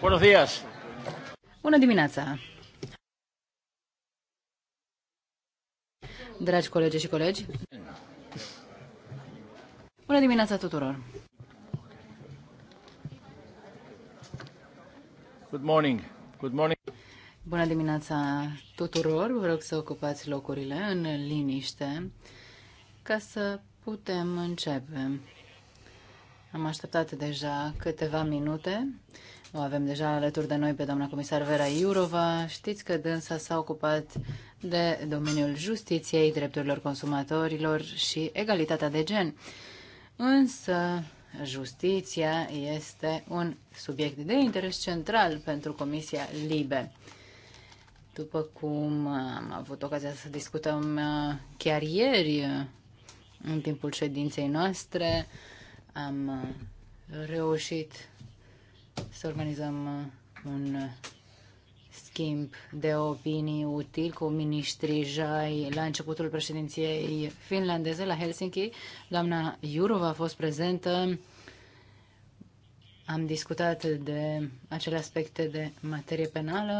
Buenos días. Bună dimineața. Dragi colegi și colegi. Bună dimineața tuturor. Good morning. Good morning. Bună dimineața tuturor. Vă rog să ocupați locurile în liniște ca să putem începe. Am așteptat deja câteva minute. O avem deja alături de noi pe doamna comisar Vera Iurova. Știți că dânsa s-a ocupat de domeniul justiției, drepturilor consumatorilor și egalitatea de gen. Însă, justiția este un subiect de interes central pentru Comisia Libe. După cum am avut ocazia să discutăm uh, chiar ieri, uh, în timpul ședinței noastre, am uh, reușit să organizăm uh, un uh, schimb de opinii util cu ministrii Jai la începutul președinției finlandeze la Helsinki. Doamna Jurova a fost prezentă. Am discutat de acele aspecte de materie penală,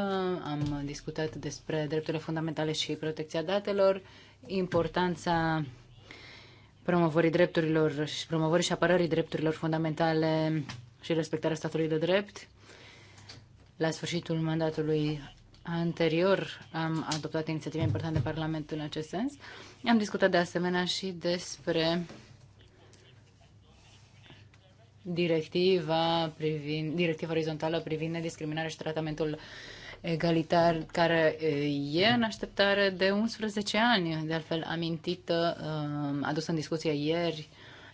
am discutat despre drepturile fundamentale și protecția datelor, importanța promovării drepturilor și promovării și apărării drepturilor fundamentale și respectarea statului de drept. La sfârșitul mandatului anterior am adoptat inițiative importante de Parlament în acest sens. Am discutat de asemenea și despre directiva, privind, directiva orizontală privind discriminarea și tratamentul egalitar care e în așteptare de 11 ani, de altfel amintită, uh, adusă în discuție ieri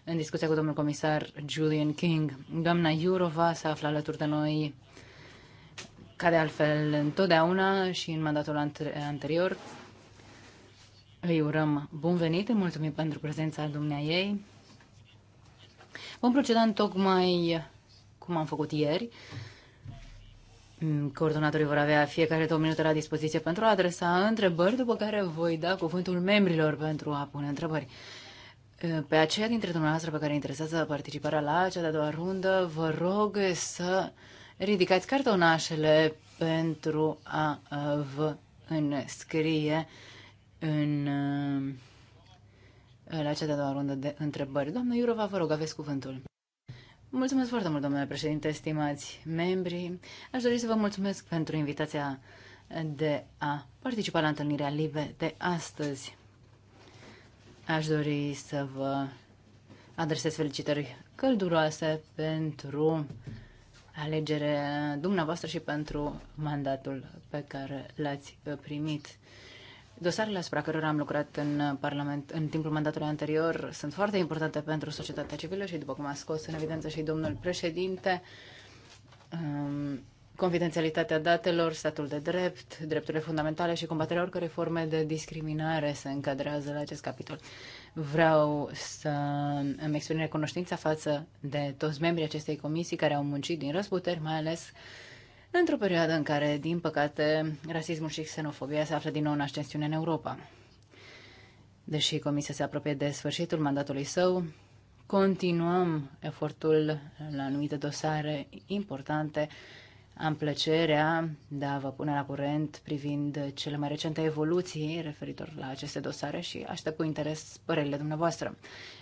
în discuția cu domnul comisar Julian King. Doamna Iurova se află alături de noi ca de altfel întotdeauna și în mandatul anterior. Îi urăm bun venit, îi mulțumim pentru prezența dumnea ei. Vom proceda în tocmai cum am făcut ieri. Coordonatorii vor avea fiecare două minute la dispoziție pentru a adresa întrebări, după care voi da cuvântul membrilor pentru a pune întrebări. Pe aceia dintre dumneavoastră pe care interesează participarea la cea de-a doua rundă, vă rog să ridicați cartonașele pentru a vă înscrie în, la cea de-a doua rundă de întrebări. Doamna Iurova, vă rog, aveți cuvântul. Mulțumesc foarte mult, domnule președinte, stimați membri. Aș dori să vă mulțumesc pentru invitația de a participa la întâlnirea live de astăzi. Aș dori să vă adresez felicitări călduroase pentru alegerea dumneavoastră și pentru mandatul pe care l-ați primit. Dosarele asupra cărora am lucrat în Parlament în timpul mandatului anterior sunt foarte importante pentru societatea civilă și, după cum a scos în evidență și domnul președinte, um, confidențialitatea datelor, statul de drept, drepturile fundamentale și combaterea oricărei forme de discriminare se încadrează la acest capitol. Vreau să îmi exprim recunoștința față de toți membrii acestei comisii care au muncit din răzputeri, mai ales într-o perioadă în care, din păcate, rasismul și xenofobia se află din nou în ascensiune în Europa. Deși Comisia se apropie de sfârșitul mandatului său, continuăm efortul la anumite dosare importante am plăcerea de a vă pune la curent privind cele mai recente evoluții referitor la aceste dosare și aștept cu interes părerile dumneavoastră.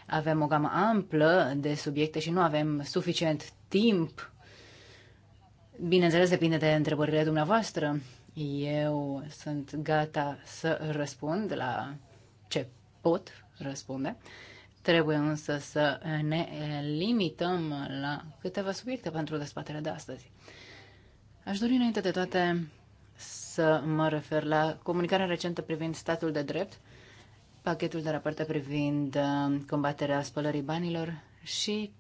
Avem o gamă amplă de subiecte și nu avem suficient timp. Bineînțeles, depinde de întrebările dumneavoastră. Eu sunt gata să răspund la ce pot răspunde. Trebuie însă să ne limităm la câteva subiecte pentru dezbaterea de astăzi. Aș dori înainte de toate să mă refer la comunicarea recentă privind statul de drept, pachetul de rapoarte privind uh, combaterea spălării banilor și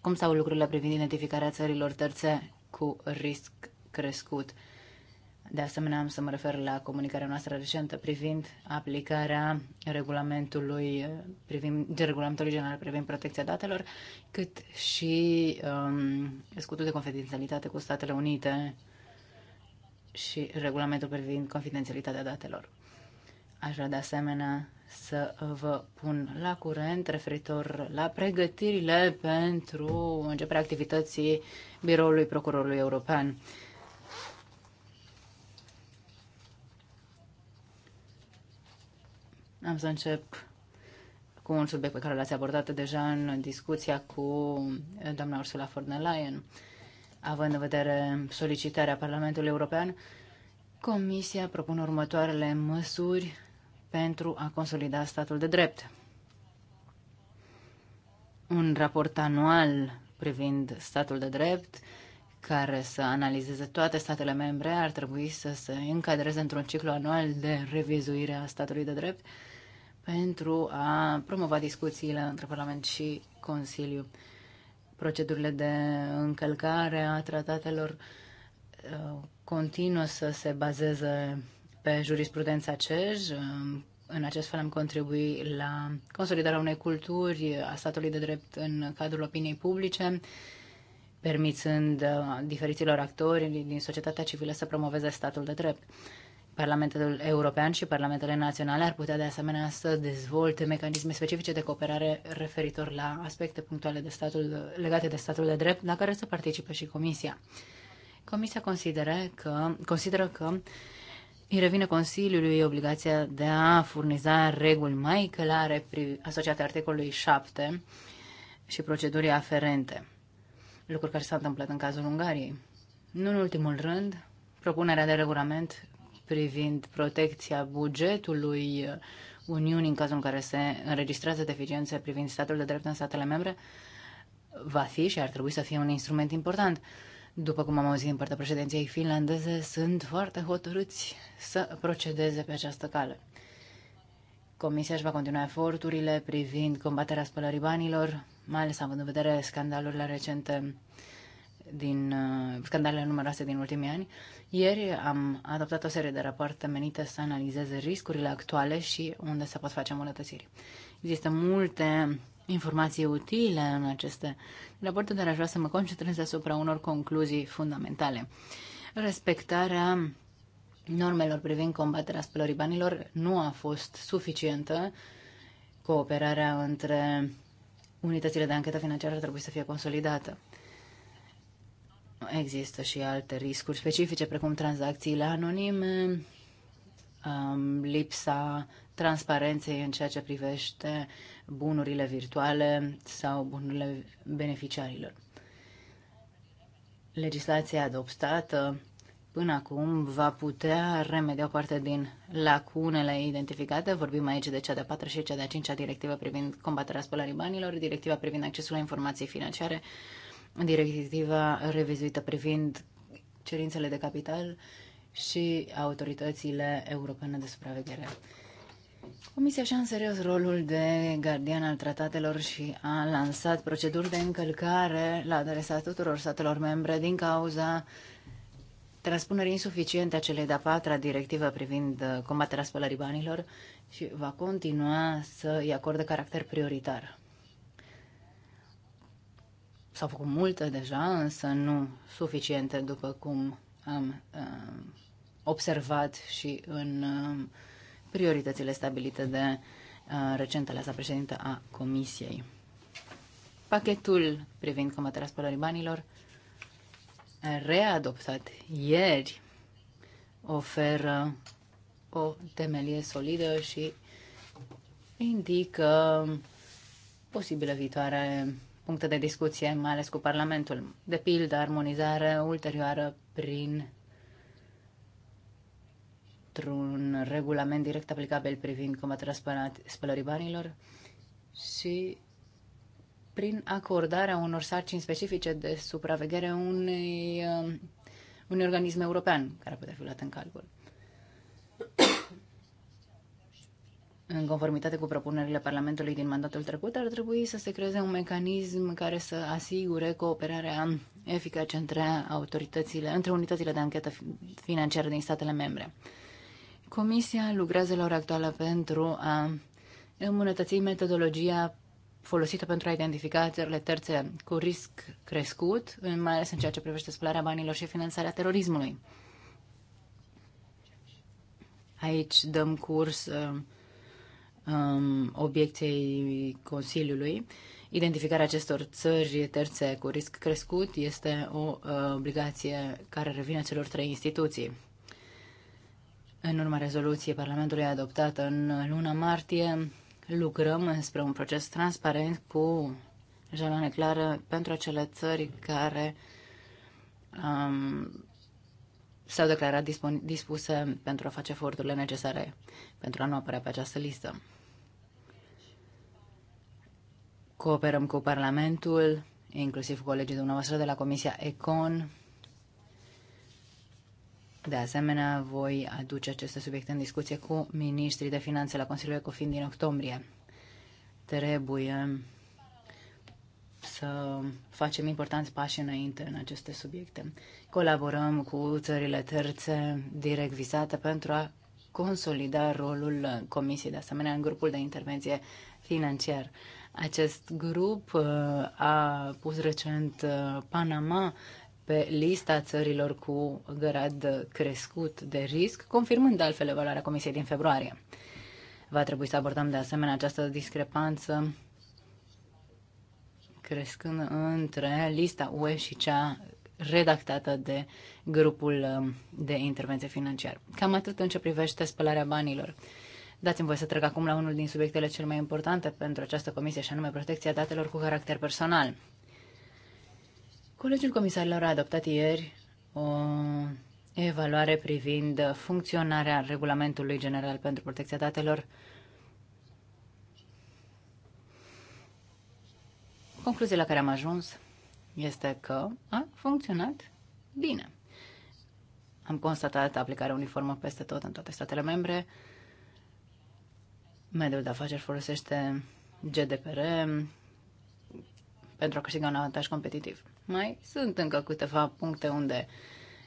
cum stau lucrurile privind identificarea țărilor terțe cu risc crescut. De asemenea, am să mă refer la comunicarea noastră recentă privind aplicarea regulamentului, eh, privind, regulamentului general privind protecția datelor, cât și um, scutul de confidențialitate cu Statele Unite și regulamentul privind confidențialitatea datelor. Aș vrea de asemenea să vă pun la curent referitor la pregătirile pentru începerea activității Biroului Procurorului European. Am să încep cu un subiect pe care l-ați abordat deja în discuția cu doamna Ursula von der Leyen. Având în vedere solicitarea Parlamentului European, Comisia propune următoarele măsuri pentru a consolida statul de drept. Un raport anual privind statul de drept, care să analizeze toate statele membre, ar trebui să se încadreze într-un ciclu anual de revizuire a statului de drept, pentru a promova discuțiile între Parlament și Consiliu. Procedurile de încălcare a tratatelor uh, continuă să se bazeze pe jurisprudența CEJ. Um, în acest fel am contribuit la consolidarea unei culturi a statului de drept în cadrul opiniei publice, permițând uh, diferiților actori din societatea civilă să promoveze statul de drept. Parlamentul European și Parlamentele Naționale ar putea de asemenea să dezvolte mecanisme specifice de cooperare referitor la aspecte punctuale de statul, legate de statul de drept, la care să participe și Comisia. Comisia consideră că, consideră că îi revine Consiliului obligația de a furniza reguli mai clare asociate articolului 7 și procedurii aferente, lucruri care s-a întâmplat în cazul Ungariei. Nu în ultimul rând, propunerea de regulament privind protecția bugetului Uniunii în cazul în care se înregistrează deficiențe privind statul de drept în statele membre, va fi și ar trebui să fie un instrument important. După cum am auzit din partea președinției finlandeze, sunt foarte hotărâți să procedeze pe această cale. Comisia își va continua eforturile privind combaterea spălării banilor, mai ales având în vedere scandalurile recente din uh, scandalele numeroase din ultimii ani. Ieri am adoptat o serie de rapoarte menite să analizeze riscurile actuale și unde se pot face îmbunătățiri. Există multe informații utile în aceste rapoarte, dar aș vrea să mă concentrez asupra unor concluzii fundamentale. Respectarea normelor privind combaterea spălării banilor nu a fost suficientă. Cooperarea între unitățile de anchetă financiară trebuie să fie consolidată. Există și alte riscuri specifice, precum tranzacțiile anonime, lipsa transparenței în ceea ce privește bunurile virtuale sau bunurile beneficiarilor. Legislația adoptată până acum va putea remedia o parte din lacunele identificate. Vorbim aici de cea de-a patra și cea de-a cincea directivă privind combaterea spălării banilor, directiva privind accesul la informații financiare, directiva revizuită privind cerințele de capital și autoritățile europene de supraveghere. Comisia și-a înserios rolul de gardian al tratatelor și a lansat proceduri de încălcare la adresa tuturor statelor membre din cauza transpunerii insuficiente a celei de-a patra directivă privind uh, combaterea spălării banilor și va continua să i acorde caracter prioritar. S-au făcut multe deja, însă nu suficiente, după cum am uh, observat și în uh, prioritățile stabilite de uh, recentele sa președintă a Comisiei. Pachetul privind combaterea spălării banilor, readoptat ieri, oferă o temelie solidă și indică posibile viitoare puncte de discuție, mai ales cu Parlamentul. De pildă, armonizare ulterioară prin un regulament direct aplicabil privind combaterea spălării banilor și prin acordarea unor sarcini specifice de supraveghere unei, um, unui organism european care putea fi luat în calcul. în conformitate cu propunerile Parlamentului din mandatul trecut, ar trebui să se creeze un mecanism care să asigure cooperarea eficace între autoritățile, între unitățile de anchetă financiară din statele membre. Comisia lucrează la ora actuală pentru a îmbunătăți metodologia folosită pentru a identifica țările terțe cu risc crescut, mai ales în ceea ce privește spălarea banilor și finanțarea terorismului. Aici dăm curs uh, um, obiecției Consiliului. Identificarea acestor țări terțe cu risc crescut este o uh, obligație care revine celor trei instituții. În urma rezoluției Parlamentului adoptată în luna martie, lucrăm spre un proces transparent cu jaloane clară pentru acele țări care um, s-au declarat dispuse pentru a face eforturile necesare pentru a nu apărea pe această listă. Cooperăm cu Parlamentul, inclusiv cu colegii dumneavoastră de la Comisia ECON. De asemenea, voi aduce aceste subiecte în discuție cu ministrii de finanțe la Consiliul ECOFIN din octombrie. Trebuie să facem importanți pași înainte în aceste subiecte. Colaborăm cu țările terțe direct vizate pentru a consolida rolul Comisiei, de asemenea, în grupul de intervenție financiar. Acest grup uh, a pus recent uh, Panama pe lista țărilor cu grad crescut de risc, confirmând altfel evaluarea Comisiei din februarie. Va trebui să abordăm de asemenea această discrepanță crescând între lista UE și cea redactată de grupul uh, de intervenție financiar. Cam atât în ce privește spălarea banilor. Dați-mi voie să trec acum la unul din subiectele cel mai importante pentru această comisie, și anume protecția datelor cu caracter personal. Colegiul Comisarilor a adoptat ieri o evaluare privind funcționarea Regulamentului General pentru Protecția Datelor. Concluzia la care am ajuns este că a funcționat bine. Am constatat aplicarea uniformă peste tot în toate statele membre, Mediul de afaceri folosește GDPR pentru a câștiga un avantaj competitiv. Mai sunt încă câteva puncte unde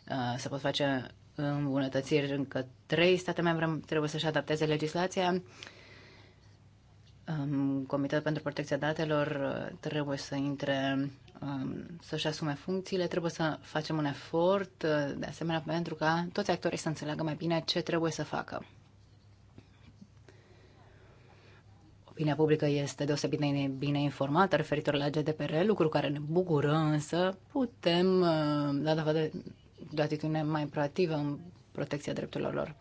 uh, se pot face îmbunătățiri. Încă trei state membre trebuie să-și adapteze legislația. Um, Comitetul pentru Protecția Datelor uh, trebuie să intre, um, să-și asume funcțiile, trebuie să facem un efort, uh, de asemenea, pentru ca toți actorii să înțeleagă mai bine ce trebuie să facă. opinia publică este deosebit de bine informată referitor la GDPR, lucru care ne bucură, însă putem uh, da dovadă de, de o atitudine mai proactivă în protecția drepturilor lor.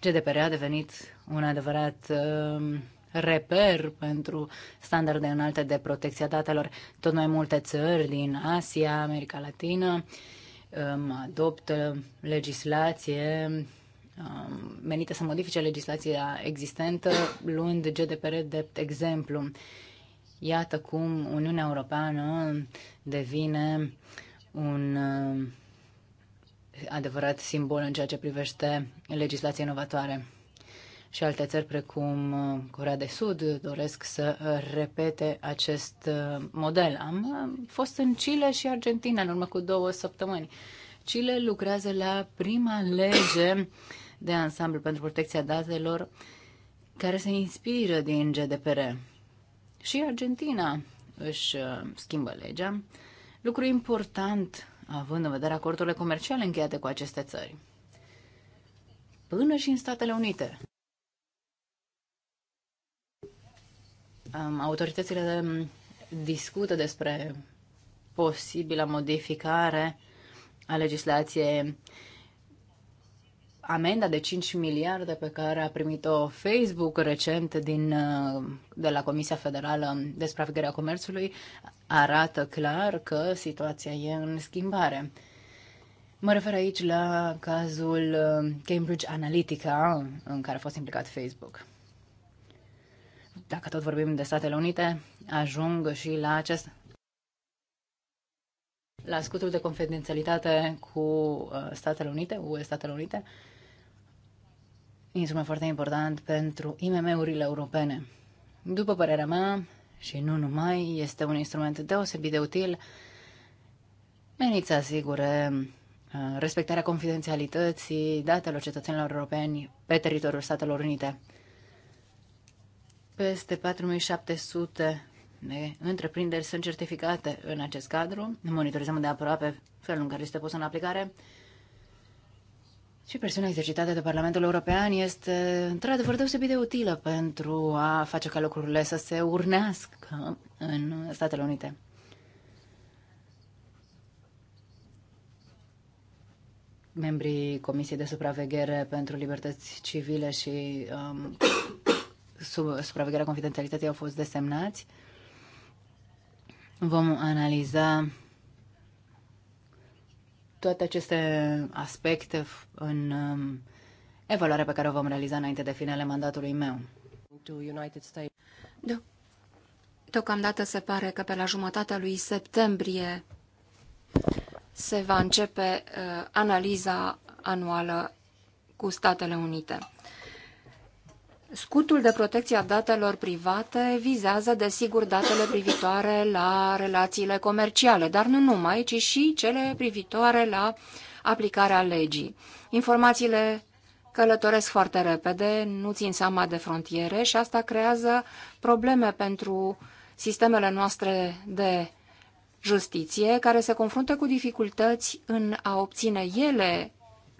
GDPR a devenit un adevărat uh, reper pentru standarde înalte de protecție datelor. Tot mai multe țări din Asia, America Latină, um, adoptă legislație Um, menite să modifice legislația existentă, luând GDPR de exemplu. Iată cum Uniunea Europeană devine un uh, adevărat simbol în ceea ce privește legislația inovatoare. Și alte țări, precum uh, Corea de Sud, doresc să repete acest uh, model. Am fost în Chile și Argentina în urmă cu două săptămâni. Chile lucrează la prima lege de ansamblu pentru protecția datelor care se inspiră din GDPR. Și Argentina își uh, schimbă legea, lucru important având în vedere acordurile comerciale încheiate cu aceste țări. Până și în Statele Unite. Autoritățile um, discută despre posibila modificare a legislației amenda de 5 miliarde pe care a primit-o Facebook recent din, uh, de la Comisia Federală de Supravegherea Comerțului arată clar că situația e în schimbare. Mă refer aici la cazul uh, Cambridge Analytica în care a fost implicat Facebook. Dacă tot vorbim de Statele Unite, ajung și la acest la scutul de confidențialitate cu uh, Statele Unite, UE Statele Unite, instrument foarte important pentru IMM-urile europene. După părerea mea, și nu numai, este un instrument deosebit de util menit să asigure uh, respectarea confidențialității datelor cetățenilor europeni pe teritoriul Statelor Unite. Peste 4700 de întreprinderi sunt certificate în acest cadru. Monitorizăm de aproape felul în care este pus în aplicare și presiunea exercitată de Parlamentul European este într-adevăr deosebit de utilă pentru a face ca lucrurile să se urnească în Statele Unite. Membrii Comisiei de Supraveghere pentru Libertăți Civile și um, sub, supravegherea confidențialității au fost desemnați. Vom analiza toate aceste aspecte în um, evaluarea pe care o vom realiza înainte de finele mandatului meu. Da. Deocamdată se pare că pe la jumătatea lui septembrie se va începe uh, analiza anuală cu Statele Unite. Scutul de protecție a datelor private vizează, desigur, datele privitoare la relațiile comerciale, dar nu numai, ci și cele privitoare la aplicarea legii. Informațiile călătoresc foarte repede, nu țin seama de frontiere și asta creează probleme pentru sistemele noastre de justiție, care se confruntă cu dificultăți în a obține ele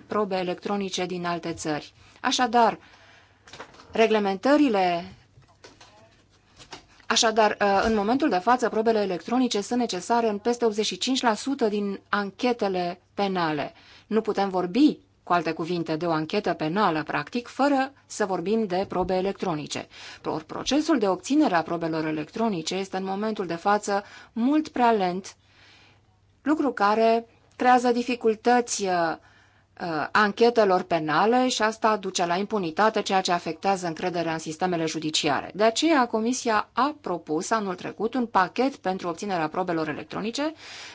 probe electronice din alte țări. Așadar, reglementările Așadar, uh, în momentul de față, probele electronice sunt necesare în peste 85% din anchetele penale. Nu putem vorbi, cu alte cuvinte, de o anchetă penală, practic, fără să vorbim de probe electronice. Or, procesul de obținere a probelor electronice este în momentul de față mult prea lent, lucru care creează dificultăți uh, Uh, anchetelor penale și asta duce la impunitate, ceea ce afectează încrederea în sistemele judiciare. De aceea, Comisia a propus anul trecut un pachet pentru obținerea probelor electronice,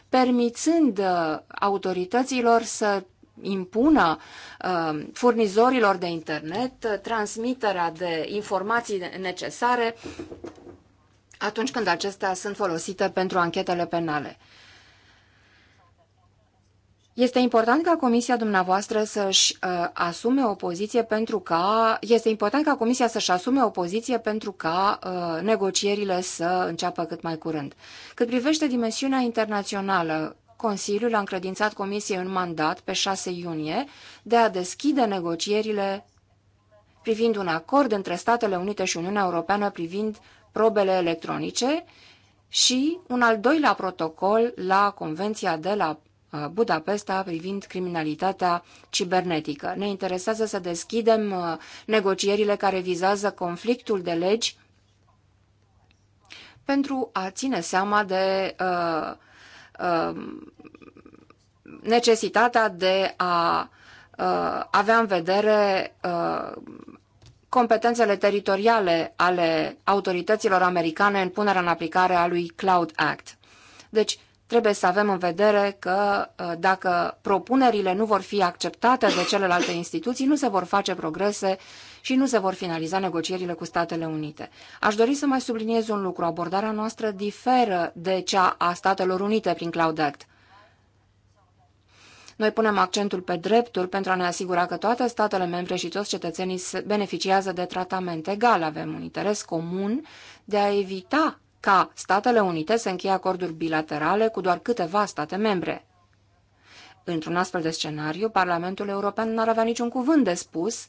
permițând uh, autorităților să impună uh, furnizorilor de internet uh, transmiterea de informații necesare atunci când acestea sunt folosite pentru anchetele penale. Este important ca comisia dumneavoastră să-și uh, asume o poziție pentru ca este important ca comisia să-și asume o poziție pentru ca uh, negocierile să înceapă cât mai curând. Cât privește dimensiunea internațională, Consiliul a încredințat comisiei un mandat pe 6 iunie de a deschide negocierile privind un acord între Statele Unite și Uniunea Europeană privind probele electronice și un al doilea protocol la Convenția de la Uh, Budapesta privind criminalitatea cibernetică. Ne interesează să deschidem uh, negocierile care vizează conflictul de legi pentru a ține seama de uh, uh, necesitatea de a uh, avea în vedere uh, competențele teritoriale ale autorităților americane în punerea în aplicare a lui Cloud Act. Deci, trebuie să avem în vedere că uh, dacă propunerile nu vor fi acceptate de celelalte instituții, nu se vor face progrese și nu se vor finaliza negocierile cu Statele Unite. Aș dori să mai subliniez un lucru. Abordarea noastră diferă de cea a Statelor Unite prin Cloud Act. Noi punem accentul pe drepturi pentru a ne asigura că toate statele membre și toți cetățenii beneficiază de tratament egal. Avem un interes comun de a evita ca Statele Unite să încheie acorduri bilaterale cu doar câteva state membre. Într-un astfel de scenariu, Parlamentul European n-ar avea niciun cuvânt de spus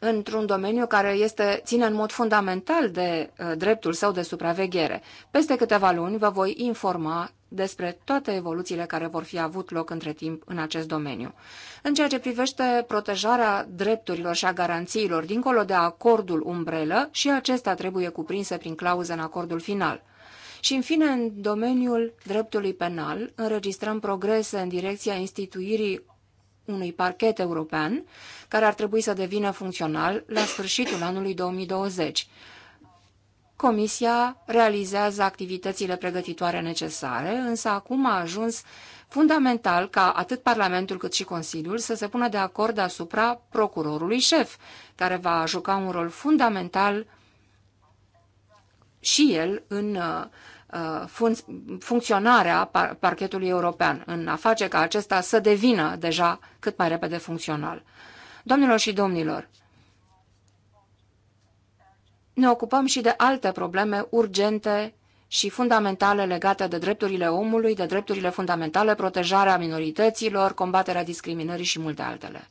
într-un domeniu care este, ține în mod fundamental de uh, dreptul său de supraveghere. Peste câteva luni vă voi informa despre toate evoluțiile care vor fi avut loc între timp în acest domeniu. În ceea ce privește protejarea drepturilor și a garanțiilor dincolo de acordul umbrelă, și acesta trebuie cuprinse prin clauză în acordul final. Și în fine, în domeniul dreptului penal, înregistrăm progrese în direcția instituirii unui parchet european, care ar trebui să devină funcțional la sfârșitul anului 2020. Comisia realizează activitățile pregătitoare necesare, însă acum a ajuns fundamental ca atât Parlamentul cât și Consiliul să se pună de acord asupra procurorului șef, care va juca un rol fundamental și el în uh, uh, fun- funcționarea par- parchetului european, în a face ca acesta să devină deja cât mai repede funcțional. Domnilor și domnilor, ne ocupăm și de alte probleme urgente și fundamentale legate de drepturile omului, de drepturile fundamentale, protejarea minorităților, combaterea discriminării și multe altele.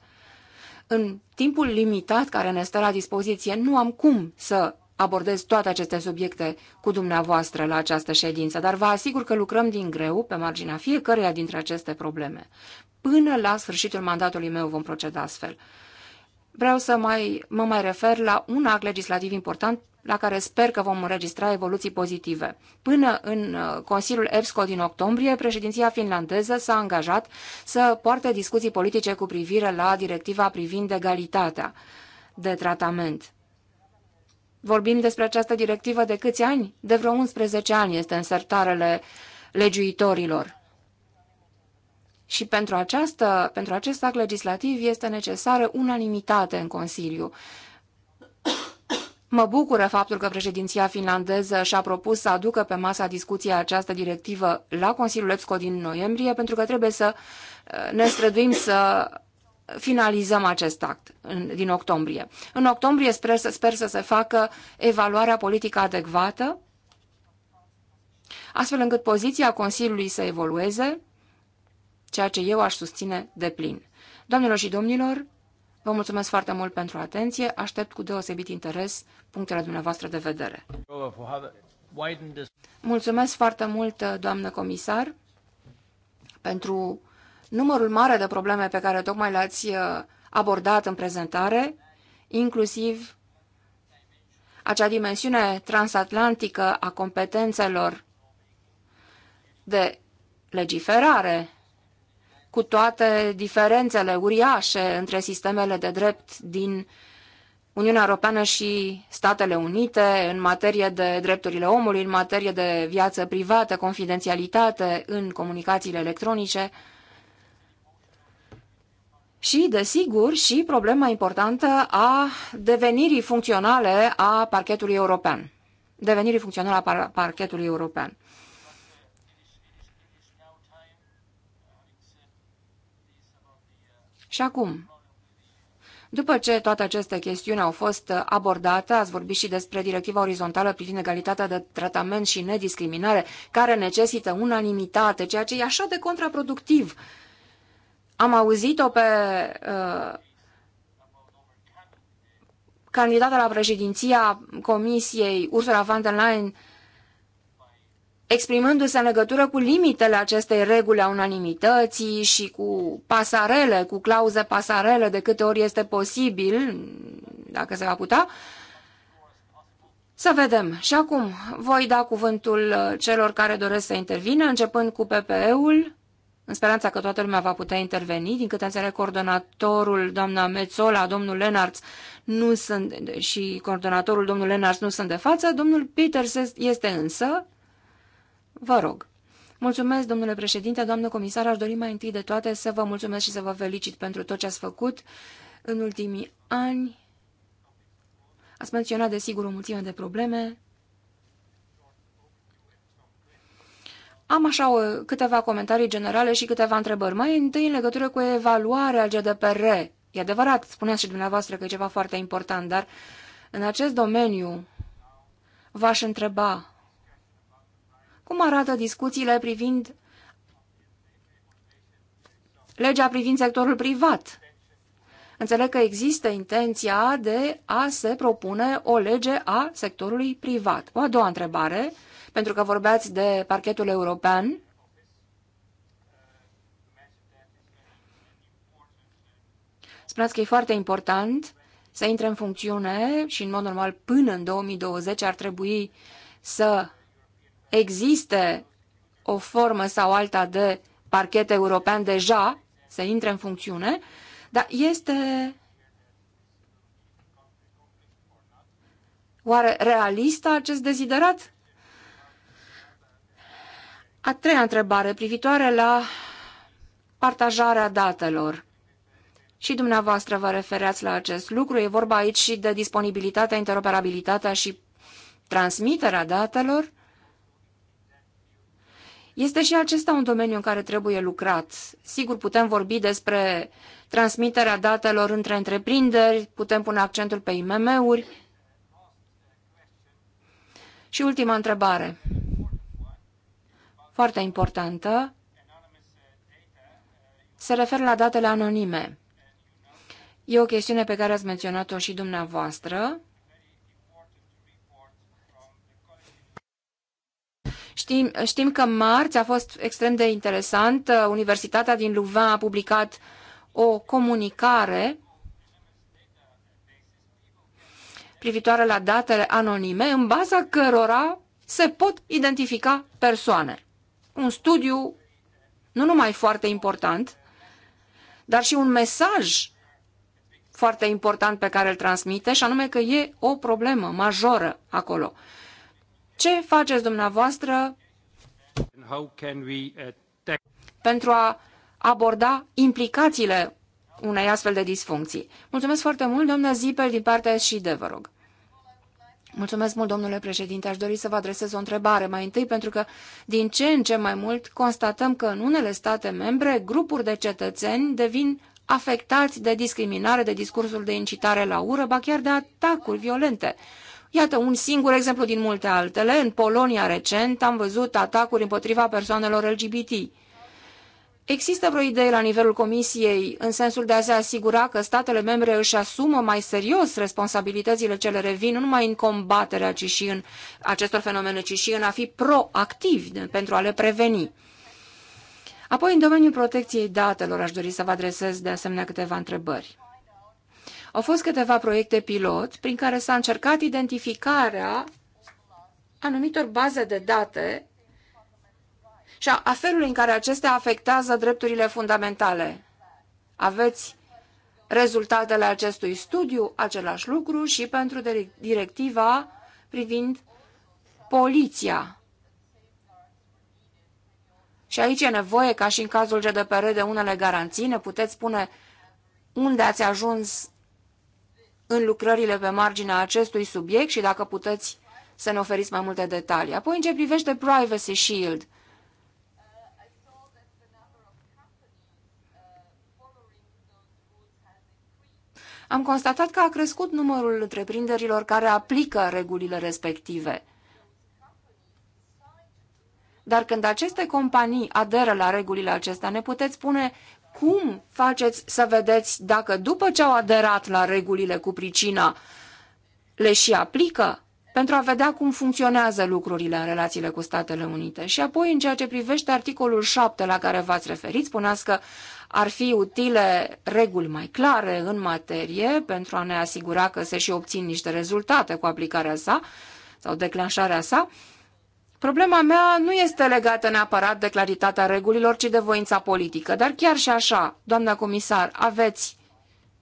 În timpul limitat care ne stă la dispoziție, nu am cum să abordez toate aceste subiecte cu dumneavoastră la această ședință, dar vă asigur că lucrăm din greu pe marginea fiecăreia dintre aceste probleme. Până la sfârșitul mandatului meu vom proceda astfel. Vreau să mai, mă mai refer la un act legislativ important la care sper că vom înregistra evoluții pozitive. Până în uh, Consiliul EPSCO din octombrie, președinția finlandeză s-a angajat să poarte discuții politice cu privire la directiva privind egalitatea de tratament. Vorbim despre această directivă de câți ani? De vreo 11 ani este în sertarele legiuitorilor. Și pentru, această, pentru acest act legislativ este necesară unanimitate în Consiliu. Mă bucură faptul că președinția finlandeză și-a propus să aducă pe masa discuției această directivă la Consiliul EPSCO din noiembrie, pentru că trebuie să uh, ne străduim să finalizăm acest act în, din octombrie. În octombrie sper să, sper să se facă evaluarea politică adecvată, astfel încât poziția Consiliului să evolueze ceea ce eu aș susține de plin. Doamnelor și domnilor, vă mulțumesc foarte mult pentru atenție, aștept cu deosebit interes punctele dumneavoastră de vedere. Mulțumesc foarte mult, doamnă comisar, pentru numărul mare de probleme pe care tocmai le-ați uh, abordat în prezentare, inclusiv acea dimensiune transatlantică a competențelor de legiferare cu toate diferențele uriașe între sistemele de drept din Uniunea Europeană și Statele Unite în materie de drepturile omului, în materie de viață privată, confidențialitate în comunicațiile electronice și, desigur, și problema importantă a devenirii funcționale a parchetului european. Devenirii funcționale a par parchetului european. Și acum, după ce toate aceste chestiuni au fost abordate, ați vorbit și despre directiva orizontală privind egalitatea de tratament și nediscriminare, care necesită unanimitate, ceea ce e așa de contraproductiv. Am auzit-o pe uh, candidata la președinția Comisiei, Ursula von der Leyen, exprimându-se în legătură cu limitele acestei reguli a unanimității și cu pasarele, cu clauze pasarele de câte ori este posibil, dacă se va putea, să vedem. Și acum voi da cuvântul celor care doresc să intervină, începând cu PPE-ul, în speranța că toată lumea va putea interveni. Din câte înțeleg, coordonatorul, doamna Mețola, domnul Lenarts nu sunt, și coordonatorul, domnul Lenarts, nu sunt de față. Domnul Peters este însă, Vă rog. Mulțumesc, domnule președinte, doamnă comisar, aș dori mai întâi de toate să vă mulțumesc și să vă felicit pentru tot ce ați făcut în ultimii ani. Ați menționat, desigur, o mulțime de probleme. Am așa o, câteva comentarii generale și câteva întrebări. Mai întâi, în legătură cu evaluarea GDPR. E adevărat, spuneați și dumneavoastră că e ceva foarte important, dar în acest domeniu v-aș întreba cum arată discuțiile privind legea privind sectorul privat? Înțeleg că există intenția de a se propune o lege a sectorului privat. O a doua întrebare, pentru că vorbeați de parchetul european, Spuneați că e foarte important să intre în funcțiune și, în mod normal, până în 2020 ar trebui să existe o formă sau alta de parchet european deja, să intre în funcțiune, dar este oare realistă acest deziderat? A treia întrebare privitoare la partajarea datelor. Și dumneavoastră vă refereați la acest lucru. E vorba aici și de disponibilitatea, interoperabilitatea și transmiterea datelor. Este și acesta un domeniu în care trebuie lucrat. Sigur, putem vorbi despre transmiterea datelor între întreprinderi, putem pune accentul pe IMM-uri. Și ultima întrebare, foarte importantă, se referă la datele anonime. E o chestiune pe care ați menționat-o și dumneavoastră. Știm, știm că marți a fost extrem de interesant. Universitatea din Louvain a publicat o comunicare privitoare la datele anonime, în baza cărora se pot identifica persoane. Un studiu nu numai foarte important, dar și un mesaj foarte important pe care îl transmite, și anume că e o problemă majoră acolo. Ce faceți dumneavoastră pentru a aborda implicațiile unei astfel de disfuncții? Mulțumesc foarte mult, doamna Zipel, din partea și de vă rog. Mulțumesc mult, domnule președinte. Aș dori să vă adresez o întrebare mai întâi, pentru că din ce în ce mai mult constatăm că în unele state membre grupuri de cetățeni devin afectați de discriminare, de discursul de incitare la ură, ba chiar de atacuri violente. Iată un singur exemplu din multe altele. În Polonia recent am văzut atacuri împotriva persoanelor LGBT. Există vreo idee la nivelul Comisiei în sensul de a se asigura că statele membre își asumă mai serios responsabilitățile ce le revin, nu numai în combaterea ci și în acestor fenomene, ci și în a fi proactivi pentru a le preveni. Apoi, în domeniul protecției datelor, aș dori să vă adresez de asemenea câteva întrebări. Au fost câteva proiecte pilot prin care s-a încercat identificarea anumitor baze de date și a, felului în care acestea afectează drepturile fundamentale. Aveți rezultatele acestui studiu, același lucru și pentru directiva privind poliția. Și aici e nevoie, ca și în cazul GDPR, de unele garanții. Ne puteți spune unde ați ajuns în lucrările pe marginea acestui subiect și dacă puteți să ne oferiți mai multe detalii. Apoi, în ce privește Privacy Shield, am constatat că a crescut numărul întreprinderilor care aplică regulile respective. Dar când aceste companii aderă la regulile acestea, ne puteți spune cum faceți să vedeți dacă după ce au aderat la regulile cu pricina le și aplică pentru a vedea cum funcționează lucrurile în relațiile cu Statele Unite. Și apoi, în ceea ce privește articolul 7 la care v-ați referit, spuneați că ar fi utile reguli mai clare în materie pentru a ne asigura că se și obțin niște rezultate cu aplicarea sa sau declanșarea sa. Uh, Problema mea nu este legată neapărat de claritatea regulilor, ci de voința politică. Dar chiar și așa, doamna comisar, aveți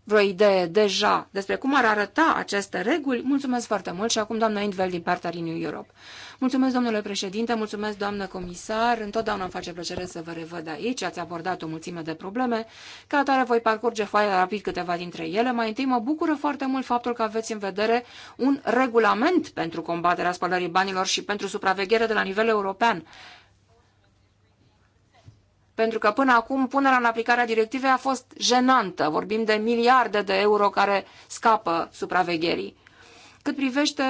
vreo idee deja despre cum ar arăta aceste reguli, mulțumesc foarte mult și acum doamna Indvel din partea Renew Europe. Mulțumesc, domnule președinte, mulțumesc, doamnă comisar, întotdeauna îmi face plăcere să vă revăd aici, ați abordat o mulțime de probleme, ca atare voi parcurge foarte rapid câteva dintre ele. Mai întâi mă bucură foarte mult faptul că aveți în vedere un regulament pentru combaterea spălării banilor și pentru supraveghere de la nivel european pentru că până acum punerea în aplicare a directivei a fost jenantă. Vorbim de miliarde de euro care scapă supravegherii. Cât privește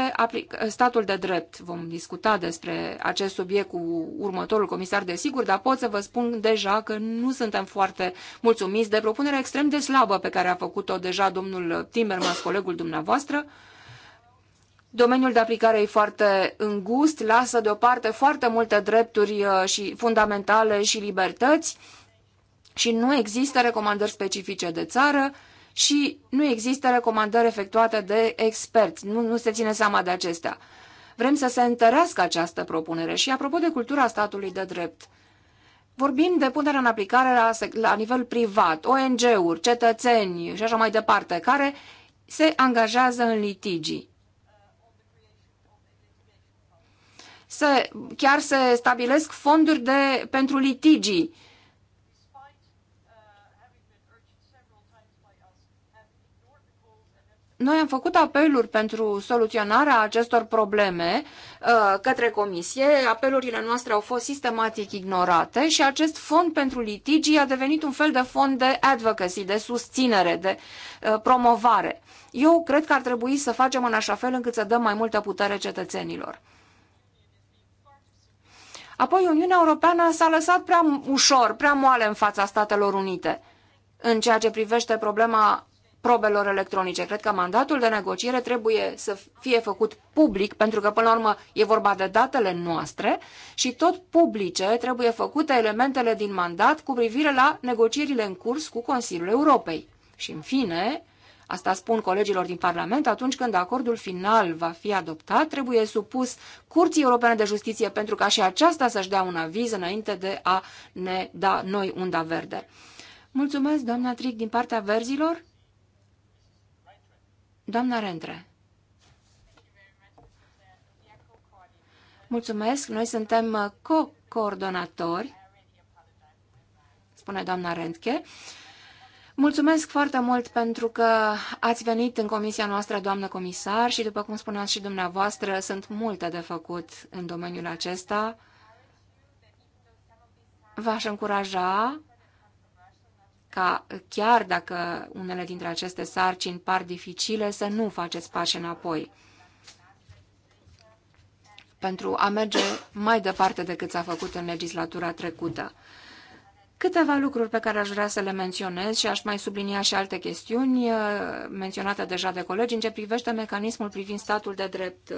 statul de drept, vom discuta despre acest subiect cu următorul comisar, de sigur, dar pot să vă spun deja că nu suntem foarte mulțumiți de propunerea extrem de slabă pe care a făcut-o deja domnul Timmermans, colegul dumneavoastră, Domeniul de aplicare e foarte îngust, lasă deoparte foarte multe drepturi uh, și fundamentale și libertăți și nu există recomandări specifice de țară și nu există recomandări efectuate de experți. Nu, nu se ține seama de acestea. Vrem să se întărească această propunere și apropo de cultura statului de drept. Vorbim de punerea în aplicare la, la nivel privat, ONG-uri, cetățeni și așa mai departe, care se angajează în litigii. să chiar se stabilesc fonduri de, pentru litigii. Noi am făcut apeluri pentru soluționarea acestor probleme uh, către comisie. Apelurile noastre au fost sistematic ignorate și acest fond pentru litigii a devenit un fel de fond de advocacy, de susținere, de uh, promovare. Eu cred că ar trebui să facem în așa fel încât să dăm mai multă putere cetățenilor. Apoi Uniunea Europeană s-a lăsat prea ușor, prea moale în fața Statelor Unite în ceea ce privește problema probelor electronice. Cred că mandatul de negociere trebuie să fie făcut public, pentru că, până la urmă, e vorba de datele noastre și tot publice trebuie făcute elementele din mandat cu privire la negocierile în curs cu Consiliul Europei. Și, în fine, asta spun colegilor din Parlament, atunci când acordul final va fi adoptat, trebuie supus Curții Europene de Justiție pentru ca și aceasta să-și dea un aviz înainte de a ne da noi unda verde. Mulțumesc, doamna Tric, din partea verzilor. Doamna Rentre. Mulțumesc, noi suntem co-coordonatori, spune doamna Rentke. Mulțumesc foarte mult pentru că ați venit în comisia noastră, doamnă comisar, și după cum spuneați și dumneavoastră, sunt multe de făcut în domeniul acesta. V-aș încuraja ca, chiar dacă unele dintre aceste sarcini par dificile, să nu faceți pași înapoi pentru a merge mai departe decât s-a făcut în legislatura trecută. Câteva lucruri pe care aș vrea să le menționez și aș mai sublinia și alte chestiuni eh, menționate deja de colegi în ce privește mecanismul privind statul de drept. Eh,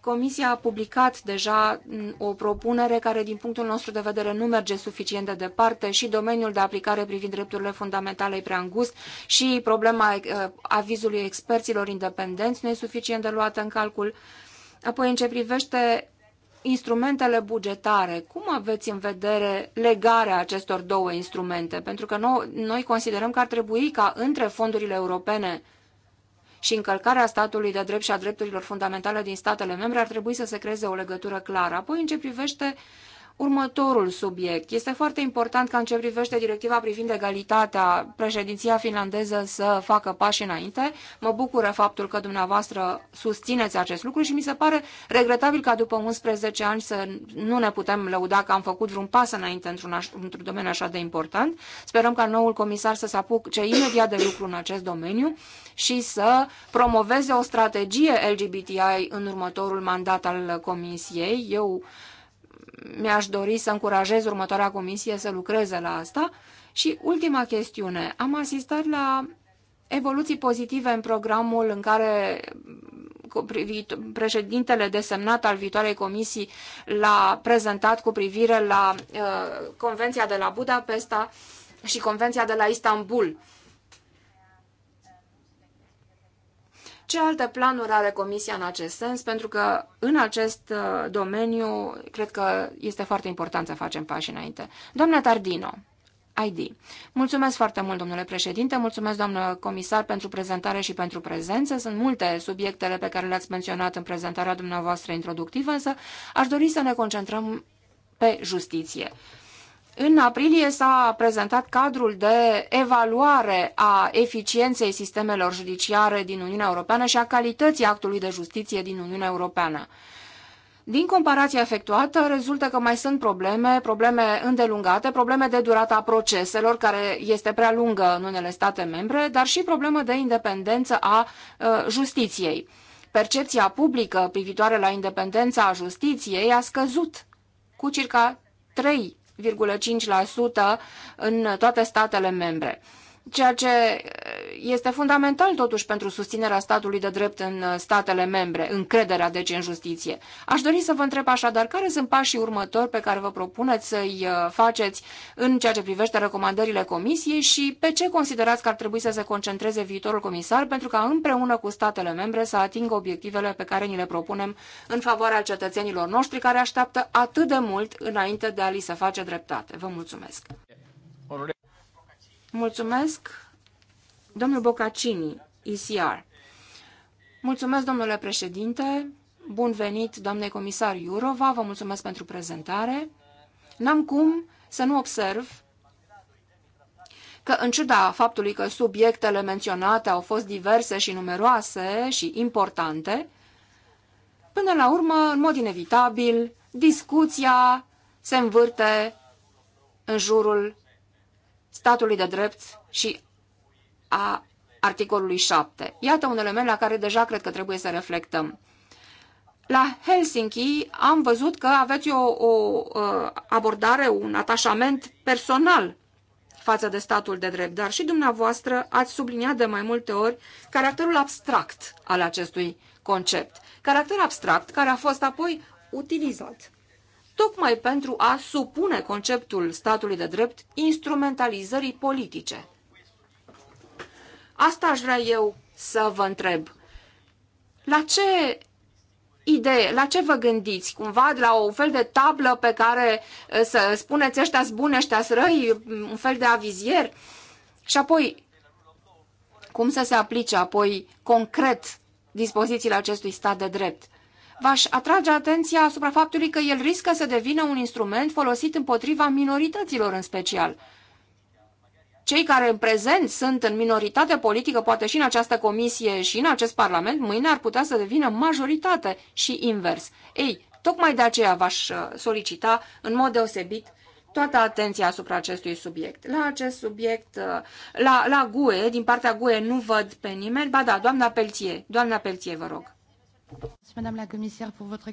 Comisia a publicat deja mm, o propunere care, din punctul nostru de vedere, nu merge suficient de departe și domeniul de aplicare privind drepturile fundamentale e prea îngust și problema eh, avizului experților independenți nu e suficient de luată în calcul. Apoi, în ce privește instrumentele bugetare, cum aveți în vedere legarea acestor două instrumente? Pentru că noi, considerăm că ar trebui ca între fondurile europene și încălcarea statului de drept și a drepturilor fundamentale din statele membre ar trebui să se creeze o legătură clară. Apoi, în ce privește următorul subiect. Este foarte important ca în ce privește directiva privind egalitatea, președinția finlandeză să facă pași înainte. Mă bucură faptul că dumneavoastră susțineți acest lucru și mi se pare regretabil ca după 11 ani să nu ne putem lăuda că am făcut vreun pas înainte într-un, într domeniu așa de important. Sperăm ca noul comisar să se apuce imediat de lucru în acest domeniu și să promoveze o strategie LGBTI în următorul mandat al Comisiei. Eu mi-aș dori să încurajez următoarea comisie să lucreze la asta. Și ultima chestiune, am asistat la evoluții pozitive în programul în care președintele desemnat al viitoarei comisii l-a prezentat cu privire la uh, Convenția de la Budapesta și Convenția de la Istanbul. Uh, Ce alte planuri are Comisia în acest sens? Pentru că în acest uh, domeniu cred că este foarte important să facem pași înainte. Doamna Tardino, ID. Mulțumesc foarte mult, domnule președinte, mulțumesc, doamnă comisar, pentru prezentare și pentru prezență. Sunt multe subiectele pe care le-ați menționat în prezentarea dumneavoastră introductivă, însă aș dori să ne concentrăm pe justiție. În aprilie s-a prezentat cadrul de evaluare a eficienței sistemelor judiciare din Uniunea Europeană și a calității actului de justiție din Uniunea Europeană. Din comparația efectuată, rezultă că mai sunt probleme, probleme îndelungate, probleme de durata proceselor, care este prea lungă în unele state membre, dar și probleme de independență a uh, justiției. Percepția publică privitoare la independența justiției a scăzut cu circa trei. 0,5% în toate statele membre ceea ce uh, este fundamental totuși pentru susținerea statului de drept în uh, statele membre, încrederea deci în justiție. Aș dori să vă întreb așadar care sunt pașii următori pe care vă propuneți să-i uh, faceți în ceea ce privește recomandările comisiei și pe ce considerați că ar trebui să se concentreze viitorul comisar pentru ca împreună cu statele membre să atingă obiectivele pe care ni le propunem în favoarea cetățenilor noștri care așteaptă atât de mult înainte de a li se face dreptate. Vă mulțumesc! Mulțumesc, domnul Bocacini, ICR. Mulțumesc, domnule președinte. Bun venit, doamnei comisar Iurova. Vă mulțumesc pentru prezentare. N-am cum să nu observ că, în ciuda faptului că subiectele menționate au fost diverse și numeroase și importante, până la urmă, în mod inevitabil, discuția se învârte în jurul statului de drept și a articolului 7. Iată un element la care deja cred că trebuie să reflectăm. La Helsinki am văzut că aveți o, o uh, abordare, un atașament personal față de statul de drept, dar și dumneavoastră ați subliniat de mai multe ori caracterul abstract al acestui concept. Caracter abstract care a fost apoi utilizat tocmai pentru a supune conceptul statului de drept instrumentalizării politice. Asta aș vrea eu să vă întreb. La ce idee, la ce vă gândiți? Cumva la o fel de tablă pe care să spuneți ăștia bune, ăștia răi, un fel de avizier? Și apoi, cum să se aplice apoi concret dispozițiile acestui stat de drept? v-aș atrage atenția asupra faptului că el riscă să devină un instrument folosit împotriva minorităților în special. Cei care în prezent sunt în minoritate politică, poate și în această comisie și în acest parlament, mâine ar putea să devină majoritate și invers. Ei, tocmai de aceea v-aș uh, solicita în mod deosebit toată atenția asupra acestui subiect. La acest subiect, uh, la, la GUE, din partea GUE nu văd pe nimeni. Ba da, doamna Pelție, doamna Pelție, vă rog. Madame la votre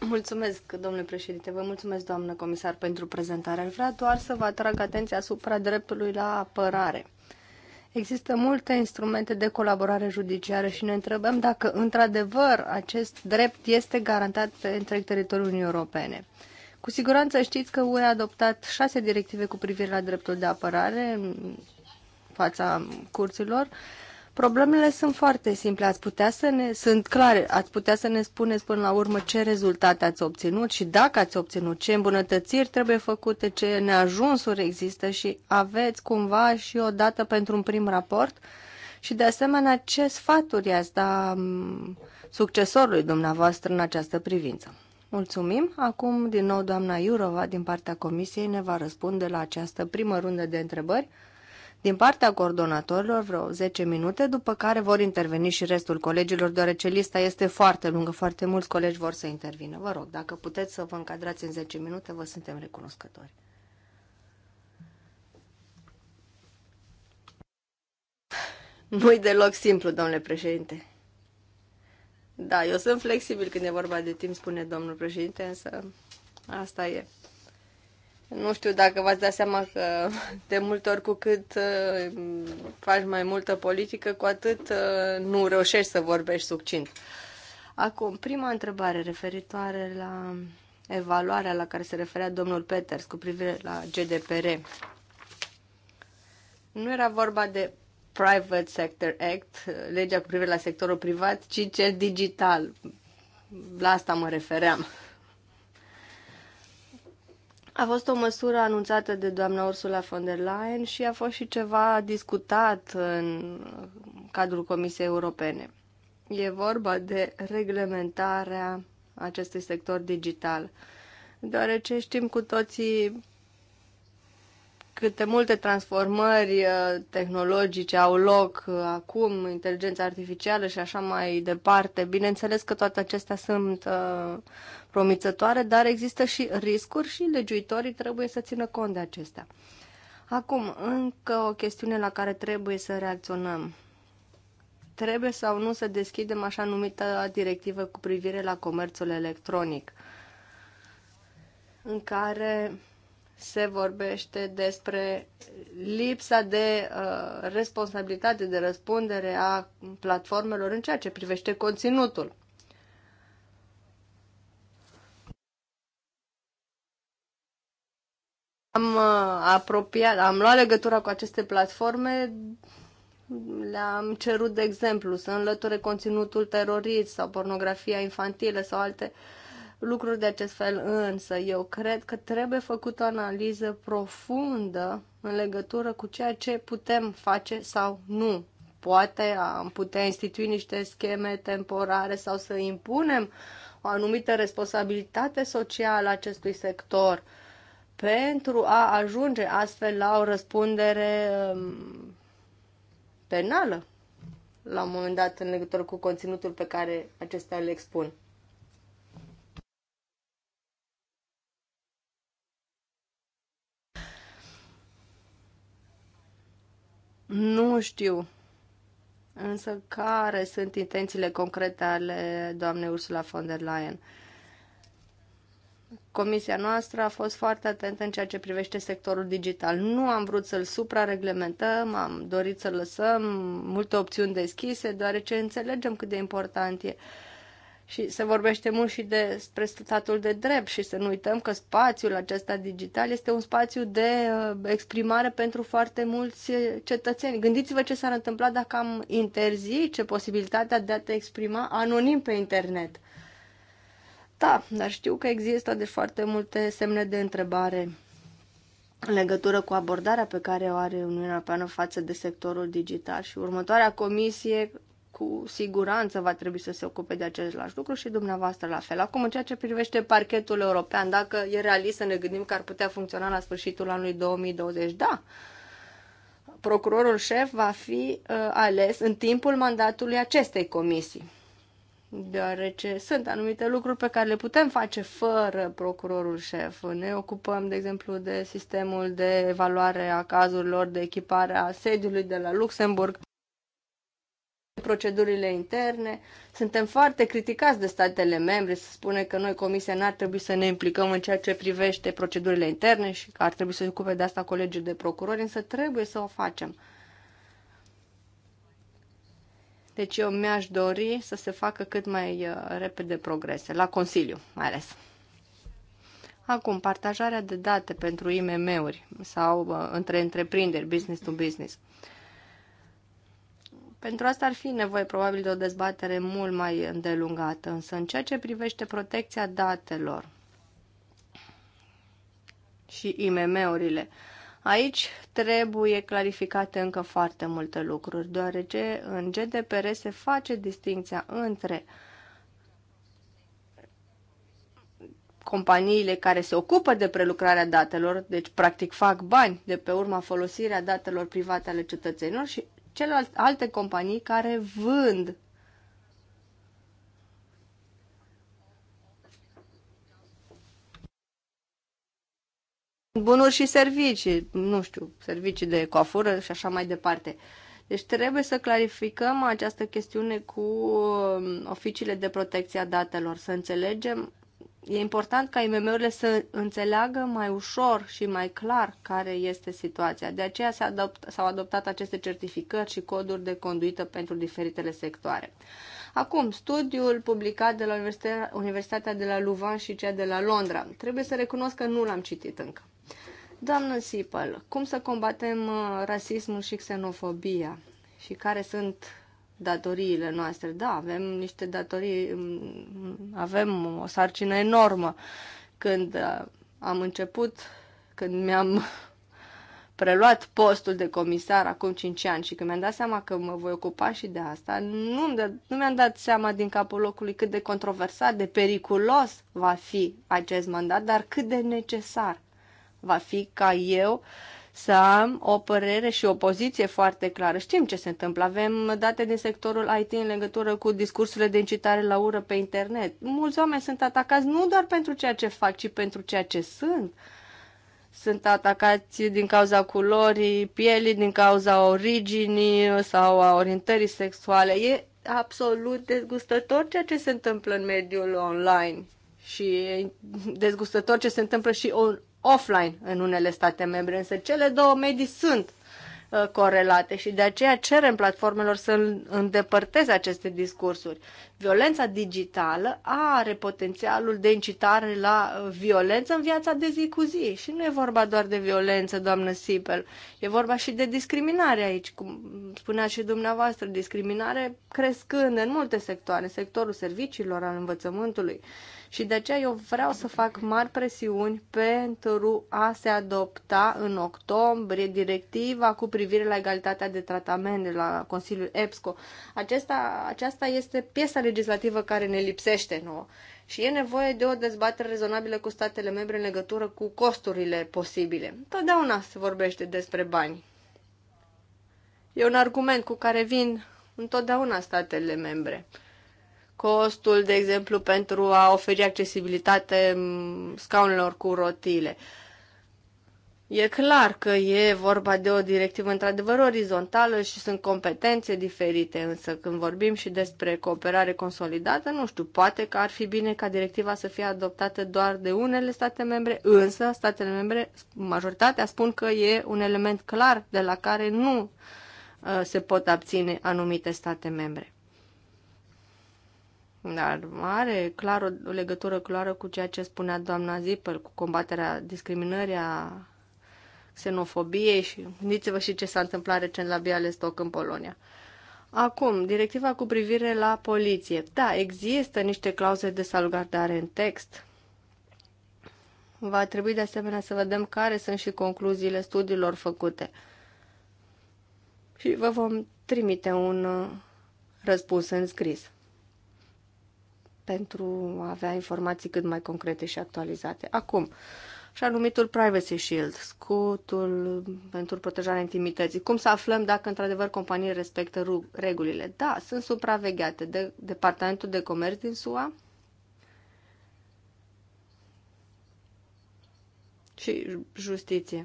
Mulțumesc, domnule președinte. Vă mulțumesc, doamnă comisar, pentru prezentare. Aș vrea doar să vă atrag atenția asupra dreptului la apărare. Există multe instrumente de colaborare judiciară și ne întrebăm dacă, într-adevăr, acest drept este garantat pe întreg teritoriul Uniunii Europene. Cu siguranță știți că UE a adoptat șase directive cu privire la dreptul de apărare în fața curților, Problemele sunt foarte simple. Ați putea să ne, sunt clare, ați putea să ne spuneți până la urmă ce rezultate ați obținut și dacă ați obținut, ce îmbunătățiri trebuie făcute, ce neajunsuri există și aveți cumva și o dată pentru un prim raport? Și de asemenea, ce sfaturi ați da mm, succesorului dumneavoastră în această privință? Mulțumim. Acum, din nou, doamna Iurova, din partea Comisiei, ne va răspunde la această primă rundă de întrebări din partea coordonatorilor vreo 10 minute, după care vor interveni și restul colegilor, deoarece lista este foarte lungă, foarte mulți colegi vor să intervină. Vă rog, dacă puteți să vă încadrați în 10 minute, vă suntem recunoscători. Nu-i deloc simplu, domnule președinte. Da, eu sunt flexibil când e vorba de timp, spune domnul președinte, însă asta e. Nu știu dacă v-ați dat seama că de multe ori cu cât uh, faci mai multă politică, cu atât uh, nu reușești să vorbești succint. Acum, prima întrebare referitoare la evaluarea la care se referea domnul Peters cu privire la GDPR. Nu era vorba de Private Sector Act, legea cu privire la sectorul privat, ci cel digital. La asta mă refeream. A fost o măsură anunțată de doamna Ursula von der Leyen și a fost și ceva discutat în cadrul Comisiei Europene. E vorba de reglementarea acestui sector digital, deoarece știm cu toții câte multe transformări uh, tehnologice au loc uh, acum, inteligența artificială și așa mai departe. Bineînțeles că toate acestea sunt uh, promițătoare, dar există și riscuri și legiuitorii trebuie să țină cont de acestea. Acum, încă o chestiune la care trebuie să reacționăm. Trebuie sau nu să deschidem așa numită directivă cu privire la comerțul electronic, în care se vorbește despre lipsa de uh, responsabilitate, de răspundere a platformelor în ceea ce privește conținutul. Am uh, apropiat, am luat legătura cu aceste platforme, le-am cerut de exemplu să înlăture conținutul terorist sau pornografia infantilă sau alte uh, lucruri de acest fel, însă eu cred că trebuie făcut o analiză profundă în legătură cu ceea ce putem face sau nu. Poate am putea institui niște scheme temporare sau să impunem o anumită responsabilitate socială acestui sector pentru a ajunge astfel la o răspundere um, penală la un moment dat în legătură cu conținutul pe care acestea le expun. Nu știu însă care sunt intențiile concrete ale doamnei Ursula von der Leyen. Comisia noastră a fost foarte atentă în ceea ce privește sectorul digital. Nu am vrut să-l suprareglementăm, am dorit să lăsăm multe opțiuni deschise, deoarece înțelegem cât de important e și se vorbește mult și despre statul de drept și să nu uităm că spațiul acesta digital este un spațiu de uh, exprimare pentru foarte mulți uh, cetățeni. Gândiți-vă ce s-ar întâmpla dacă am interzice posibilitatea de a te exprima anonim pe internet. Da, dar știu că există de foarte multe semne de întrebare în legătură cu abordarea pe care o are Uniunea Europeană față de sectorul digital și următoarea comisie cu siguranță va trebui să se ocupe de același lucru și dumneavoastră la fel. Acum, în ceea ce privește parchetul european, dacă e realist să ne gândim că ar putea funcționa la sfârșitul anului 2020, da, procurorul șef va fi uh, ales în timpul mandatului acestei comisii. Deoarece sunt anumite lucruri pe care le putem face fără procurorul șef. Ne ocupăm, de exemplu, de sistemul de evaluare a cazurilor, de echiparea sediului de la Luxemburg procedurile interne. Suntem foarte criticați de statele membre, se spune că noi, Comisia, n-ar trebui să ne implicăm în ceea ce privește procedurile interne și că ar trebui să se ocupe de asta colegiul de procurori, însă trebuie să o facem. Deci eu mi-aș dori să se facă cât mai uh, repede progrese, la Consiliu mai ales. Acum, partajarea de date pentru IMM-uri sau uh, între întreprinderi, business to business. Uh, pentru asta ar fi nevoie probabil de o dezbatere mult mai îndelungată, însă în ceea ce privește protecția datelor și IMM-urile, aici trebuie clarificate încă foarte multe lucruri, deoarece în GDPR se face distinția între companiile care se ocupă de prelucrarea datelor, deci practic fac bani de pe urma folosirea datelor private ale cetățenilor și celelalte companii care vând bunuri și servicii, nu știu, servicii de coafură și așa mai departe. Deci trebuie să clarificăm această chestiune cu um, oficiile de protecție a datelor, să înțelegem e important ca IMM-urile să înțeleagă mai ușor și mai clar care este situația. De aceea s-au adopt, adoptat aceste certificări și coduri de conduită pentru diferitele sectoare. Acum, studiul publicat de la Universitatea, Universitatea de la Luvan și cea de la Londra. Trebuie să recunosc că nu l-am citit încă. Doamnă Sipăl, cum să combatem uh, rasismul și xenofobia? Și care sunt datoriile noastre. Da, avem niște datorii, avem o sarcină enormă. Când uh, am început, când mi-am preluat postul de comisar acum 5 ani și când mi-am dat seama că mă voi ocupa și de asta, nu, nu mi-am dat seama din capul locului cât de controversat, de periculos va fi acest mandat, dar cât de necesar va fi ca eu să am o părere și o poziție foarte clară. Știm ce se întâmplă. Avem date din sectorul IT în legătură cu discursurile de incitare la ură pe internet. Mulți oameni sunt atacați nu doar pentru ceea ce fac, ci pentru ceea ce sunt. Sunt atacați din cauza culorii pielii, din cauza originii sau a orientării sexuale. E absolut dezgustător ceea ce se întâmplă în mediul online și dezgustător ce se întâmplă și offline în unele state membre, însă cele două medii sunt uh, corelate și de aceea cerem platformelor să îndepărteze aceste discursuri. Violența digitală are potențialul de incitare la uh, violență în viața de zi cu zi și nu e vorba doar de violență, doamnă Sipel, e vorba și de discriminare aici, cum spunea și dumneavoastră, discriminare crescând în multe sectoare, sectorul serviciilor, al învățământului, și de aceea eu vreau să fac mari presiuni pentru a se adopta în octombrie directiva cu privire la egalitatea de tratament la Consiliul EPSCO. Acesta, aceasta este piesa legislativă care ne lipsește nouă. Și e nevoie de o dezbatere rezonabilă cu statele membre în legătură cu costurile posibile. Totdeauna se vorbește despre bani. E un argument cu care vin întotdeauna statele membre costul, de exemplu, pentru a oferi accesibilitate scaunelor cu rotile. E clar că e vorba de o directivă într-adevăr orizontală și sunt competențe diferite, însă când vorbim și despre cooperare consolidată, nu știu, poate că ar fi bine ca directiva să fie adoptată doar de unele state membre, însă statele membre, majoritatea, spun că e un element clar de la care nu uh, se pot abține anumite state membre. Dar are clar o legătură clară cu ceea ce spunea doamna Zipăl, cu combaterea discriminării, a xenofobiei și gândiți-vă și ce s-a întâmplat recent la Bialystok în Polonia. Acum, directiva cu privire la poliție. Da, există niște clauze de salvgardare în text. Va trebui de asemenea să vedem care sunt și concluziile studiilor făcute. Și vă vom trimite un uh, răspuns în scris pentru a avea informații cât mai concrete și actualizate. Acum, și anumitul Privacy Shield, scutul pentru protejarea intimității. Cum să aflăm dacă într-adevăr companiile respectă regulile? Da, sunt supravegheate de Departamentul de Comerț din SUA și Justiție.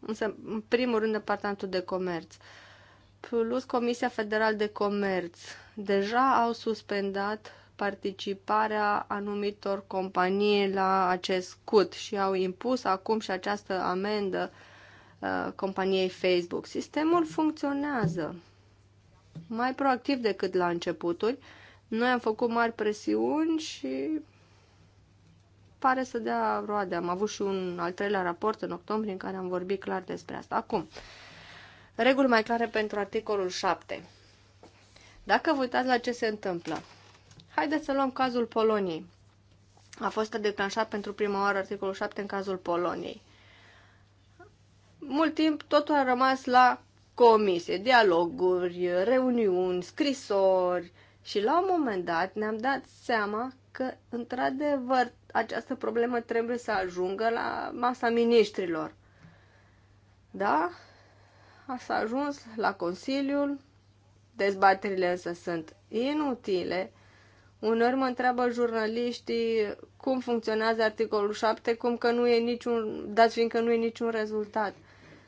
Însă, în primul rând, Departamentul de Comerț plus Comisia Federal de Comerț deja au suspendat participarea anumitor companii la acest cut și au impus acum și această amendă uh, companiei Facebook. Sistemul funcționează mai proactiv decât la începuturi. Noi am făcut mari presiuni și pare să dea roade. Am avut și un al treilea raport în octombrie în care am vorbit clar despre asta. Acum, reguli mai clare pentru articolul 7. Dacă vă uitați la ce se întâmplă, Haideți să luăm cazul Poloniei. A fost declanșat pentru prima oară articolul 7 în cazul Poloniei. Mult timp totul a rămas la comisie, dialoguri, reuniuni, scrisori și la un moment dat ne-am dat seama că, într-adevăr, această problemă trebuie să ajungă la masa miniștrilor. Da? A s-a ajuns la Consiliul, dezbaterile însă sunt inutile, Uneori mă întreabă jurnaliștii cum funcționează articolul 7, cum că nu e niciun, dat fiindcă nu e niciun rezultat.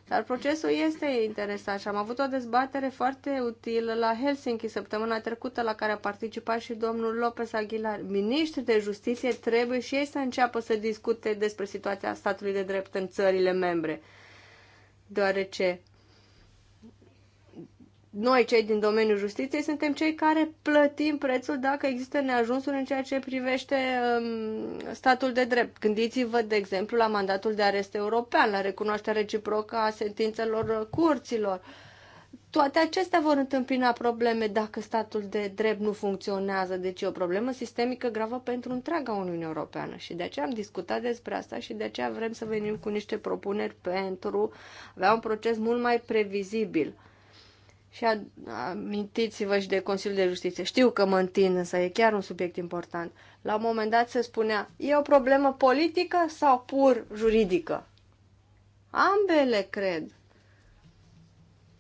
Dar procesul este interesant și am avut o dezbatere foarte utilă la Helsinki săptămâna trecută la care a participat și domnul Lopez Aguilar. Ministri de justiție trebuie și ei să înceapă să discute despre situația statului de drept în țările membre. Deoarece noi, cei din domeniul justiției, suntem cei care plătim prețul dacă există neajunsuri în ceea ce privește um, statul de drept. Gândiți-vă, de exemplu, la mandatul de arest european, la recunoașterea reciprocă a sentințelor curților. Toate acestea vor întâmpina probleme dacă statul de drept nu funcționează. Deci e o problemă sistemică gravă pentru întreaga Uniune Europeană și de aceea am discutat despre asta și de aceea vrem să venim cu niște propuneri pentru a avea un proces mult mai previzibil și amintiți-vă și de Consiliul de Justiție. Știu că mă întind, însă e chiar un subiect important. La un moment dat se spunea, e o problemă politică sau pur juridică? Ambele, cred.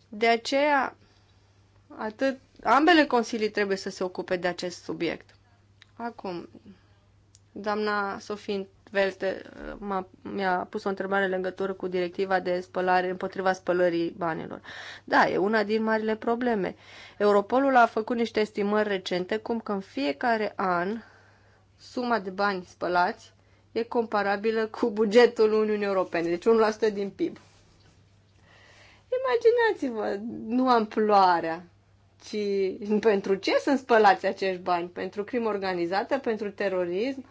De aceea, atât, ambele consilii trebuie să se ocupe de acest subiect. Acum, doamna Sofin Velte uh, mi-a pus o întrebare în legătură cu directiva de spălare împotriva spălării banilor. Da, e una din marile probleme. Europolul a făcut niște estimări recente cum că în fiecare an suma de bani spălați e comparabilă cu bugetul Uniunii Europene, deci 1% din PIB. Imaginați-vă, nu amploarea, ci pentru ce sunt spălați acești bani? Pentru crimă organizată, pentru terorism,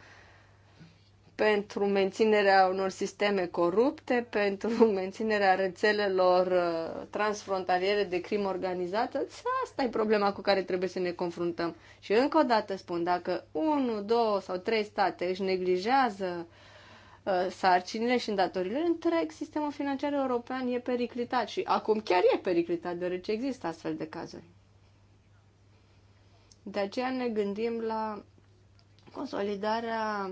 pentru menținerea unor sisteme corupte, pentru menținerea rețelelor uh, transfrontaliere de crimă organizată. Asta e problema cu care trebuie să ne confruntăm. Și încă o dată spun, dacă unu, două sau trei state își neglijează uh, sarcinile și îndatoririle, întreg sistemul financiar european e periclitat și acum chiar e periclitat, deoarece există astfel de cazuri. De aceea ne gândim la consolidarea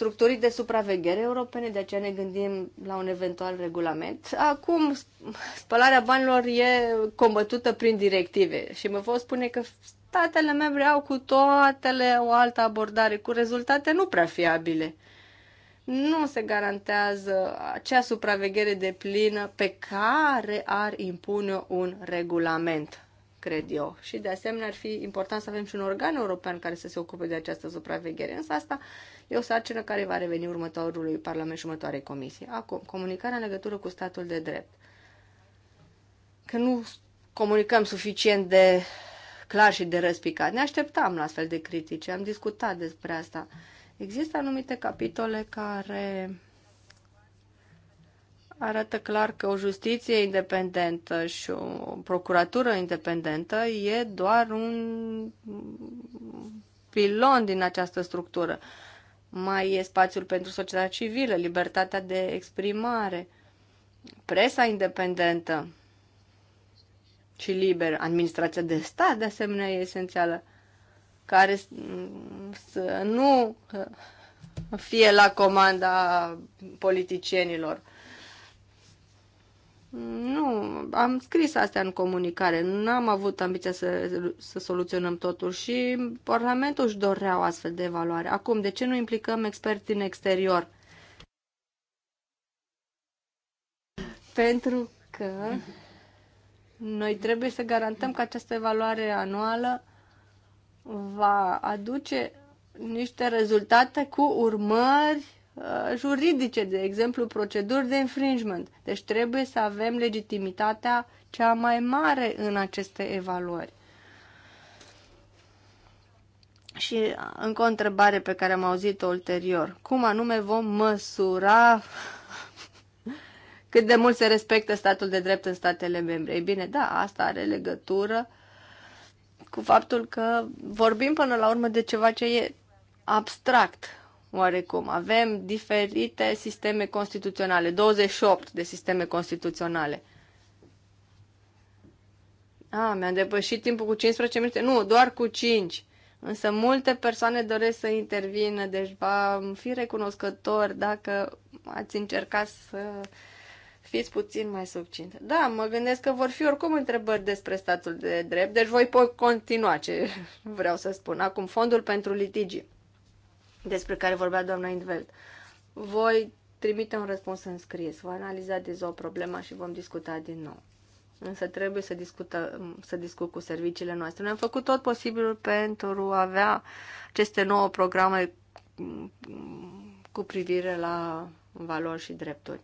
structurii de supraveghere europene, de aceea ne gândim la un eventual regulament. Acum, spălarea banilor e combătută prin directive și mă vor spune că statele membre au cu toatele o altă abordare, cu rezultate nu prea fiabile. Nu se garantează acea supraveghere de plină pe care ar impune un regulament cred eu. Și de asemenea ar fi important să avem și un organ european care să se ocupe de această supraveghere. Însă asta E o sarcină care va reveni următorului Parlament și următoarei comisii. Acum, comunicarea în legătură cu statul de drept. Că nu comunicăm suficient de clar și de răspicat. Ne așteptam la astfel de critici, am discutat despre asta. Există anumite capitole care arată clar că o justiție independentă și o procuratură independentă e doar un pilon din această structură mai e spațiul pentru societatea civilă, libertatea de exprimare, presa independentă și liberă, administrația de stat, de asemenea, e esențială, care să nu fie la comanda politicienilor. Nu, am scris astea în comunicare. N-am avut ambiția să, să soluționăm totul și Parlamentul își dorea o astfel de evaluare. Acum, de ce nu implicăm experți din exterior? Pentru că noi trebuie să garantăm că această evaluare anuală va aduce niște rezultate cu urmări Uh, juridice, de exemplu, proceduri de infringement. Deci trebuie să avem legitimitatea cea mai mare în aceste evaluări. Și uh, încă o întrebare pe care am auzit-o ulterior. Cum anume vom măsura cât de mult se respectă statul de drept în statele membre? Ei bine, da, asta are legătură cu faptul că vorbim până la urmă de ceva ce e abstract oarecum. Avem diferite sisteme constituționale, 28 de sisteme constituționale. A, mi-am depășit timpul cu 15 minute. Nu, doar cu 5. Însă multe persoane doresc să intervină, deci va fi recunoscător dacă ați încercat să fiți puțin mai subțint. Da, mă gândesc că vor fi oricum întrebări despre statul de drept, deci voi pot continua ce vreau să spun. Acum, fondul pentru litigi despre care vorbea doamna Indveld. Voi trimite un răspuns în scris, voi analiza de o problema și vom discuta din nou. Însă trebuie să, discută, să discut cu serviciile noastre. Noi am făcut tot posibilul pentru a avea aceste nouă programe cu privire la valori și drepturi.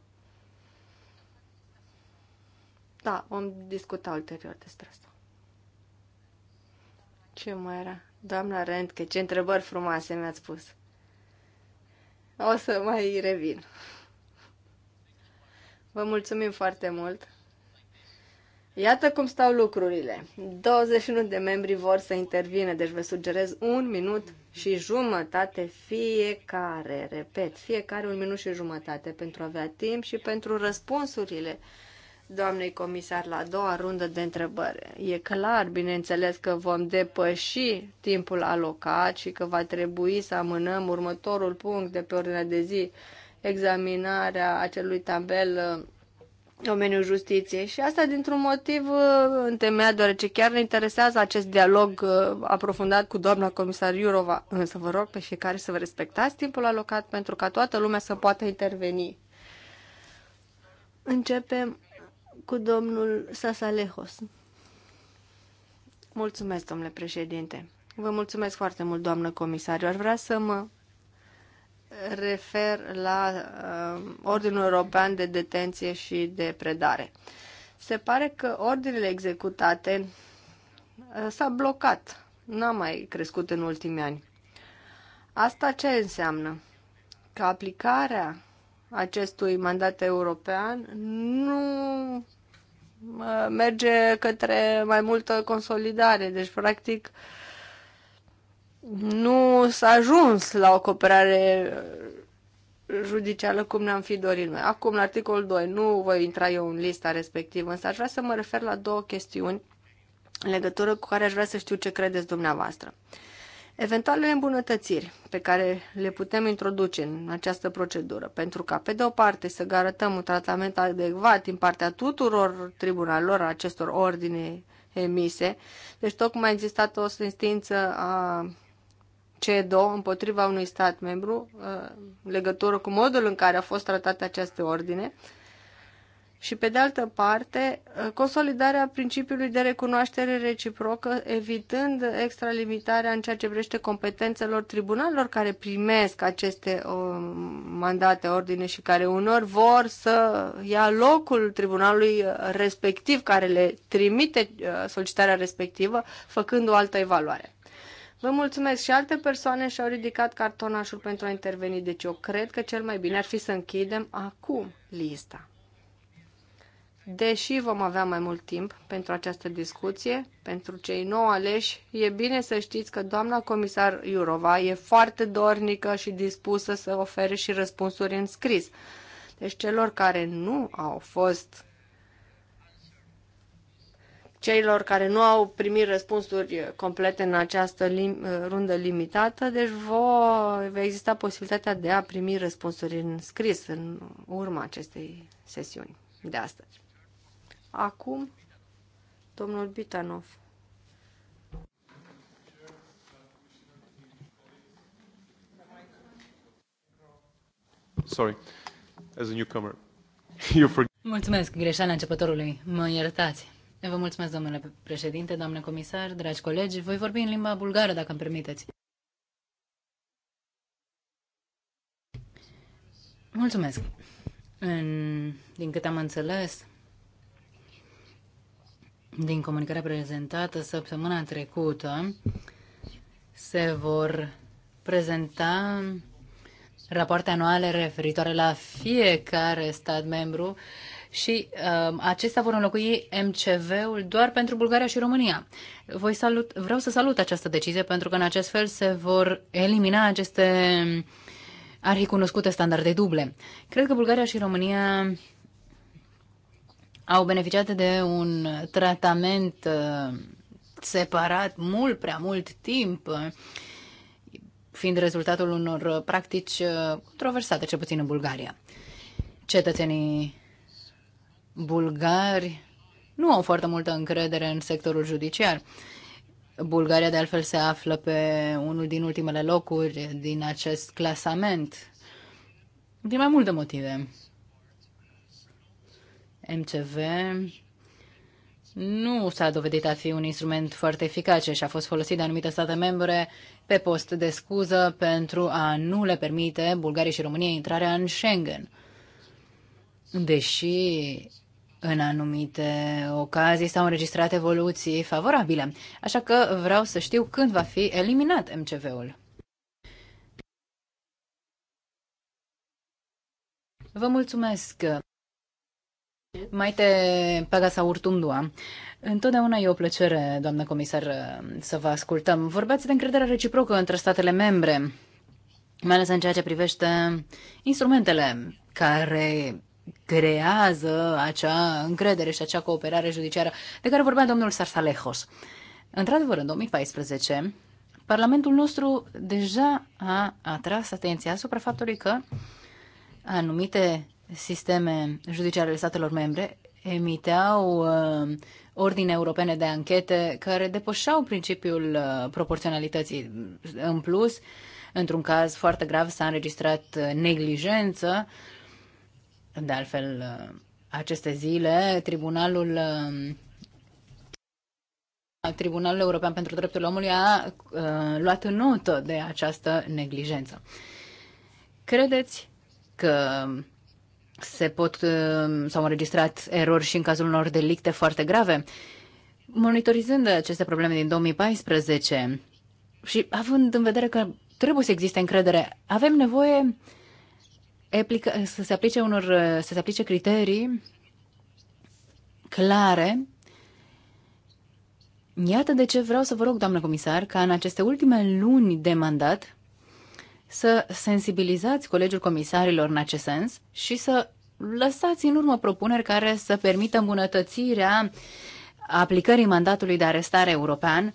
Da, vom discuta ulterior despre asta. Ce mai era? Doamna Rentke, ce întrebări frumoase mi-ați pus! O să mai revin. Vă mulțumim foarte mult. Iată cum stau lucrurile. 21 de membri vor să intervine deci vă sugerez un minut și jumătate fiecare, repet, fiecare un minut și jumătate pentru a avea timp și pentru răspunsurile doamnei comisar la a doua rundă de întrebări. E clar, bineînțeles, că vom depăși timpul alocat și că va trebui să amânăm următorul punct de pe ordinea de zi, examinarea acelui tabel uh, domeniul justiției și asta dintr-un motiv uh, întemeiat, deoarece chiar ne interesează acest dialog uh, aprofundat cu doamna comisar Iurova. Însă vă rog pe fiecare să vă respectați timpul alocat pentru ca toată lumea să poată interveni. Începem cu domnul Sasalehos. Mulțumesc, domnule președinte. Vă mulțumesc foarte mult, doamnă comisar. Eu aș vrea să mă refer la uh, Ordinul European de Detenție și de Predare. Se pare că ordinele executate uh, s au blocat, n-a mai crescut în ultimii ani. Asta ce înseamnă? Că aplicarea acestui mandat european nu merge către mai multă consolidare. Deci, practic, nu s-a ajuns la o cooperare judiciară cum ne-am fi dorit noi. Acum, la articolul 2, nu voi intra eu în lista respectivă, însă aș vrea să mă refer la două chestiuni în legătură cu care aș vrea să știu ce credeți dumneavoastră. Uh, eventualele îmbunătățiri pe care le putem introduce în această procedură, pentru ca, pe de o parte, să garantăm un tratament adecvat din partea tuturor tribunalelor acestor ordine emise. Deci, tocmai a existat o sentință a CEDO împotriva unui stat membru, uh, legătură cu modul în care a fost tratate aceste ordine, și, pe de altă parte, uh, consolidarea principiului de recunoaștere reciprocă, evitând extralimitarea în ceea ce vrește competențelor tribunalelor care primesc aceste uh, mandate, ordine și care unor vor să ia locul tribunalului respectiv care le trimite uh, solicitarea respectivă, făcând o altă evaluare. Vă mulțumesc și alte persoane și-au ridicat cartonașul pentru a interveni, deci eu cred că cel mai bine ar fi să închidem acum lista deși vom avea mai mult timp pentru această discuție, pentru cei nou aleși, e bine să știți că doamna comisar Iurova e foarte dornică și dispusă să ofere și răspunsuri în scris. Deci celor care nu au fost celor care nu au primit răspunsuri complete în această lim- rundă limitată, deci vo- va exista posibilitatea de a primi răspunsuri în scris în urma acestei sesiuni de astăzi. Acum, domnul Bitanov. Sorry, as a newcomer. You forget. Mulțumesc, greșeala începătorului. Mă iertați. Vă mulțumesc, domnule președinte, doamne comisar, dragi colegi. Voi vorbi în limba bulgară, dacă îmi permiteți. Mulțumesc. În, din câte am înțeles, din comunicarea prezentată săptămâna trecută se vor prezenta rapoarte anuale referitoare la fiecare stat membru și uh, acestea vor înlocui MCV-ul doar pentru Bulgaria și România. Voi salut, vreau să salut această decizie pentru că în acest fel se vor elimina aceste arhicunoscute standarde duble. Cred că Bulgaria și România au beneficiat de un tratament uh, separat mult prea mult timp, uh, fiind rezultatul unor practici uh, controversate, cel puțin în Bulgaria. Cetățenii bulgari nu au foarte multă încredere în sectorul judiciar. Bulgaria, de altfel, se află pe unul din ultimele locuri din acest clasament, din mai multe motive. MCV nu s-a dovedit a fi un instrument foarte eficace și a fost folosit de anumite state membre pe post de scuză pentru a nu le permite Bulgariei și României intrarea în Schengen. Deși în anumite ocazii s-au înregistrat evoluții favorabile, așa că vreau să știu când va fi eliminat MCV-ul. Vă mulțumesc! Maite Pagasa Urtundua. Întotdeauna e o plăcere, doamnă comisar, să vă ascultăm. Vorbeați de încrederea reciprocă între statele membre, mai ales în ceea ce privește instrumentele care creează acea încredere și acea cooperare judiciară de care vorbea domnul Sarsalejos. Într-adevăr, în 2014, Parlamentul nostru deja a atras atenția asupra faptului că anumite sisteme judiciare ale statelor membre emiteau uh, ordine europene de anchete care depășeau principiul uh, proporționalității. În plus, într-un caz foarte grav s-a înregistrat uh, neglijență. De altfel, uh, aceste zile, tribunalul uh, Tribunalul European pentru Drepturile Omului a uh, luat notă de această neglijență. Credeți că se pot, uh, s-au înregistrat erori și în cazul unor delicte foarte grave. Monitorizând aceste probleme din 2014 și având în vedere că trebuie să existe încredere, avem nevoie aplica, să se aplice unor, să se aplice criterii clare. Iată de ce vreau să vă rog, doamnă comisar, ca în aceste ultime luni de mandat să sensibilizați colegiul comisarilor în acest sens și să lăsați în urmă propuneri care să permită îmbunătățirea aplicării mandatului de arestare european,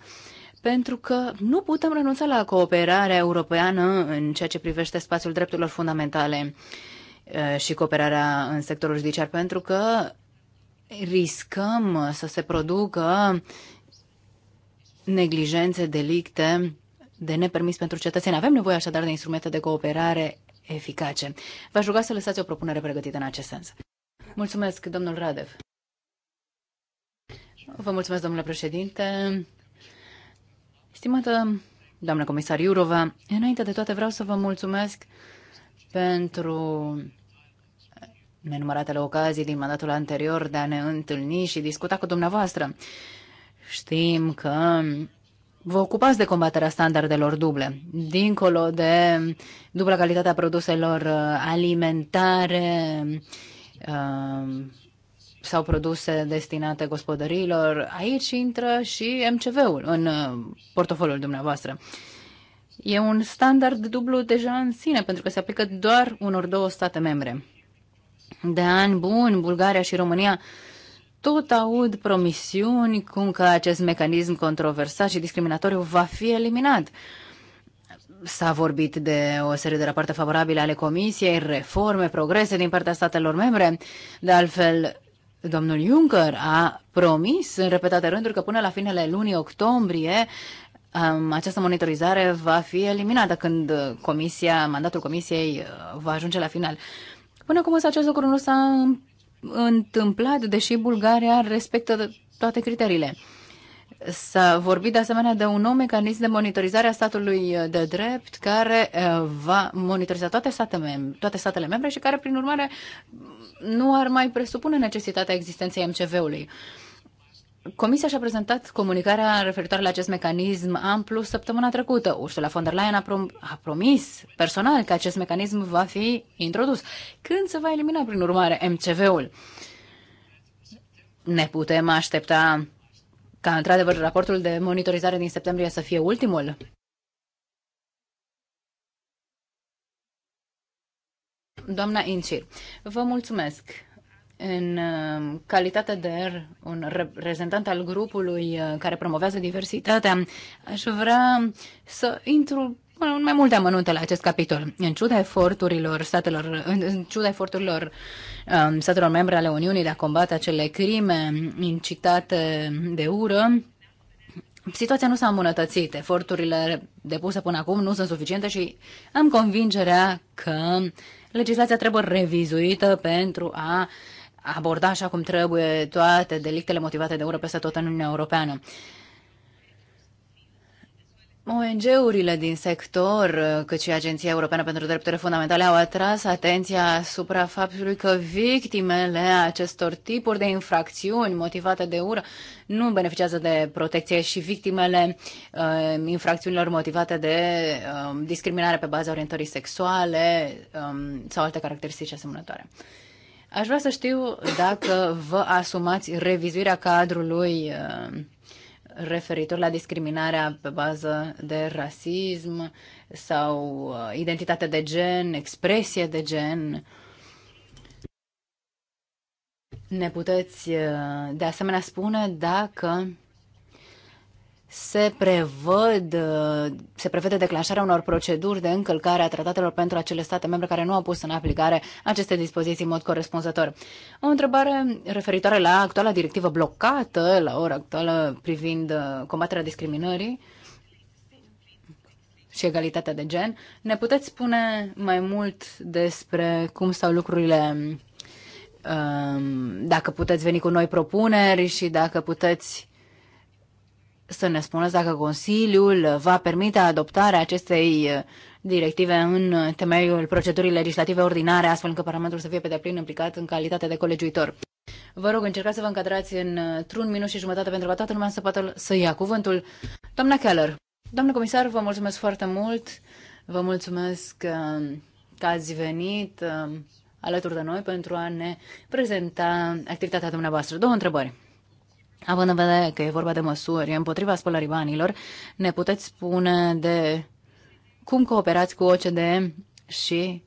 pentru că nu putem renunța la cooperarea europeană în ceea ce privește spațiul drepturilor fundamentale eh, și cooperarea în sectorul judiciar, pentru că riscăm să se producă neglijențe, delicte de nepermis pentru cetățeni. Avem nevoie așadar de instrumente de cooperare eficace. V-aș ruga să lăsați o propunere pregătită în acest sens. Mulțumesc, domnul Radev. Vă mulțumesc, domnule președinte. Stimată doamnă comisar Iurova, înainte de toate vreau să vă mulțumesc pentru nenumăratele ocazii din mandatul anterior de a ne întâlni și discuta cu dumneavoastră. Știm că vă ocupați de combaterea standardelor duble, dincolo de dubla calitate a produselor uh, alimentare uh, sau produse destinate gospodăriilor. Aici intră și MCV-ul în uh, portofoliul dumneavoastră. E un standard dublu deja în sine, pentru că se aplică doar unor două state membre. De ani buni, Bulgaria și România tot aud promisiuni cum că acest mecanism controversat și discriminatoriu va fi eliminat. S-a vorbit de o serie de rapoarte favorabile ale Comisiei, reforme, progrese din partea statelor membre. De altfel, domnul Juncker a promis în repetate rânduri că până la finele lunii octombrie um, această monitorizare va fi eliminată când comisia, mandatul comisiei uh, va ajunge la final. Până acum însă acest lucru nu s-a întâmplat, deși Bulgaria respectă toate criteriile. S-a vorbit de asemenea de un nou mecanism de monitorizare a statului de drept care eh, va monitoriza toate, state mem- toate statele membre și care, prin urmare, nu ar mai presupune necesitatea existenței MCV-ului. Uh, Comisia și-a prezentat comunicarea referitoare la acest mecanism amplu săptămâna trecută. Ursula von der Leyen a, prom- a promis personal că acest mecanism va fi introdus. Când se va elimina, prin urmare, MCV-ul? Ne putem aștepta ca, într-adevăr, raportul de monitorizare din septembrie să fie ultimul? Doamna Incir, vă mulțumesc în um, calitate de un reprezentant al grupului uh, care promovează diversitatea, aș vrea să intru în mai multe amănunte la acest capitol. În ciuda eforturilor statelor, în ciuda eforturilor um, statelor membre ale Uniunii de a combate acele crime incitate de ură, situația nu s-a îmbunătățit. Eforturile depuse până acum nu sunt suficiente și am convingerea că legislația trebuie revizuită pentru a uh, aborda așa cum trebuie toate delictele motivate de ură peste tot în Uniunea Europeană. ONG-urile din sector, cât și Agenția Europeană pentru Drepturile Fundamentale, au atras atenția asupra faptului că victimele acestor tipuri de infracțiuni motivate de ură nu beneficiază de protecție și victimele uh, infracțiunilor motivate de uh, discriminare pe baza orientării sexuale um, sau alte caracteristici asemănătoare. Aș vrea să știu dacă vă asumați revizuirea cadrului uh, referitor la discriminarea pe bază de rasism sau uh, identitate de gen, expresie de gen. Ne puteți uh, de asemenea spune dacă se, prevăd, se prevede declanșarea unor proceduri de încălcare a tratatelor pentru acele state membre care nu au pus în aplicare aceste dispoziții în mod corespunzător. O întrebare referitoare la actuala directivă blocată la ora actuală privind uh, combaterea discriminării și egalitatea de gen. Ne puteți spune mai mult despre cum stau lucrurile um, dacă puteți veni cu noi propuneri și dacă puteți să ne spuneți dacă Consiliul va permite adoptarea acestei uh, directive în uh, temeiul procedurii legislative ordinare, astfel încât Parlamentul să fie pe deplin implicat în calitate de colegiuitor. Vă rog, încercați să vă încadrați uh, într-un minut și jumătate pentru ca toată lumea să poată să ia cuvântul. Doamna Keller, doamnă comisar, vă mulțumesc foarte mult. Vă mulțumesc că ați venit alături de noi pentru a ne prezenta activitatea dumneavoastră. Două întrebări. Având în vedere că e vorba de măsuri împotriva spălării banilor, ne puteți spune de cum cooperați cu OCDE și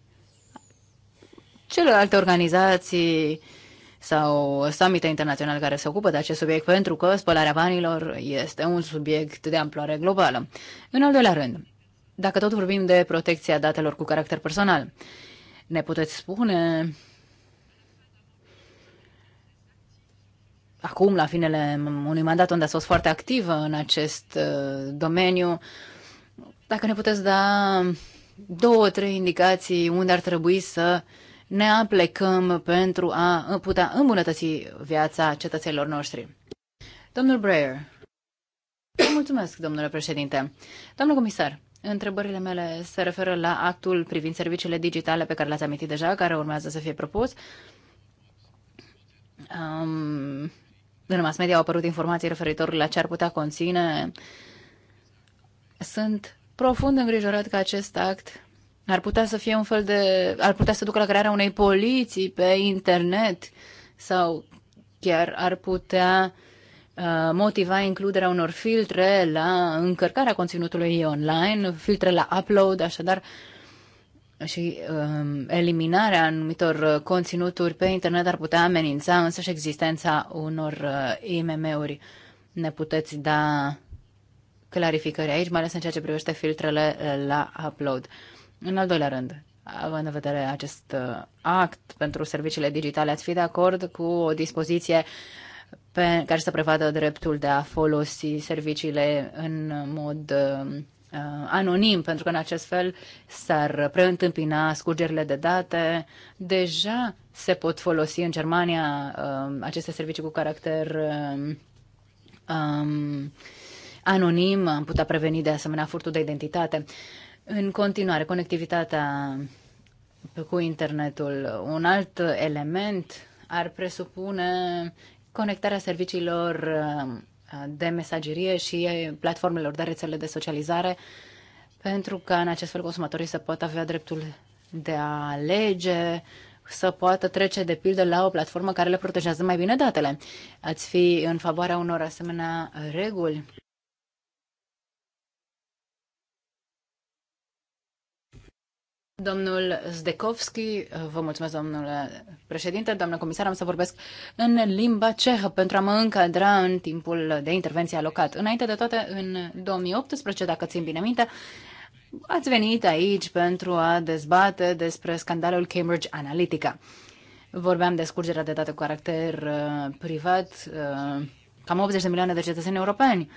celelalte organizații sau summite internaționale care se ocupă de acest subiect, pentru că spălarea banilor este un subiect de amploare globală. În al doilea rând, dacă tot vorbim de protecția datelor cu caracter personal, ne puteți spune acum, la finele unui mandat unde ați fost foarte activă în acest uh, domeniu, dacă ne puteți da două, trei indicații unde ar trebui să ne aplecăm pentru a putea îmbunătăți viața cetățenilor noștri. Domnul Breyer. Mulțumesc, domnule președinte. Domnul comisar, întrebările mele se referă la actul privind serviciile digitale pe care l-ați amintit deja, care urmează să fie propus. Um, în mass media au apărut informații referitor la ce ar putea conține. Sunt profund îngrijorat că acest act ar putea să fie un fel de... ar putea să ducă la crearea unei poliții pe internet sau chiar ar putea uh, motiva includerea unor filtre la încărcarea conținutului online, filtre la upload, așadar uh, și um, eliminarea anumitor uh, conținuturi pe internet ar putea amenința însă și existența unor uh, IMM-uri. Ne puteți da clarificări aici, mai ales în ceea ce privește filtrele uh, la upload. În al doilea rând, având în vedere acest uh, act pentru serviciile digitale, ați fi de acord cu o dispoziție pe care să prevadă dreptul de a folosi serviciile în mod uh, Uh, anonim, pentru că în acest fel s-ar preîntâmpina scurgerile de date. Deja se pot folosi în Germania uh, aceste servicii cu caracter uh, um, anonim, am putea preveni de asemenea furtul de identitate. În continuare, conectivitatea cu internetul. Un alt element ar presupune conectarea serviciilor de mesagerie și platformelor de rețele de socializare, pentru că în acest fel consumatorii să pot avea dreptul de a alege, să poată trece de pildă la o platformă care le protejează mai bine datele. Ați fi în favoarea unor asemenea reguli? Domnul Zdekovski, vă mulțumesc, domnule președinte, doamnă comisar, am să vorbesc în limba cehă pentru a mă încadra în timpul de intervenție alocat. Înainte de toate, în 2018, dacă țin bine minte, ați venit aici pentru a dezbate despre scandalul Cambridge Analytica. Vorbeam de scurgerea de date cu caracter uh, privat. Uh, cam 80 de milioane de cetățeni europeni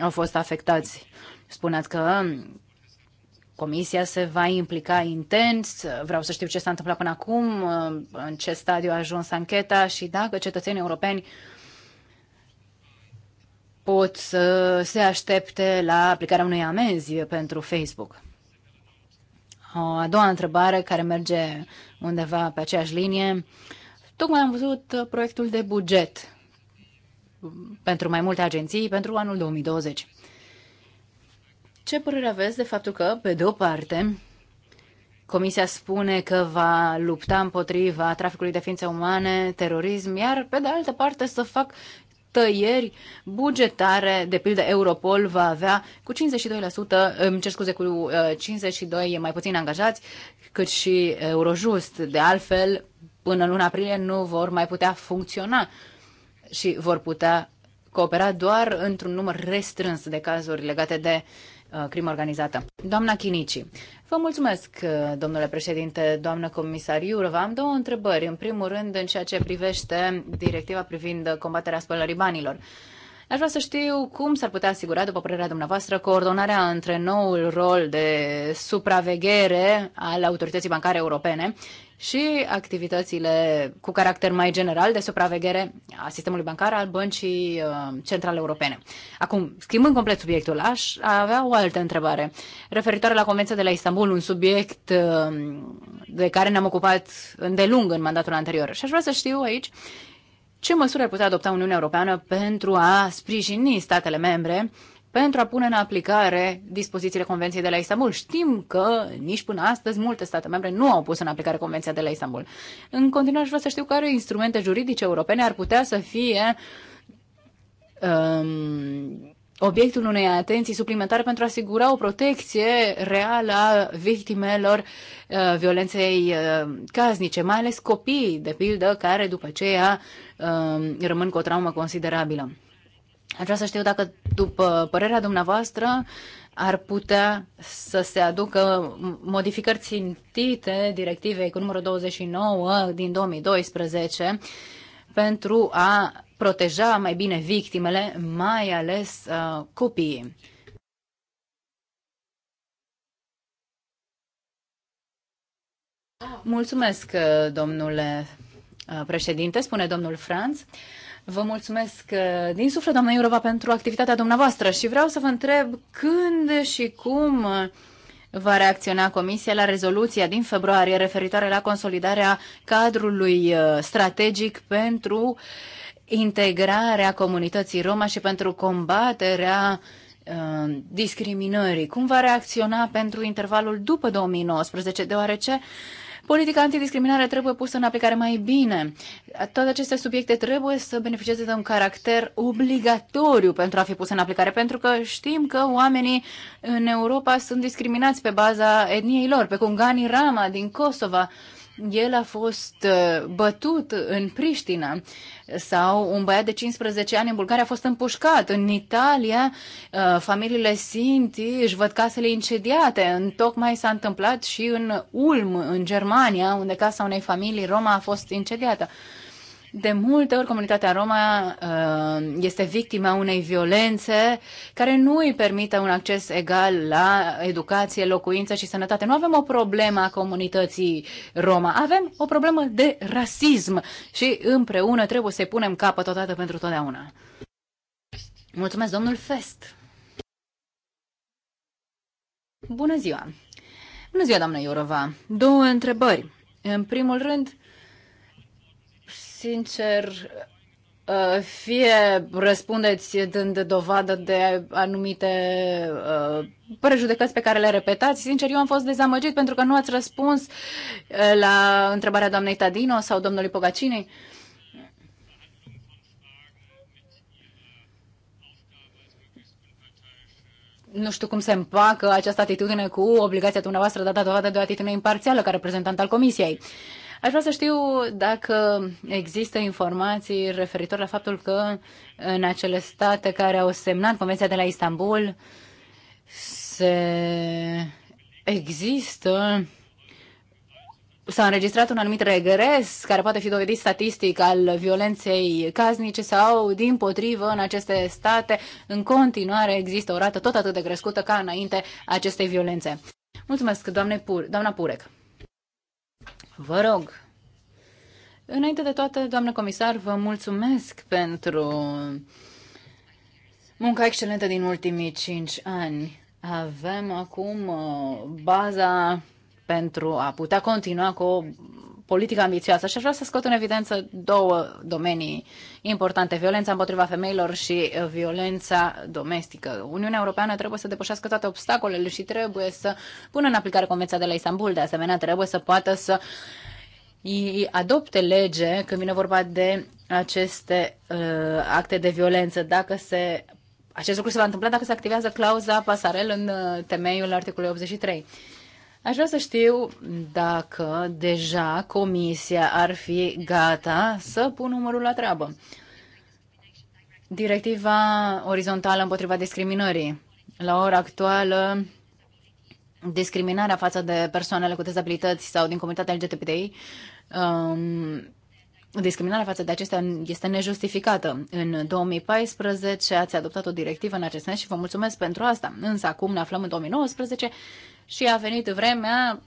au fost afectați. Spuneați că Comisia se va implica intens. Vreau să știu ce s-a întâmplat până acum, în ce stadiu a ajuns ancheta și dacă cetățenii europeni pot să se aștepte la aplicarea unei amenzi pentru Facebook. O a doua întrebare care merge undeva pe aceeași linie. Tocmai am văzut proiectul de buget pentru mai multe agenții pentru anul 2020. Ce părere aveți de faptul că, pe de o parte, Comisia spune că va lupta împotriva traficului de ființe umane, terorism, iar pe de altă parte să fac tăieri bugetare, de pildă Europol va avea cu 52%, îmi cer scuze, cu 52 uh, mai puțin angajați, cât și Eurojust. De altfel, până luna aprilie nu vor mai putea funcționa și vor putea coopera doar într-un număr restrâns de cazuri legate de uh, Uh, crimă organizată. Doamna Chinici, vă mulțumesc, uh, domnule președinte, doamnă comisar Iurova. Am două întrebări. În primul rând, în ceea ce privește directiva privind combaterea spălării banilor. Aș vrea să știu cum s-ar putea asigura, după părerea dumneavoastră, coordonarea între noul rol de supraveghere al Autorității Bancare Europene și activitățile cu caracter mai general de supraveghere a sistemului bancar al Băncii uh, Centrale Europene. Acum, schimbând complet subiectul, aș avea o altă întrebare referitoare la Convenția de la Istanbul, un subiect uh, de care ne-am ocupat îndelung în mandatul anterior. Și aș vrea să știu aici ce măsuri ar putea adopta Uniunea Europeană pentru a sprijini statele membre pentru a pune în aplicare dispozițiile Convenției de la Istanbul. Știm că nici până astăzi multe state membre nu au pus în aplicare Convenția de la Istanbul. În continuare aș vrea să știu care instrumente juridice europene ar putea să fie um, obiectul unei atenții suplimentare pentru a asigura o protecție reală a victimelor uh, violenței uh, casnice, mai ales copiii, de pildă, care după aceea uh, rămân cu o traumă considerabilă. Aș vrea să știu dacă, după părerea dumneavoastră, ar putea să se aducă modificări țintite directivei cu numărul 29 din 2012 pentru a proteja mai bine victimele, mai ales uh, copiii. Mulțumesc, uh, domnule uh, președinte, spune domnul Franz. Vă mulțumesc uh, din suflet, doamna Iurova, pentru activitatea dumneavoastră și vreau să vă întreb când și cum uh, va reacționa Comisia la rezoluția din februarie referitoare la consolidarea cadrului uh, strategic pentru integrarea comunității Roma și pentru combaterea discriminării. Cum va reacționa pentru intervalul după 2019, deoarece Politica antidiscriminare trebuie pusă în aplicare mai bine. Toate aceste subiecte trebuie să beneficieze de un caracter obligatoriu pentru a fi pus în aplicare, pentru că știm că oamenii în Europa sunt discriminați pe baza etniei lor, pe cum Gani Rama din Kosova, el a fost uh, bătut în Priștina sau un băiat de 15 ani în Bulgaria a fost împușcat. În Italia, uh, familiile Sinti își văd casele incendiate. În tocmai s-a întâmplat și în Ulm, în Germania, unde casa unei familii Roma a fost incendiată. De multe ori comunitatea Roma uh, este victima unei violențe care nu îi permite un acces egal la educație, locuință și sănătate. Nu avem o problemă a comunității Roma, avem o problemă de rasism și împreună trebuie să-i punem capăt odată pentru totdeauna. Mulțumesc, domnul Fest! Bună ziua! Bună ziua, doamnă Iorova! Două întrebări. În primul rând, Sincer, uh, fie răspundeți dând dovadă de anumite uh, prejudecăți pe care le repetați. Sincer, eu am fost dezamăgit pentru că nu ați răspuns uh, la întrebarea doamnei Tadino sau domnului Pogacinei. nu știu cum se împacă această atitudine cu obligația dumneavoastră dată dovadă de o atitudine imparțială ca reprezentant al Comisiei. Uh, Aș vrea să știu dacă există informații referitor la faptul că în acele state care au semnat Convenția de la Istanbul se există s-a înregistrat un anumit regres care poate fi dovedit statistic al violenței casnice sau, din potrivă, în aceste state, în continuare există o rată tot atât de crescută ca înainte acestei violențe. Mulțumesc, doamne Pur- doamna Purec. Vă rog! Înainte de toate, doamnă comisar, vă mulțumesc pentru munca excelentă din ultimii cinci ani. Avem acum uh, baza pentru a putea continua cu o politică ambițioasă și aș vrea să scot în evidență două domenii importante, violența împotriva femeilor și uh, violența domestică. Uniunea Europeană trebuie să depășească toate obstacolele și trebuie să pună în aplicare Convenția de la Istanbul. De asemenea, trebuie să poată să adopte lege când vine vorba de aceste uh, acte de violență, dacă se acest lucru se va întâmpla dacă se activează clauza pasarel în uh, temeiul articolului 83. Aș vrea să știu dacă deja comisia ar fi gata să pun numărul la treabă. Directiva orizontală împotriva discriminării. La ora actuală, discriminarea față de persoanele cu dezabilități sau din comunitatea LGBTI um, discriminarea față de acestea este nejustificată. În 2014 ați adoptat o directivă în acest sens și vă mulțumesc pentru asta. Însă acum ne aflăm în 2019 și a venit vremea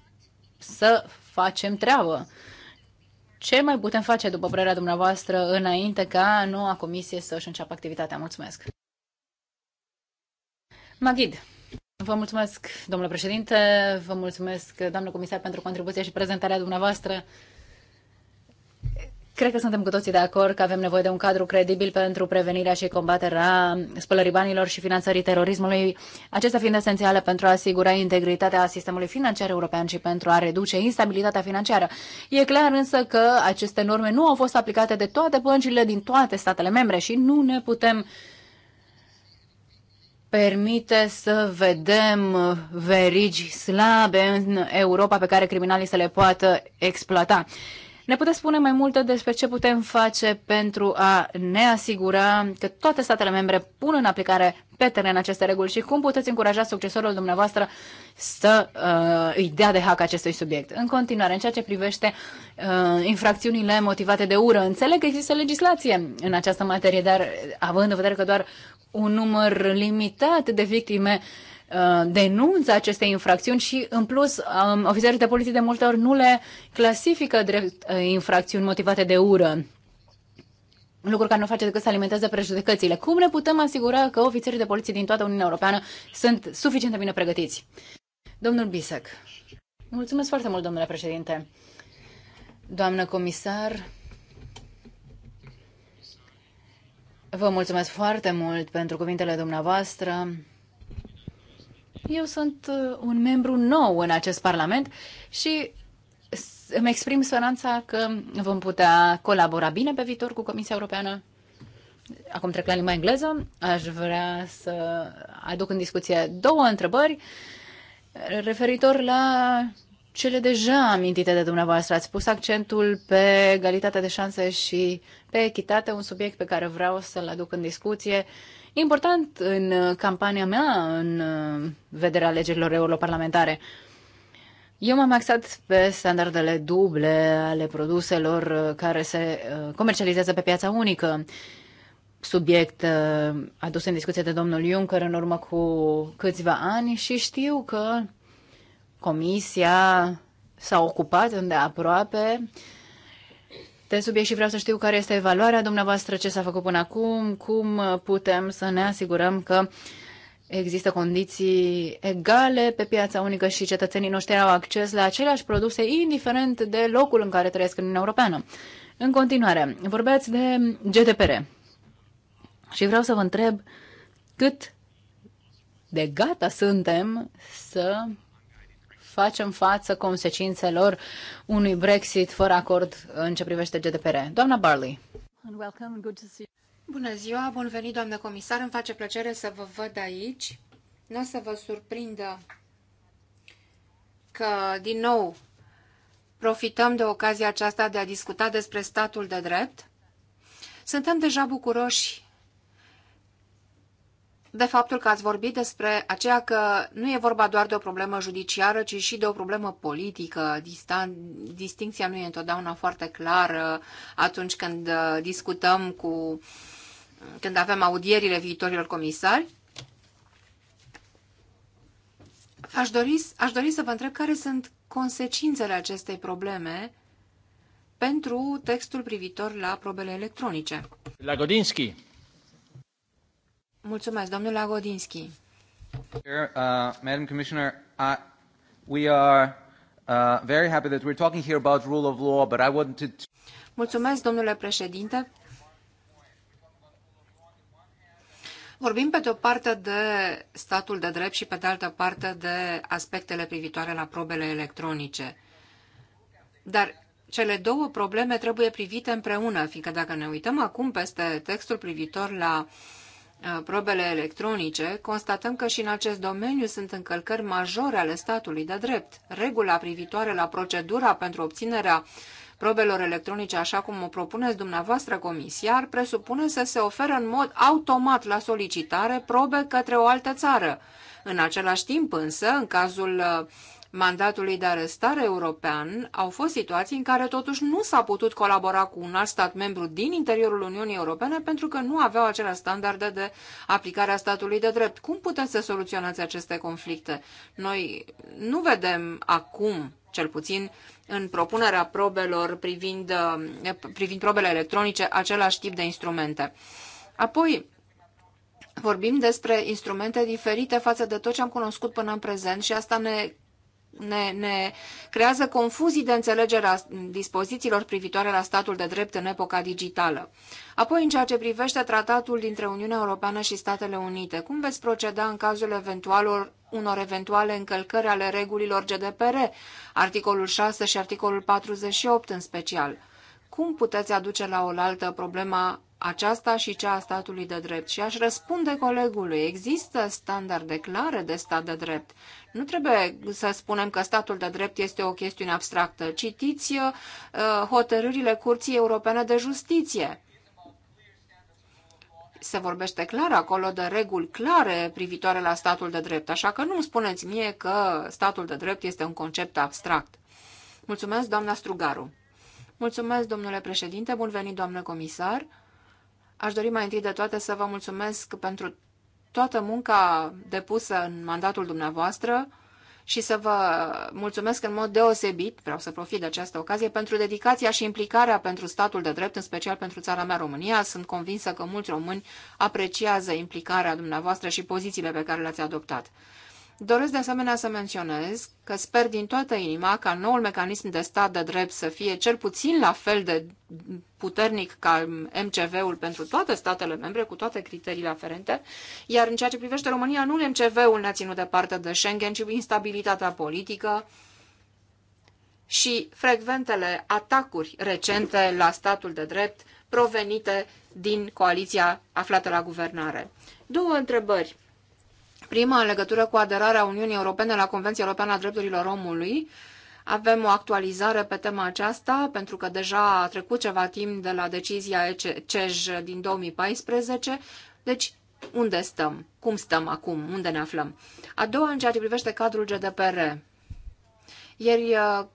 să facem treabă. Ce mai putem face, după părerea dumneavoastră, înainte ca noua comisie să-și înceapă activitatea? Mulțumesc! Maghid, vă mulțumesc, domnule președinte, vă mulțumesc, doamnă comisar, pentru contribuția și prezentarea dumneavoastră. Cred că suntem cu toții de acord că avem nevoie de un cadru credibil pentru prevenirea și combaterea spălării banilor și finanțării terorismului, acestea fiind esențiale pentru a asigura integritatea sistemului financiar european și pentru a reduce instabilitatea financiară. E clar însă că aceste norme nu au fost aplicate de toate băncile din toate statele membre și nu ne putem permite să vedem verigi slabe în Europa pe care criminalii să le poată exploata. Ne puteți spune mai multe despre ce putem face pentru a ne asigura că toate statele membre pun în aplicare pe teren aceste reguli și cum puteți încuraja succesorul dumneavoastră să uh, îi dea de hac acestui subiect. În continuare, în ceea ce privește uh, infracțiunile motivate de ură, înțeleg că există legislație în această materie, dar având în vedere că doar un număr limitat de victime uh, Uh, denunță aceste infracțiuni și, în plus, um, ofițerii de poliție de multe ori nu le clasifică drept uh, infracțiuni motivate de ură lucru care nu face decât să alimenteze prejudecățile. Cum ne putem asigura că ofițerii de poliție din toată Uniunea Europeană sunt suficient de bine pregătiți? Domnul Bisec. Mulțumesc foarte mult, domnule președinte. Doamnă comisar, vă mulțumesc foarte mult pentru cuvintele dumneavoastră. Eu sunt uh, un membru nou în acest Parlament și îmi exprim speranța că vom putea colabora bine pe viitor cu Comisia Europeană. Acum trec la limba engleză. Aș vrea să aduc în discuție două întrebări referitor la cele deja amintite de dumneavoastră. Ați pus accentul pe egalitatea de șanse și pe echitate, un subiect pe care vreau să-l aduc în discuție important în uh, campania mea în uh, vederea alegerilor europarlamentare. Eu m-am axat pe standardele duble ale produselor uh, care se comercializează pe piața unică, subiect adus în discuție de domnul Juncker în urmă cu câțiva ani și știu că Comisia s-a ocupat îndeaproape aproape de subiect și vreau să știu care este evaluarea dumneavoastră, ce s-a făcut până acum, cum putem să ne asigurăm că există condiții egale pe piața unică și cetățenii noștri au acces la aceleași produse, indiferent de locul în care trăiesc în Uniunea Europeană. În continuare, vorbeați de GDPR și vreau să vă întreb cât de gata suntem să facem față consecințelor unui Brexit fără acord în ce privește GDPR. Doamna Barley. Bună ziua, bun venit, doamnă comisar. Îmi face plăcere să vă văd aici. Nu o să vă surprindă că, din nou, profităm de ocazia aceasta de a discuta despre statul de drept. Suntem deja bucuroși de faptul că ați vorbit despre aceea că nu e vorba doar de o problemă judiciară, ci și de o problemă politică. Distan- distinția nu e întotdeauna foarte clară atunci când uh, discutăm cu, când avem audierile viitorilor comisari. Aș dori, aș dori să vă întreb care sunt consecințele acestei probleme pentru textul privitor la probele electronice. La Godinski. Mulțumesc, domnul Agodinski. Here, uh, Madam Commissioner, uh, we are uh, very happy that we're talking here about rule of law, but I wanted to... Mulțumesc, domnule președinte. Vorbim pe de o parte de statul de drept și pe de altă parte de aspectele privitoare la probele electronice. Dar cele două probleme trebuie privite împreună, fiindcă dacă ne uităm acum peste textul privitor la uh, Uh, probele electronice, constatăm că și în acest domeniu sunt încălcări majore ale statului de drept. Regula privitoare la procedura pentru obținerea probelor electronice, așa cum o propuneți dumneavoastră comisia, ar presupune să se oferă în mod automat la solicitare probe către o altă țară. În același timp însă, în cazul uh, mandatului de arestare european, au fost situații în care totuși nu s-a putut colabora cu un alt stat membru din interiorul Uniunii Europene pentru că nu aveau aceleași standarde de aplicare a statului de drept. Cum puteți să soluționați aceste conflicte? Noi nu vedem acum cel puțin în propunerea probelor privind, privind probele electronice, același tip de instrumente. Apoi, vorbim despre instrumente diferite față de tot ce am cunoscut până în prezent și asta ne ne, ne creează confuzii de înțelegere a dispozițiilor privitoare la statul de drept în epoca digitală. Apoi, în ceea ce privește tratatul dintre Uniunea Europeană și Statele Unite, cum veți proceda în cazul eventualor, unor eventuale încălcări ale regulilor GDPR, articolul 6 și articolul 48 în special? cum puteți aduce la oaltă problema aceasta și cea a statului de drept. Și aș răspunde colegului, există standarde clare de stat de drept. Nu trebuie să spunem că statul de drept este o chestiune abstractă. Citiți uh, hotărârile Curții Europene de Justiție. Se vorbește clar acolo de reguli clare privitoare la statul de drept, așa că nu îmi spuneți mie că statul de drept este un concept abstract. Mulțumesc, doamna Strugaru. Mulțumesc, domnule președinte, bun venit, doamnă comisar. Aș dori mai întâi de toate să vă mulțumesc pentru toată munca depusă în mandatul dumneavoastră și să vă mulțumesc în mod deosebit, vreau să profit de această ocazie, pentru dedicația și implicarea pentru statul de drept, în special pentru țara mea România. Sunt convinsă că mulți români apreciază implicarea dumneavoastră și pozițiile pe care le-ați adoptat. Doresc de asemenea să menționez că sper din toată inima ca noul mecanism de stat de drept să fie cel puțin la fel de puternic ca MCV-ul pentru toate statele membre, cu toate criteriile aferente, iar în ceea ce privește România, nu MCV-ul ne-a ținut departe de Schengen, ci instabilitatea politică și frecventele atacuri recente la statul de drept provenite din coaliția aflată la guvernare. Două întrebări Prima, în legătură cu aderarea Uniunii Europene la Convenția Europeană a Drepturilor Omului, avem o actualizare pe tema aceasta, pentru că deja a trecut ceva timp de la decizia CEJ din 2014. Deci, unde stăm? Cum stăm acum? Unde ne aflăm? A doua, în ceea ce privește cadrul GDPR. Ieri, uh,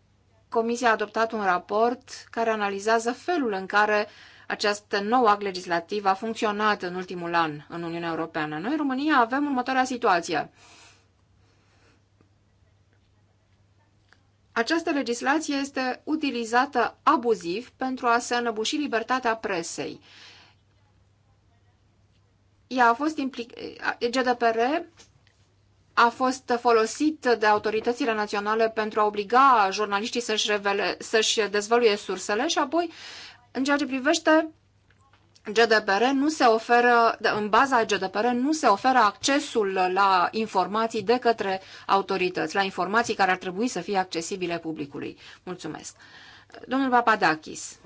Comisia a adoptat un raport care analizează felul în care uh, această nouă act legislativ a funcționat în ultimul an în Uniunea Europeană. Noi, în România, avem următoarea situație. Această legislație este utilizată abuziv pentru a se înăbuși libertatea presei. Ea a fost implicată. GDPR a fost folosit de autoritățile naționale pentru a obliga jurnaliștii să-și, revele, să dezvăluie sursele și apoi în ceea ce privește GDPR nu se oferă, în baza GDPR nu se oferă accesul la informații de către autorități, la informații care ar trebui să fie accesibile publicului. Mulțumesc. Domnul Papadakis.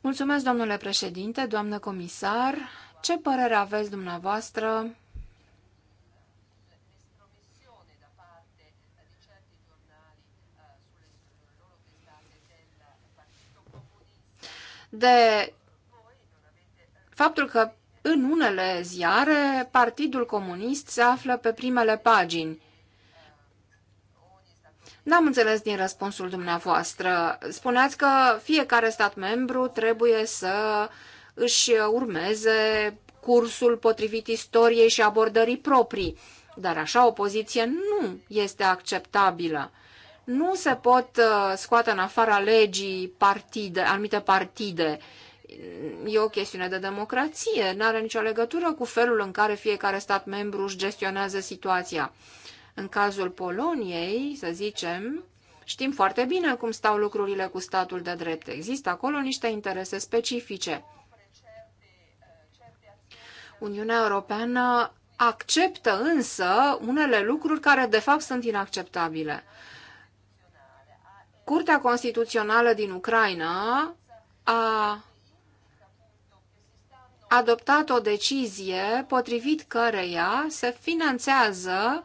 Mulțumesc, domnule președinte, doamnă comisar. Ce părere aveți dumneavoastră de faptul că în unele ziare Partidul Comunist se află pe primele pagini. N-am înțeles din răspunsul dumneavoastră. Spuneați că fiecare stat membru trebuie să își urmeze cursul potrivit istoriei și abordării proprii. Dar așa o poziție nu este acceptabilă nu se pot uh, scoate în afara legii partide, anumite partide. E o chestiune de democrație, nu are nicio legătură cu felul în care fiecare stat membru își gestionează situația. În cazul Poloniei, să zicem, știm foarte bine cum stau lucrurile cu statul de drept. Există acolo niște interese specifice. Uniunea Europeană acceptă însă unele lucruri care de fapt sunt inacceptabile. Curtea Constituțională din Ucraina a adoptat o decizie potrivit căreia se finanțează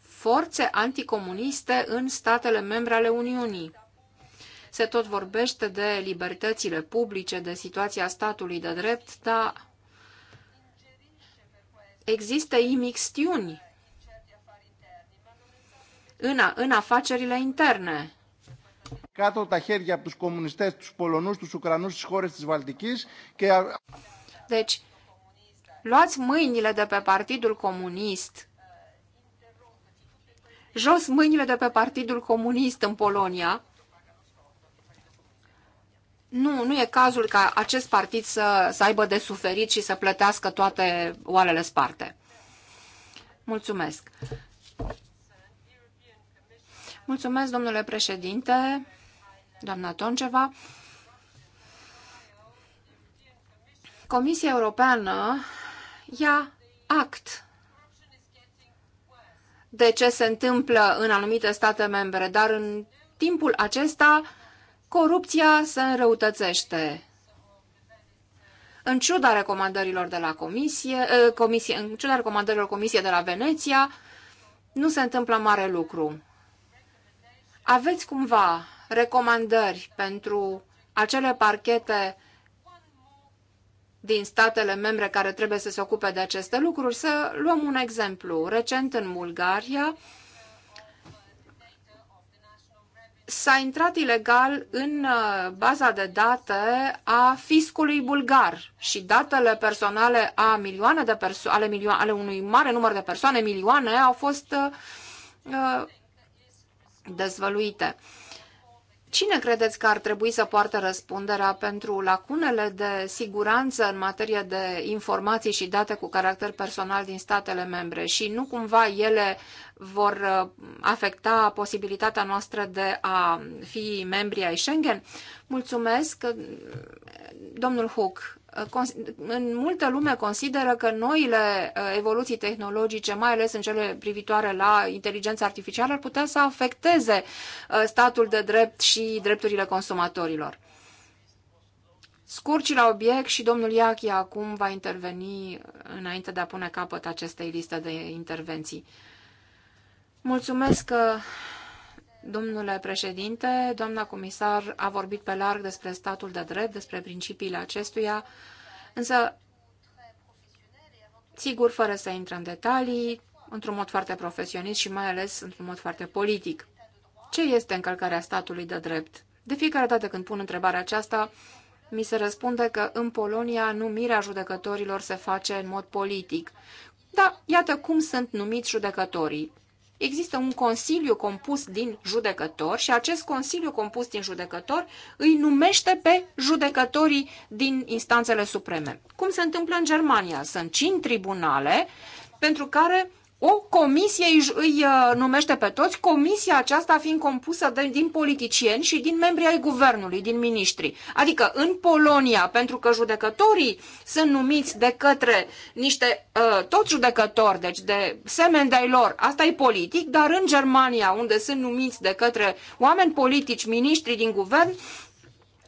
forțe anticomuniste în statele membre ale Uniunii. Se tot vorbește de libertățile publice, de situația statului de drept, dar există imixtiuni în, a, în afacerile interne. Κάτω τα χέρια από τους κομμουνιστές, τους Πολωνούς, τους Ουκρανούς, τις χώρες της Βαλτικής και... Deci, luați mâinile de pe Partidul Comunist. Jos mâinile de pe Partidul Comunist în Polonia. Nu, nu e cazul ca acest partid să, să aibă de suferit și să plătească toate oalele sparte. Mulțumesc. Mulțumesc, domnule președinte, doamna Tonceva. Comisia Europeană ia act de ce se întâmplă în anumite state membre, dar în timpul acesta corupția se înrăutățește. În ciuda recomandărilor de la comisie, eh, comisie, în ciuda recomandărilor comisiei de la Veneția, nu se întâmplă mare lucru. Aveți cumva recomandări pentru acele parchete din statele membre care trebuie să se ocupe de aceste lucruri? Să luăm un exemplu. Recent în Bulgaria s-a intrat ilegal în uh, baza de date a fiscului bulgar și datele personale a milioane de perso- ale, milio- ale unui mare număr de persoane, milioane, au fost uh, uh dezvăluite. Cine credeți că ar trebui să poartă răspunderea pentru lacunele de siguranță în materie de informații și date cu caracter personal din statele membre și nu cumva ele vor uh, afecta posibilitatea noastră de a fi membri ai Schengen? Mulțumesc, uh, domnul Huck. Uh, în multă lume consideră că noile uh, evoluții tehnologice, mai ales în cele privitoare la inteligența artificială, ar putea să afecteze uh, statul de drept și drepturile consumatorilor. Scurt și la obiect și domnul Iachi acum va interveni înainte de a pune capăt acestei liste de intervenții. Mulțumesc că Domnule președinte, doamna comisar a vorbit pe larg despre statul de drept, despre principiile acestuia, însă, sigur, fără să intre în detalii, într-un mod foarte profesionist și mai ales într-un mod foarte politic. Ce este încălcarea statului de drept? De fiecare dată când pun întrebarea aceasta, mi se răspunde că în Polonia numirea judecătorilor se face în mod politic. Da, iată cum sunt numiți judecătorii există un consiliu compus din judecători și acest consiliu compus din judecători îi numește pe judecătorii din instanțele supreme. Cum se întâmplă în Germania? Sunt cinci tribunale pentru care o comisie îi, îi uh, numește pe toți, comisia aceasta fiind compusă de, din politicieni și din membrii ai guvernului, din miniștri. Adică în Polonia, pentru că judecătorii sunt numiți de către niște, uh, toți judecători, deci de semeni de lor, asta e politic, dar în Germania, unde sunt numiți de către oameni politici, miniștri din guvern,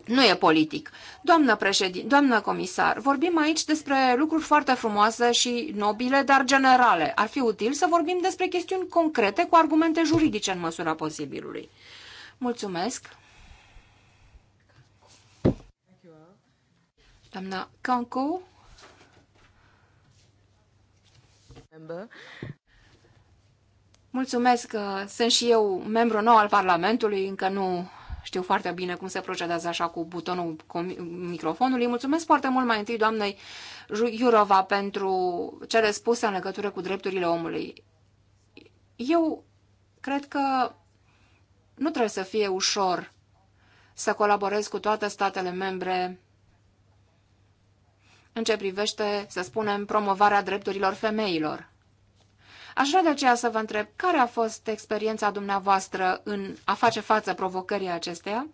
nu e politic. Doamnă președinte, doamnă comisar, vorbim aici despre lucruri foarte frumoase și nobile, dar generale. Ar fi util să vorbim despre chestiuni concrete cu argumente juridice în măsura posibilului. Mulțumesc. Doamna Cancu. Mulțumesc că sunt și eu membru nou al Parlamentului, încă nu știu foarte bine cum se procedează așa cu butonul cu microfonului. Mulțumesc foarte mult mai întâi doamnei Jurova pentru cele spuse în legătură cu drepturile omului. Eu cred că nu trebuie să fie ușor să colaborez cu toate statele membre în ce privește, să spunem, promovarea drepturilor femeilor. Aș vrea de aceea să vă întreb, care a fost experiența dumneavoastră în a face față provocării acesteia?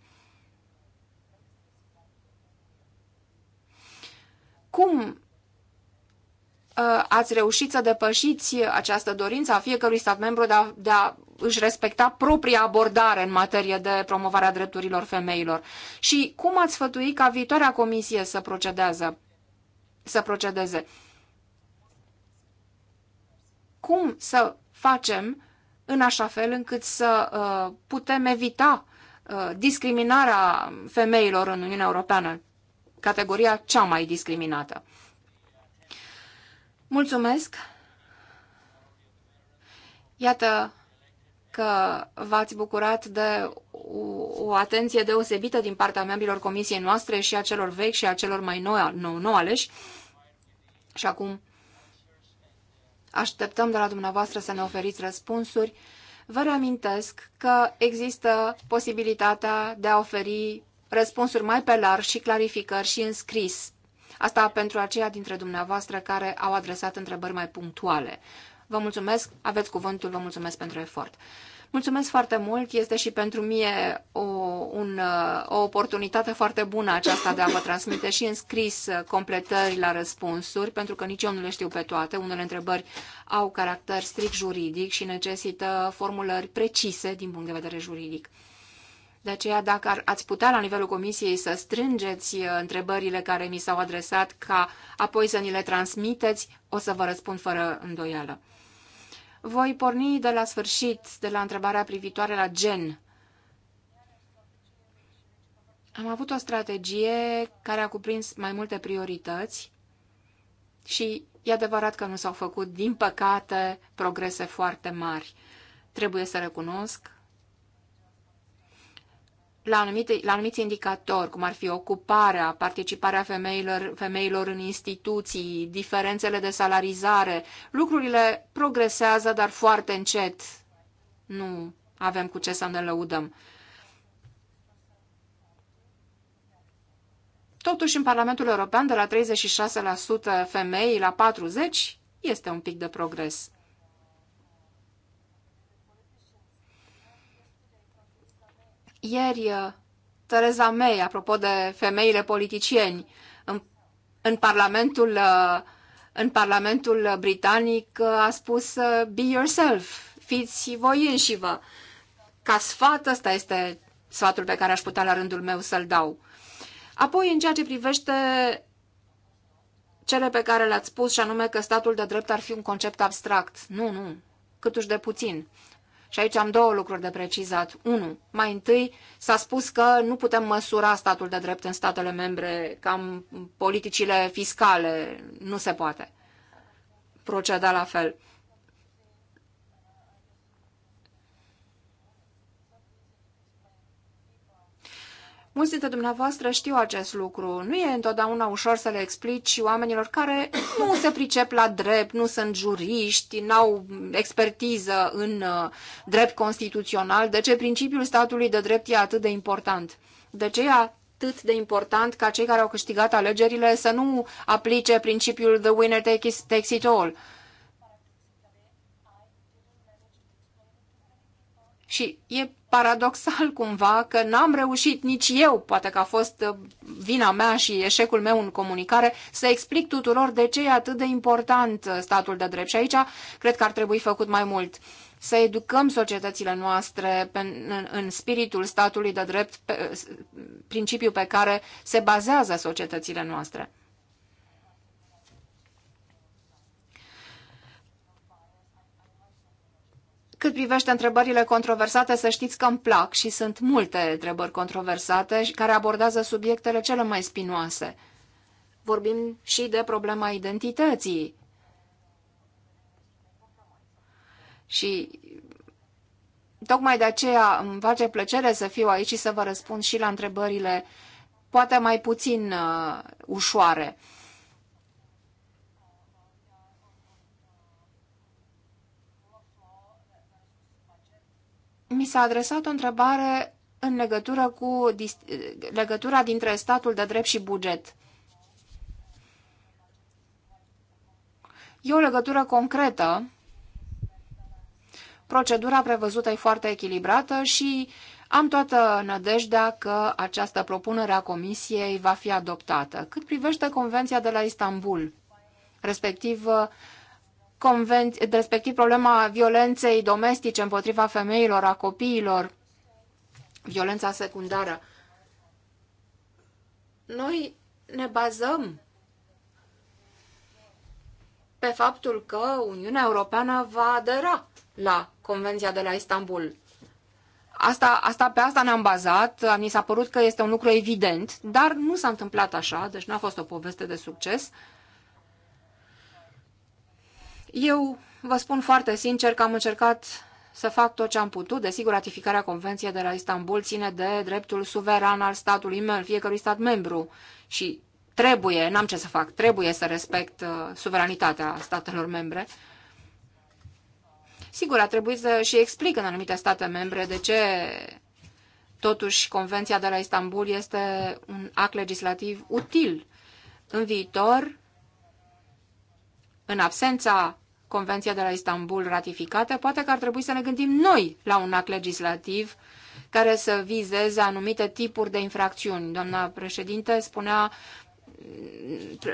Cum uh, ați reușit să depășiți această dorință a fiecărui stat membru de a, de a își respecta propria abordare în materie de promovarea drepturilor femeilor? Și cum ați sfătui ca viitoarea comisie să procedează? Să procedeze? cum să facem în așa fel încât să uh, putem evita uh, discriminarea femeilor în Uniunea Europeană, categoria cea mai discriminată. Mulțumesc! Iată că v-ați bucurat de o, o atenție deosebită din partea membrilor comisiei noastre și a celor vechi și a celor mai noi, nou, nou aleși. Și acum Așteptăm de la dumneavoastră să ne oferiți răspunsuri. Vă reamintesc că există posibilitatea de a oferi răspunsuri mai pe larg și clarificări și în scris. Asta pentru aceia dintre dumneavoastră care au adresat întrebări mai punctuale. Vă mulțumesc, aveți cuvântul, vă mulțumesc pentru efort. Mulțumesc foarte mult, este și pentru mine o, un, o oportunitate foarte bună aceasta de a vă transmite și în scris completări la răspunsuri, pentru că nici eu nu le știu pe toate. Unele întrebări au caracter strict juridic și necesită formulări precise din punct de vedere juridic. De aceea, dacă ați putea la nivelul comisiei să strângeți uh, întrebările care mi s-au adresat ca apoi să ni le transmiteți, o să vă răspund fără îndoială. Voi porni de la sfârșit, de la întrebarea privitoare la gen. Am avut o strategie care a cuprins mai multe priorități și e adevărat că nu s-au făcut, din păcate, progrese foarte mari. Trebuie să recunosc la, anumite, la anumiți indicatori, cum ar fi ocuparea, participarea femeilor, femeilor în instituții, diferențele de salarizare, lucrurile progresează, dar foarte încet. Nu avem cu ce să ne lăudăm. Totuși, în Parlamentul European, de la 36% femei la 40% este un pic de progres. Ieri, uh, Tereza May, apropo de femeile politicieni, în, în Parlamentul uh, în Parlamentul Britanic uh, a spus Be yourself, fiți voi înșivă. Ca sfat, ăsta este sfatul pe care aș putea la rândul meu să-l dau. Apoi, în ceea ce privește cele pe care le-ați spus, și anume că statul de drept ar fi un concept abstract. Nu, nu, câtuși de puțin. Și aici am două lucruri de precizat. Unu, mai întâi s-a spus că nu putem măsura statul de drept în statele membre, cam politicile fiscale, nu se poate proceda la fel. Mulți dintre dumneavoastră știu acest lucru. Nu e întotdeauna ușor să le explici oamenilor care nu se pricep la drept, nu sunt juriști, n-au expertiză în uh, drept constituțional, de ce principiul statului de drept e atât de important. De ce e atât de important ca cei care au câștigat alegerile să nu aplice principiul the winner takes it all. Și e paradoxal cumva că n-am reușit nici eu, poate că a fost uh, vina mea și eșecul meu în comunicare, să explic tuturor de ce e atât de important uh, statul de drept. Și aici cred că ar trebui făcut mai mult să educăm societățile noastre în, spiritul statului de drept, principiul pe care se bazează societățile noastre. Cât privește întrebările controversate, să știți că îmi plac și sunt multe întrebări controversate care abordează subiectele cele mai spinoase. Vorbim și de problema identității. Și tocmai de aceea îmi face plăcere să fiu aici și să vă răspund și la întrebările poate mai puțin uh, ușoare. mi s-a adresat o întrebare în legătură cu legătura dintre statul de drept și buget. E o legătură concretă. Procedura prevăzută e foarte echilibrată și am toată nădejdea că această propunere a Comisiei va fi adoptată. Cât privește Convenția de la Istanbul, respectiv convenț- respectiv problema violenței domestice împotriva femeilor, a copiilor, violența secundară. Noi ne bazăm pe faptul că Uniunea Europeană va adera la Convenția de la Istanbul. Asta, asta, pe asta ne-am bazat, mi s-a părut că este un lucru evident, dar nu s-a întâmplat așa, deci n-a fost o poveste de succes. Uh, eu vă spun foarte sincer că am încercat să fac tot ce am putut. Desigur, ratificarea Convenției de la Istanbul ține de dreptul suveran al statului meu, fiecărui stat membru. Și trebuie, n-am ce să fac, trebuie să respect uh, suveranitatea statelor membre. Sigur, a trebuit să și explic în anumite state membre de ce totuși Convenția de la Istanbul este un act legislativ util. În viitor, în absența Convenției de la Istanbul ratificată, poate că ar trebui să ne gândim noi la un act legislativ care să vizeze anumite tipuri de infracțiuni. Doamna președinte spunea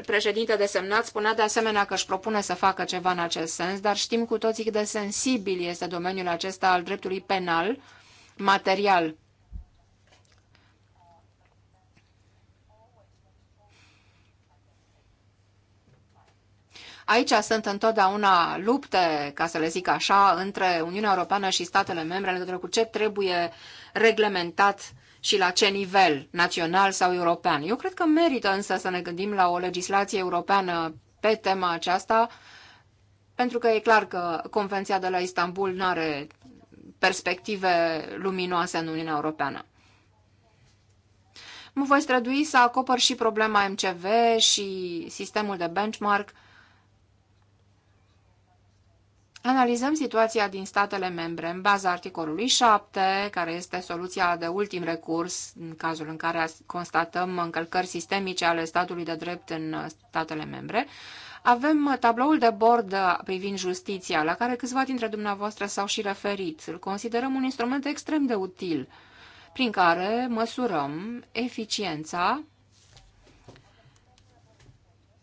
președinte desemnat spunea de asemenea că își propune să facă ceva în acest sens, dar știm cu toții cât de sensibil este domeniul acesta al dreptului penal, material. Aici sunt întotdeauna lupte, ca să le zic așa, între Uniunea Europeană și statele membre în cu ce trebuie reglementat și la ce nivel, național sau european. Eu cred că merită însă să ne gândim la o legislație europeană pe tema aceasta, pentru că e clar că Convenția de la Istanbul nu are perspective luminoase în Uniunea Europeană. Mă voi strădui să acopăr și problema MCV și sistemul de benchmark – Analizăm situația din statele membre în baza articolului 7, care este soluția de ultim recurs în cazul în care constatăm încălcări sistemice ale statului de drept în statele membre. Avem tabloul de bord privind justiția, la care câțiva dintre dumneavoastră s-au și referit. Îl considerăm un instrument extrem de util, prin care măsurăm eficiența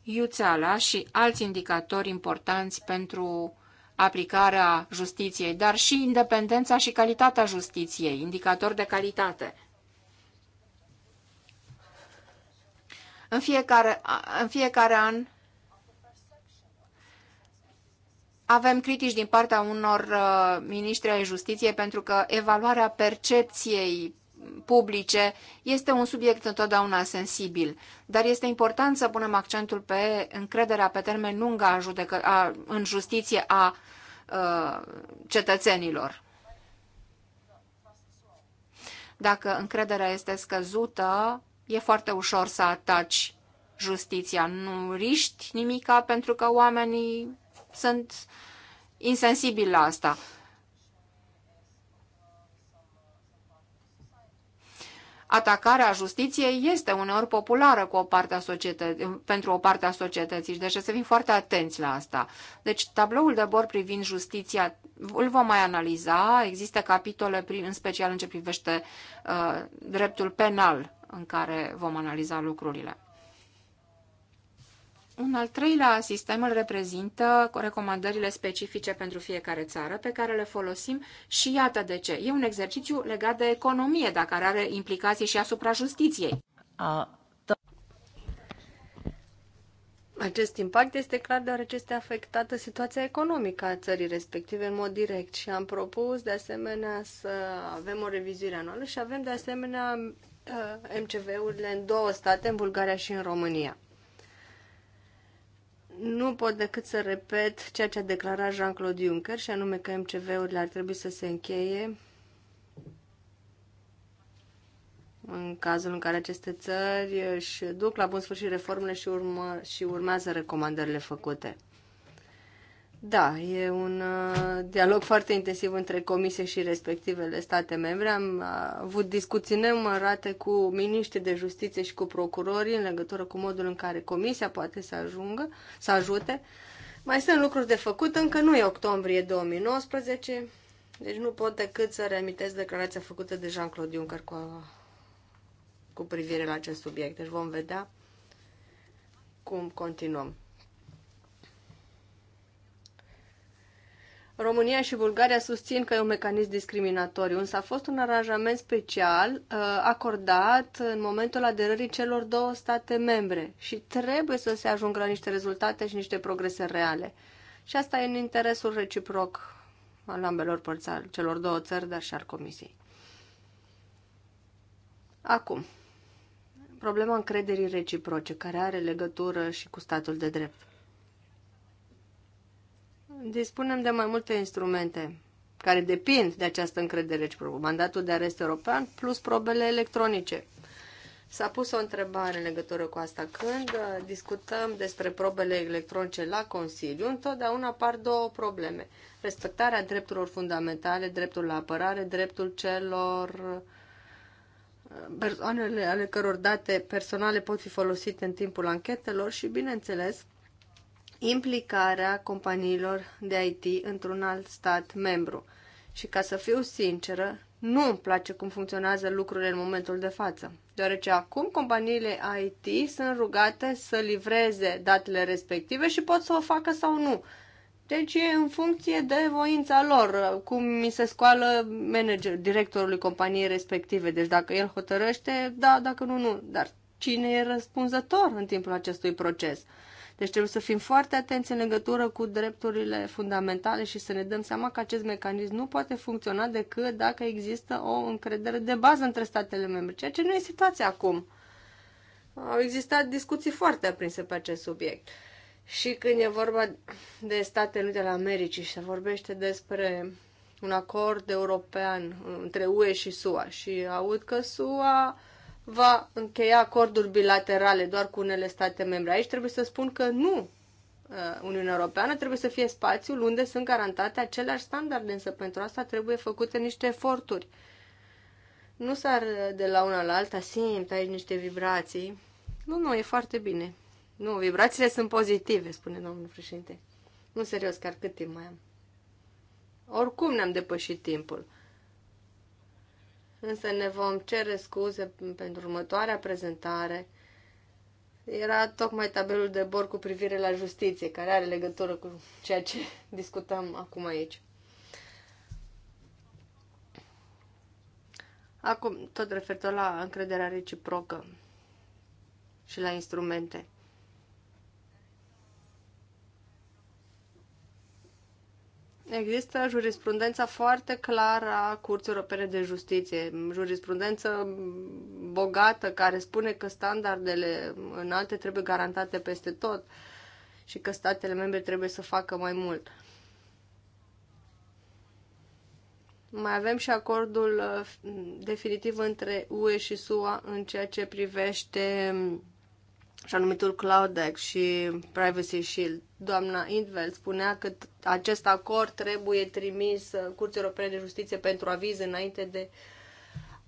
iuțeala și alți indicatori importanți pentru aplicarea justiției, dar și independența și calitatea justiției, indicator de calitate. În fiecare, în fiecare an avem critici din partea unor uh, miniștri ai justiției pentru că evaluarea percepției publice este un subiect întotdeauna sensibil, dar este important să punem accentul pe încrederea pe termen lung a judecă, a, în justiție a, a uh, cetățenilor. Dacă încrederea este scăzută, e foarte ușor să ataci justiția. Nu riști nimica pentru că oamenii sunt insensibili la asta. atacarea justiției este uneori populară cu o parte a pentru o parte a societății și deci să fim foarte atenți la asta. Deci tabloul de bord privind justiția îl vom mai analiza, există capitole în special în ce privește uh, dreptul penal în care vom analiza lucrurile. Un al treilea sistem îl reprezintă recomandările specifice pentru fiecare țară, pe care le folosim și iată de ce. E un exercițiu legat de economie, dacă are implicații și asupra justiției. A, da. Acest impact este clar deoarece este afectată situația economică a țării respective în mod direct și am propus de asemenea să avem o revizuire anuală și avem de asemenea uh, MCV-urile în două state, în Bulgaria și în România nu pot decât să repet ceea ce a declarat Jean-Claude Juncker, și anume că MCV-urile ar trebui să se încheie în cazul în care aceste țări își duc la bun sfârșit reformele și, urmă, și urmează recomandările făcute. Da, e un uh, dialog foarte intensiv între comisie și respectivele state membre. Am uh, avut discuții nemărate cu miniștri de justiție și cu procurorii în legătură cu modul în care comisia poate să ajungă, să ajute. Mai sunt lucruri de făcut, încă nu e octombrie 2019, deci nu pot decât să reamintesc declarația făcută de Jean-Claude Juncker cu, cu privire la acest subiect. Deci vom vedea cum continuăm. România și Bulgaria susțin că e un mecanism discriminatoriu, însă a fost un aranjament special uh, acordat în momentul aderării celor două state membre și trebuie să se ajungă la niște rezultate și niște progrese reale. Și asta e în interesul reciproc al ambelor părți, al celor două țări, dar și al Comisiei. Acum, problema încrederii reciproce, care are legătură și cu statul de drept dispunem de mai multe instrumente care depind de această încredere reciprocă. Mandatul de arest european plus probele electronice. S-a pus o întrebare în legătură cu asta. Când uh, discutăm despre probele electronice la Consiliu, întotdeauna apar două probleme. Respectarea drepturilor fundamentale, dreptul la apărare, dreptul celor uh, persoanele ale căror date personale pot fi folosite în timpul anchetelor și, bineînțeles, implicarea companiilor de IT într-un alt stat membru. Și ca să fiu sinceră, nu îmi place cum funcționează lucrurile în momentul de față, deoarece acum companiile IT sunt rugate să livreze datele respective și pot să o facă sau nu. Deci e în funcție de voința lor, cum mi se scoală manager, directorului companiei respective. Deci dacă el hotărăște, da, dacă nu, nu. Dar cine e răspunzător în timpul acestui proces? Deci trebuie să fim foarte atenți în legătură cu drepturile fundamentale și să ne dăm seama că acest mecanism nu poate funcționa decât dacă există o încredere de bază între statele membre, ceea ce nu e situația acum. Au existat discuții foarte aprinse pe acest subiect. Și când e vorba de Statele Unite ale Americii și se vorbește despre un acord european între UE și SUA și aud că SUA va încheia acorduri bilaterale doar cu unele state membre. Aici trebuie să spun că nu uh, Uniunea Europeană trebuie să fie spațiul unde sunt garantate aceleași standarde, însă pentru asta trebuie făcute niște eforturi. Nu s-ar de la una la alta, simt aici niște vibrații. Nu, nu, e foarte bine. Nu, vibrațiile sunt pozitive, spune domnul președinte. Nu, serios, chiar cât timp mai am? Oricum ne-am depășit timpul însă ne vom cere scuze pentru următoarea prezentare. Era tocmai tabelul de bord cu privire la justiție, care are legătură cu ceea ce discutăm acum aici. Acum, tot referitor la încrederea reciprocă și la instrumente. Există jurisprudența foarte clară a Curții Europene de Justiție, jurisprudență bogată care spune că standardele înalte trebuie garantate peste tot și că statele membre trebuie să facă mai mult. Mai avem și acordul uh, definitiv între UE și SUA în ceea ce privește um, și anumitul Cloudec și Privacy Shield. Doamna Intvel spunea că acest acord trebuie trimis uh, Curții Europene de Justiție pentru aviz înainte de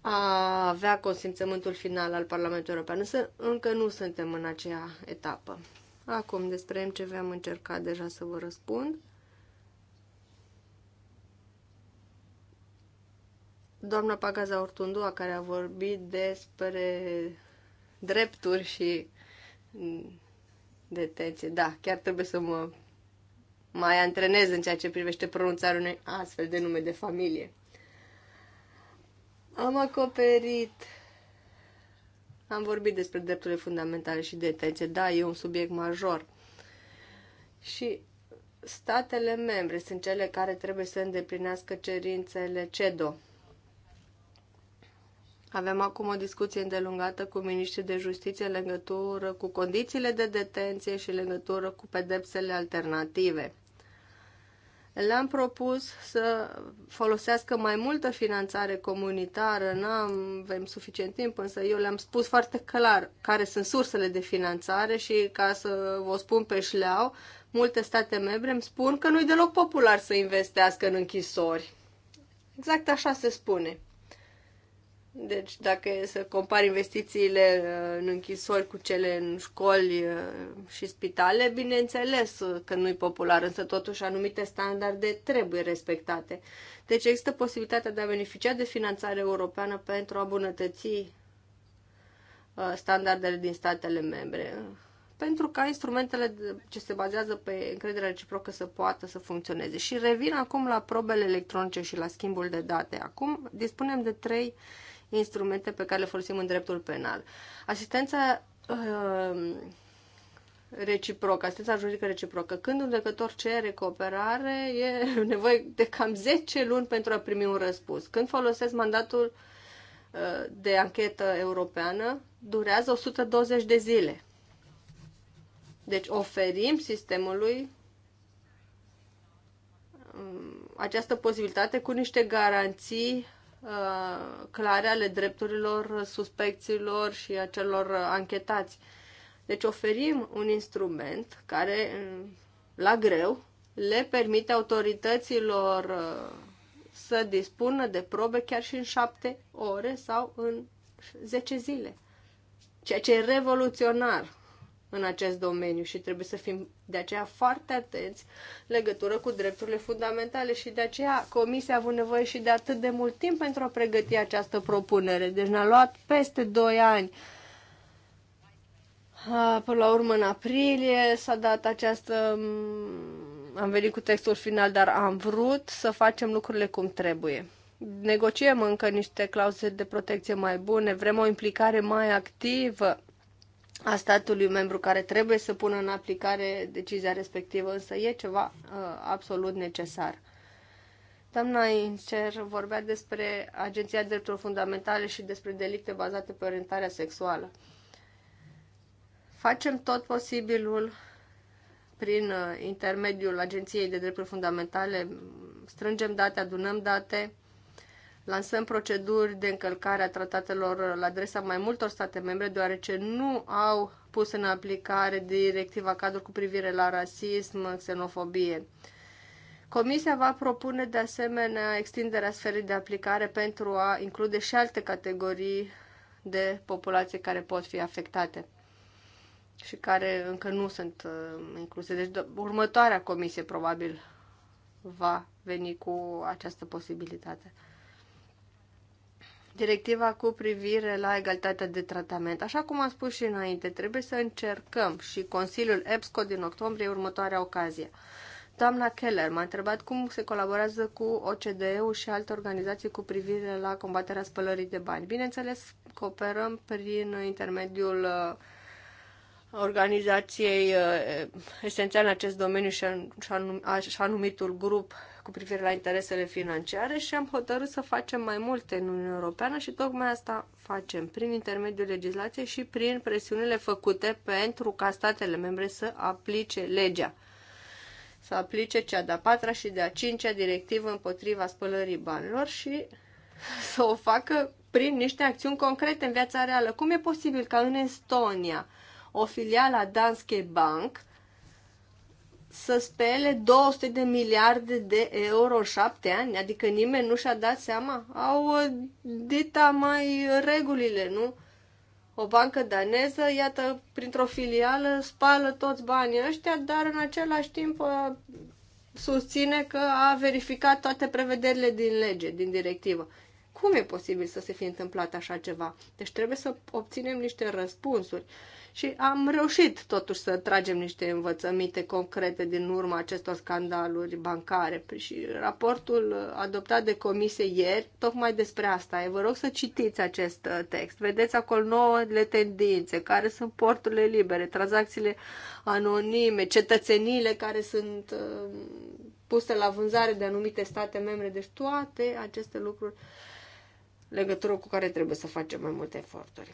a avea consimțământul final al Parlamentului European. Însă încă nu suntem în acea etapă. Acum, despre MCV am încercat deja să vă răspund. Doamna Pagaza Ortundua, care a vorbit despre drepturi și detenție. Da, chiar trebuie să mă mai antrenez în ceea ce privește pronunțarea unui astfel de nume de familie. Am acoperit, am vorbit despre drepturile fundamentale și detenție. Da, e un subiect major. Și statele membre sunt cele care trebuie să îndeplinească cerințele CEDO, avem acum o discuție îndelungată cu ministrii de justiție în legătură cu condițiile de detenție și în legătură cu pedepsele alternative. Le-am propus să folosească mai multă finanțare comunitară, Nu avem suficient timp, însă eu le-am spus foarte clar care sunt sursele de finanțare și ca să vă spun pe șleau, multe state membre îmi spun că nu-i deloc popular să investească în închisori. Exact așa se spune. Deci dacă e să compari investițiile uh, în închisori cu cele în școli uh, și spitale, bineînțeles uh, că nu e popular, însă totuși anumite standarde trebuie respectate. Deci există posibilitatea de a beneficia de finanțare europeană pentru a bunătăți standardele din statele membre, pentru ca instrumentele ce se bazează pe încrederea reciprocă să poată să funcționeze. Și revin acum la probele electronice și la schimbul de date. Acum dispunem de trei instrumente pe care le folosim în dreptul penal. Asistența uh, reciprocă, asistența juridică reciprocă. Când un judecător cere cooperare, e nevoie de cam 10 luni pentru a primi un răspuns. Când folosesc mandatul uh, de anchetă europeană, durează 120 de zile. Deci oferim sistemului um, această posibilitate cu niște garanții Uh, clare ale drepturilor suspecților și a celor uh, anchetați. Deci oferim un instrument care, la greu, le permite autorităților uh, să dispună de probe chiar și în șapte ore sau în zece zile. Ceea ce e revoluționar în acest domeniu și trebuie să fim de aceea foarte atenți legătură cu drepturile fundamentale și de aceea Comisia a avut nevoie și de atât de mult timp pentru a pregăti această propunere. Deci ne-a luat peste 2 ani Până la urmă, în aprilie s-a dat această... Am venit cu textul final, dar am vrut să facem lucrurile cum trebuie. Negociem încă niște clauze de protecție mai bune, vrem o implicare mai activă a statului membru care trebuie să pună în aplicare decizia respectivă, însă e ceva uh, absolut necesar. Doamna Incer vorbea despre Agenția Drepturilor Fundamentale și despre delicte bazate pe orientarea sexuală. Facem tot posibilul prin uh, intermediul Agenției de Drepturi Fundamentale, strângem date, adunăm date, Lansăm proceduri de încălcare a tratatelor la adresa mai multor state membre, deoarece nu au pus în aplicare directiva cadru cu privire la rasism, xenofobie. Comisia va propune de asemenea extinderea sferei de aplicare pentru a include și alte categorii de populație care pot fi afectate și care încă nu sunt uh, incluse. Deci următoarea comisie probabil va veni cu această posibilitate directiva cu privire la egalitatea de tratament. Așa cum am spus și înainte, trebuie să încercăm și Consiliul EPSCO din octombrie următoarea ocazie. Doamna Keller m-a întrebat cum se colaborează cu OCDE-ul și alte organizații cu privire la combaterea spălării de bani. Bineînțeles, cooperăm prin intermediul uh, organizației uh, esențiale în acest domeniu și anumitul grup cu privire la interesele financiare și am hotărât să facem mai multe în Uniunea Europeană și tocmai asta facem prin intermediul legislației și prin presiunile făcute pentru ca statele membre să aplice legea. Să aplice cea de-a patra și de-a cincea directivă împotriva spălării banilor și să o facă prin niște acțiuni concrete în viața reală. Cum e posibil ca în Estonia o filială a Danske Bank – să spele 200 de miliarde de euro în șapte ani? Adică nimeni nu și-a dat seama? Au uh, dita mai regulile, nu? O bancă daneză, iată, printr-o filială, spală toți banii ăștia, dar în același timp uh, susține că a verificat toate prevederile din lege, din directivă. Cum e posibil să se fi întâmplat așa ceva? Deci trebuie să obținem niște răspunsuri. Uh, și am reușit totuși să tragem niște învățăminte concrete din urma acestor scandaluri bancare. Păi și raportul adoptat de comisie ieri, tocmai despre asta e. Vă rog să citiți acest uh, text. Vedeți acolo nouăle tendințe, care sunt porturile libere, tranzacțiile anonime, cetățeniile care sunt uh, puse la vânzare de anumite state membre. Deci toate aceste lucruri legătură cu care trebuie să facem mai multe eforturi.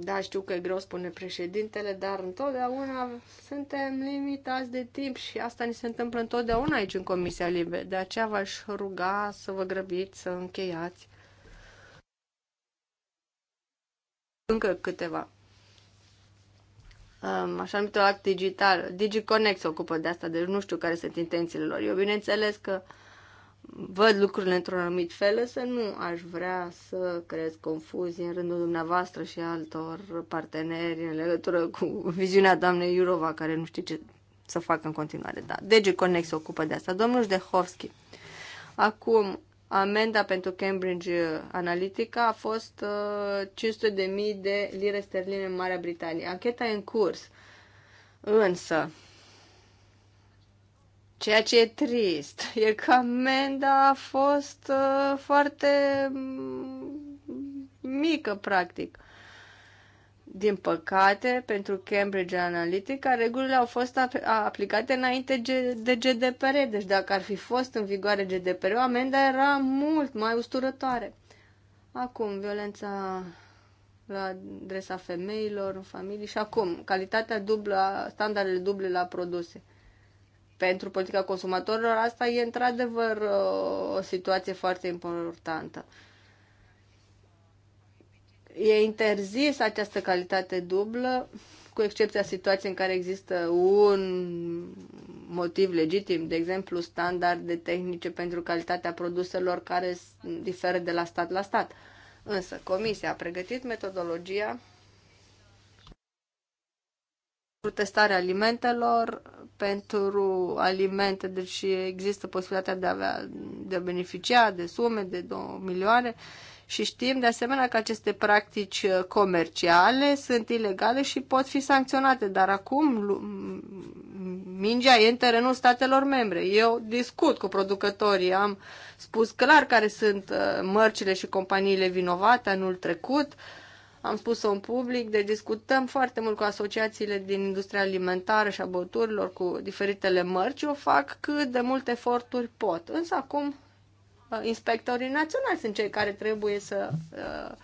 Da, știu că e greu, spune președintele, dar întotdeauna suntem limitați de timp și asta ni se întâmplă întotdeauna aici în Comisia Libe. De aceea v-aș ruga să vă grăbiți, să încheiați. Încă câteva. Așa numitul act digital. DigiConnect se ocupă de asta, deci nu știu care sunt intențiile lor. Eu bineînțeles că văd lucrurile într-un anumit fel, să nu aș vrea să creez confuzii în rândul dumneavoastră și altor parteneri în legătură cu viziunea doamnei Iurova, care nu știe ce să facă în continuare. Da, DG Connect se ocupă de asta. Domnul Jdehovski, acum amenda pentru Cambridge Analytica a fost uh, 500.000 de lire sterline în Marea Britanie. Ancheta e în curs, însă Ceea ce e trist e că amenda a fost uh, foarte mm, mică, practic. Din păcate, pentru Cambridge Analytica, regulile au fost aplicate înainte de GDPR, deci dacă ar fi fost în vigoare GDPR, amenda era mult mai usturătoare. Acum, violența la adresa femeilor, în familie și acum, calitatea dublă, standardele duble la produse – pentru politica consumatorilor, asta e într-adevăr uh, o situație foarte importantă. E interzis această calitate dublă, cu excepția situației în care există un motiv legitim, de exemplu standarde tehnice pentru calitatea produselor care diferă de la stat la stat. Însă, Comisia a pregătit metodologia pentru testarea alimentelor pentru alimente, deci există posibilitatea de a, avea, de a beneficia de sume de 2 milioane și știm de asemenea că aceste practici comerciale sunt ilegale și pot fi sancționate, dar acum mingea e în terenul statelor membre. Eu discut cu producătorii, am spus clar care sunt uh, mărcile și companiile vinovate anul trecut, uh, am spus-o în public, De discutăm foarte mult cu asociațiile din industria alimentară și a băuturilor, cu diferitele mărci, O fac cât de multe eforturi pot. Însă acum uh, inspectorii naționali sunt cei care trebuie să uh,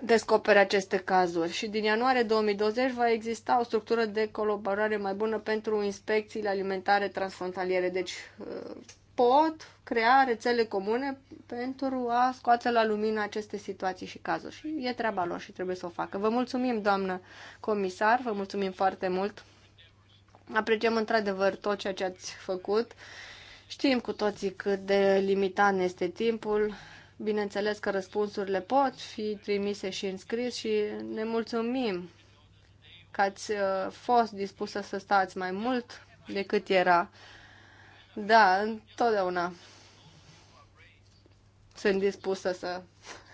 descopere aceste cazuri și din ianuarie 2020 va exista o structură de colaborare mai bună pentru inspecțiile alimentare transfrontaliere. Deci uh, pot crea rețele comune pentru a scoate la lumină aceste situații și cazuri. Și e treaba lor și trebuie să o facă. Vă mulțumim, doamnă comisar, vă mulțumim foarte mult. Apreciem într-adevăr tot ceea ce ați făcut. Știm cu toții cât de limitat ne este timpul. Bineînțeles că răspunsurile pot fi trimise și în scris și ne mulțumim că ați uh, fost dispusă să stați mai mult decât era da, întotdeauna sunt dispusă să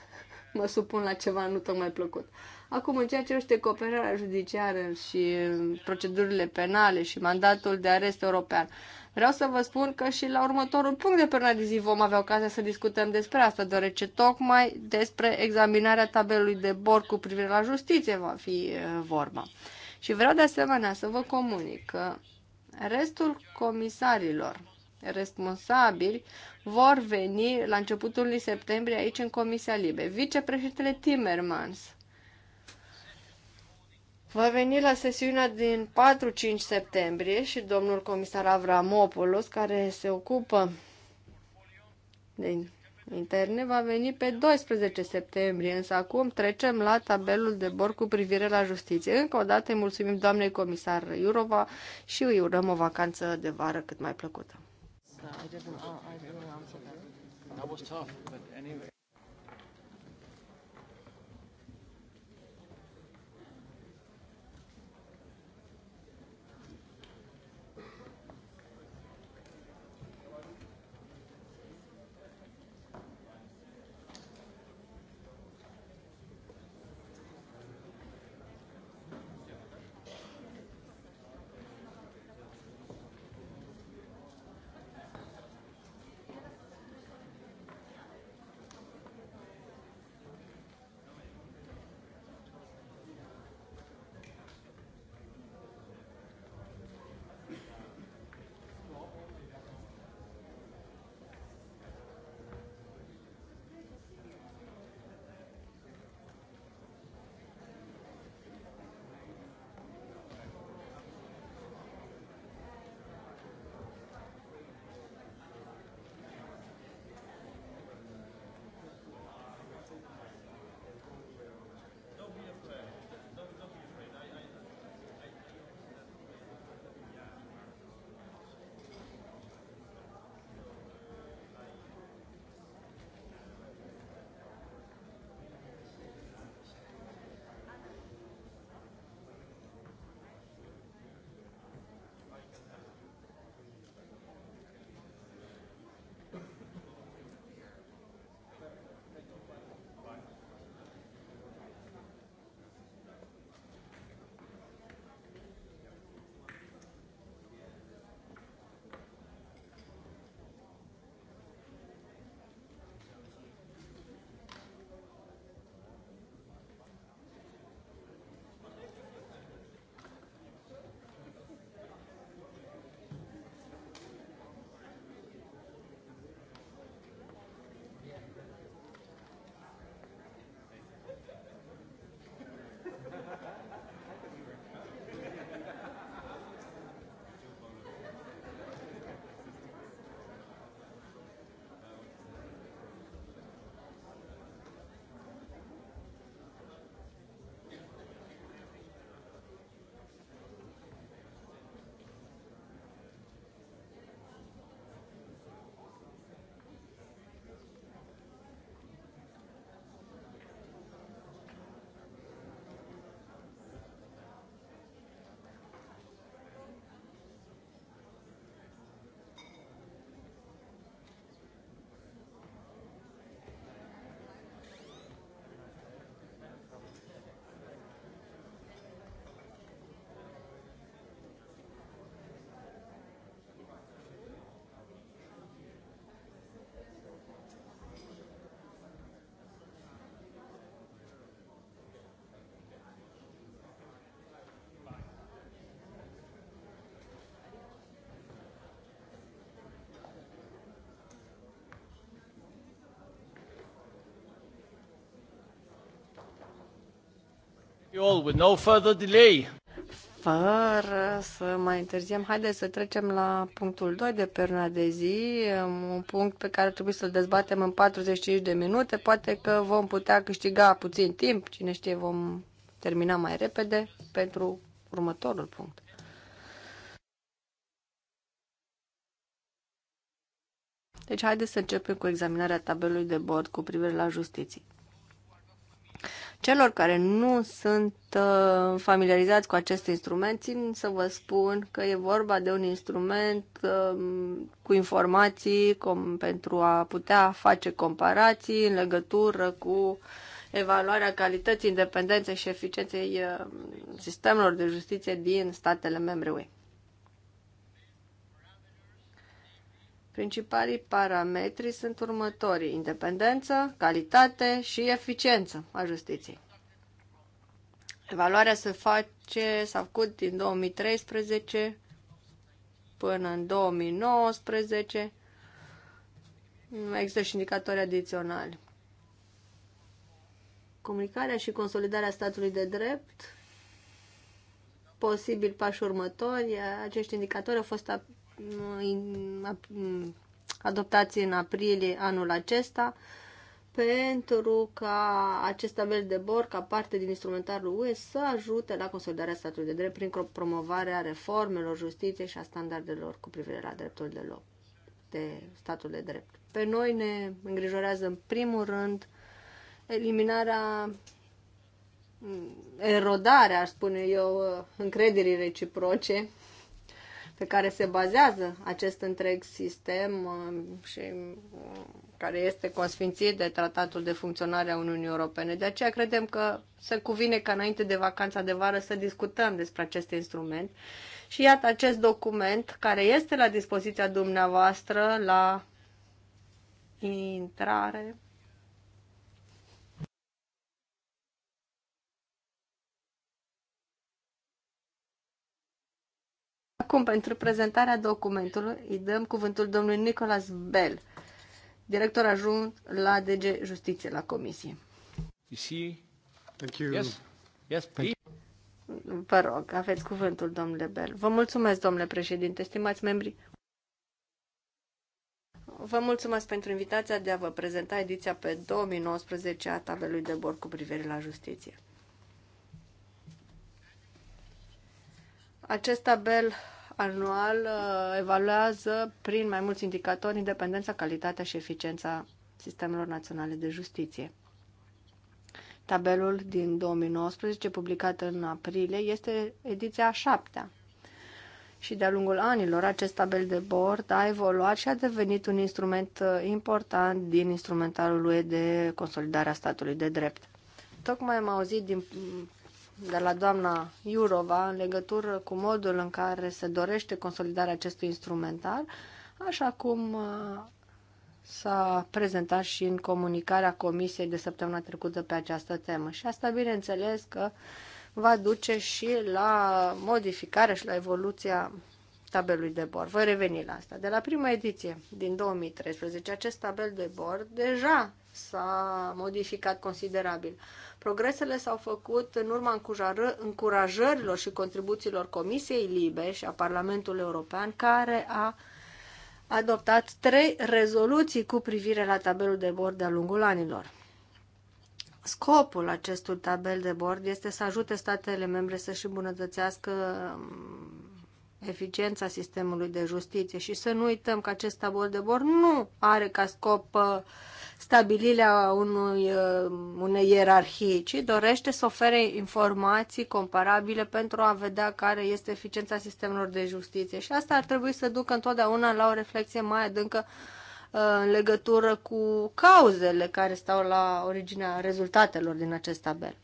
mă supun la ceva nu tocmai plăcut. Acum, în ceea ce este cooperarea judiciară și procedurile penale și mandatul de arest european, vreau să vă spun că și la următorul punct de pe de zi vom avea ocazia să discutăm despre asta, deoarece tocmai despre examinarea tabelului de bord cu privire la justiție va fi eh, vorba. Și vreau de asemenea să vă comunic că Restul comisarilor responsabili vor veni la începutul lui septembrie aici în Comisia Libe. Vicepreședintele Timmermans va veni la sesiunea din 4-5 septembrie și domnul comisar Avramopoulos, care se ocupă din interne va veni pe 12 septembrie, însă acum trecem la tabelul de bord cu privire la justiție. Încă o dată îi mulțumim doamnei comisar Iurova și îi urăm o vacanță de vară cât mai plăcută. Fără să mai întârziem, haideți să trecem la punctul 2 de pe de zi, um, un punct pe care trebuie să-l dezbatem în 45 de minute. Poate că vom putea câștiga puțin timp, cine știe, vom termina mai repede pentru următorul punct. Deci haideți să începem cu examinarea tabelului de bord cu privire la justiție. Celor care nu sunt uh, familiarizați cu acest instrument, țin să vă spun că e vorba de un instrument um, cu informații com, pentru a putea face comparații în legătură cu evaluarea calității, independenței și eficienței uh, sistemelor de justiție din statele membre UE. Principalii parametri sunt următorii. Independență, calitate și eficiență a justiției. Evaluarea se face, s-a făcut din 2013 până în 2019. Nu există și indicatori adiționali. Comunicarea și consolidarea statului de drept, posibil pași următori, acești indicatori au fost adoptați în aprilie anul acesta pentru ca acest tabel de bord, ca parte din instrumentarul UE, să ajute la consolidarea statului de drept prin promovarea reformelor justiției și a standardelor cu privire la dreptul de loc, de statul de drept. Pe noi ne îngrijorează în primul rând eliminarea erodarea, aș spune eu, încrederii reciproce pe care se bazează acest întreg sistem uh, și uh, care este consfințit de Tratatul de Funcționare a Uniunii Europene. De aceea credem că se cuvine ca înainte de vacanța de vară să discutăm despre acest instrument. Și iată acest document care este la dispoziția dumneavoastră la intrare Acum, pentru prezentarea documentului, îi dăm cuvântul domnului Nicolas Bell, director adjunct la DG Justiție, la Comisie. Thank you. Yes. Yes, please. Vă rog, aveți cuvântul, domnule Bell. Vă mulțumesc, domnule președinte, stimați membri. Vă mulțumesc pentru invitația de a vă prezenta ediția pe 2019 a tabelului de bord cu privire la justiție. Acest tabel anual uh, evaluează prin mai mulți indicatori independența, calitatea și eficiența sistemelor naționale de justiție. Tabelul din 2019, publicat în aprilie, este ediția a șaptea. Și de-a lungul anilor, acest tabel de bord a evoluat și a devenit un instrument uh, important din instrumentarul lui de consolidare a statului de drept. Tocmai am auzit din de la doamna Iurova în legătură cu modul în care se dorește consolidarea acestui instrumentar, așa cum uh, s-a prezentat și în comunicarea Comisiei de săptămâna trecută pe această temă. Și asta, bineînțeles, că va duce și la modificarea și la evoluția tabelului de bord. Voi reveni la asta. De la prima ediție din 2013, acest tabel de bord deja s-a modificat considerabil. Progresele s-au făcut în urma încurajărilor și contribuțiilor Comisiei Libe și a Parlamentului European, care a adoptat trei rezoluții cu privire la tabelul de bord de-a lungul anilor. Scopul acestui tabel de bord este să ajute statele membre să-și îmbunătățească eficiența sistemului de justiție și să nu uităm că acest tabor de bord nu are ca scop uh, stabilirea unui, uh, unei ierarhii, ci dorește să ofere informații comparabile pentru a vedea care este eficiența sistemelor de justiție. Și asta ar trebui să ducă întotdeauna la o reflexie mai adâncă uh, în legătură cu cauzele care stau la originea rezultatelor din acest tabel.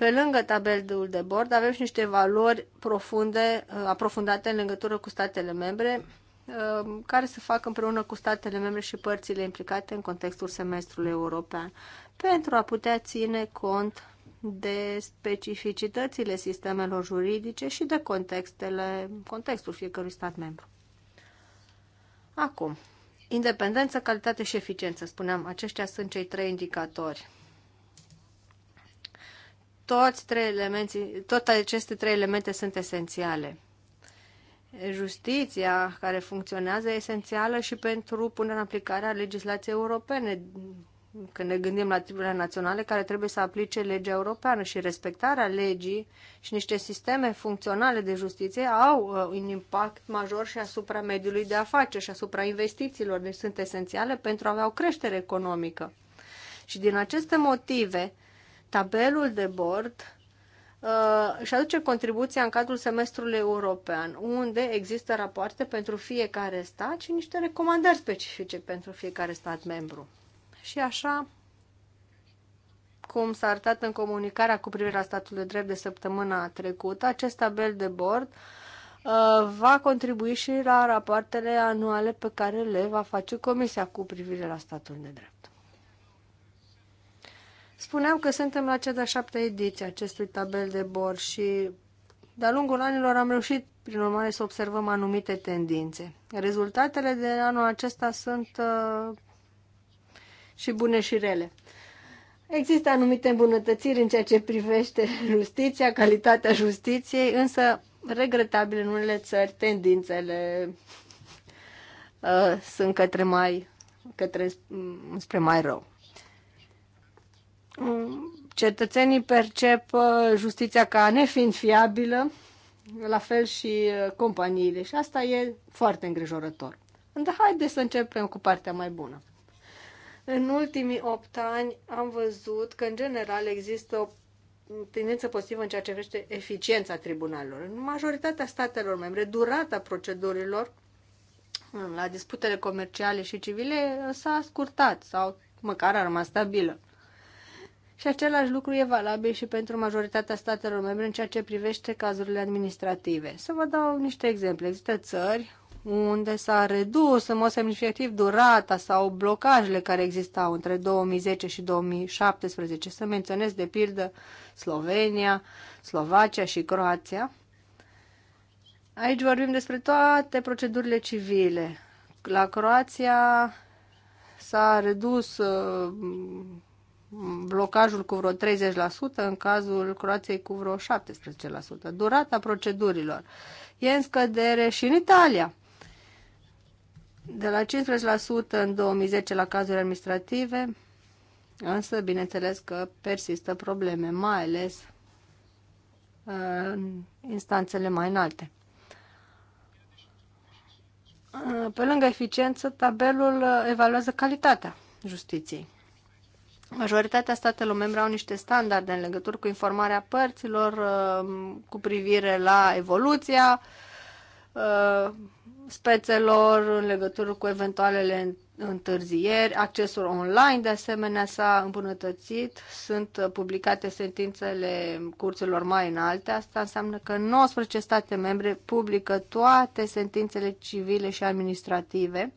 Pe lângă tabelul de bord avem și niște valori profunde, uh, aprofundate în legătură cu statele membre, uh, care se fac împreună cu statele membre și părțile implicate în contextul semestrului european, pentru a putea ține cont de specificitățile sistemelor juridice și de contextele, contextul fiecărui stat membru. Acum, independență, calitate și eficiență, spuneam, aceștia sunt cei trei indicatori toți trei elemente, toate aceste trei elemente sunt esențiale. Justiția care funcționează e esențială și pentru punerea în aplicare a legislației europene. Când ne gândim la tribunale naționale care trebuie să aplice legea europeană și respectarea legii și niște sisteme funcționale de justiție au uh, un impact major și asupra mediului de afaceri și asupra investițiilor, deci sunt esențiale pentru a avea o creștere economică. Și din aceste motive, tabelul de bord uh, și aduce contribuția în cadrul semestrului european, unde există rapoarte pentru fiecare stat și niște recomandări specifice pentru fiecare stat membru. Și așa cum s-a arătat în comunicarea cu privire la statul de drept de săptămâna trecută, acest tabel de bord uh, va contribui și la rapoartele anuale pe care le va face Comisia cu privire la statul de drept. Spuneam că suntem la cea de-a șaptea ediție acestui tabel de bor și de-a lungul anilor am reușit, prin urmare, să observăm anumite tendințe. Rezultatele de anul acesta sunt uh, și bune și rele. Există anumite îmbunătățiri în ceea ce privește justiția, calitatea justiției, însă, regretabil, în unele țări, tendințele uh, sunt către mai, către, spre mai rău cetățenii percep uh, justiția ca nefiind fiabilă, la fel și uh, companiile. Și asta e foarte îngrijorător. Dar haideți să începem cu partea mai bună. În ultimii opt ani am văzut că, în general, există o tendință pozitivă în ceea ce privește eficiența tribunalelor. În majoritatea statelor membre, durata procedurilor la disputele comerciale și civile s-a scurtat sau măcar a rămas stabilă. Și același lucru e valabil și pentru majoritatea statelor membre în ceea ce privește cazurile administrative. Să vă dau niște exemple. Există țări unde s-a redus în mod semnificativ durata sau blocajele care existau între 2010 și 2017. Să menționez de pildă Slovenia, Slovacia și Croația. Aici vorbim despre toate procedurile civile. La Croația s-a redus uh, blocajul cu vreo 30%, în cazul Croației cu vreo 17%. Durata procedurilor e în scădere și în Italia. De la 15% în 2010 la cazuri administrative, însă bineînțeles că persistă probleme, mai ales uh, în instanțele mai înalte. Uh, pe lângă eficiență, tabelul uh, evaluează calitatea justiției. Majoritatea statelor membre au niște standarde în legătură cu informarea părților uh, cu privire la evoluția uh, spețelor în legătură cu eventualele întârzieri. Accesul online, de asemenea, s-a îmbunătățit. Sunt uh, publicate sentințele curților mai înalte. Asta înseamnă că 19 state membre publică toate sentințele civile și administrative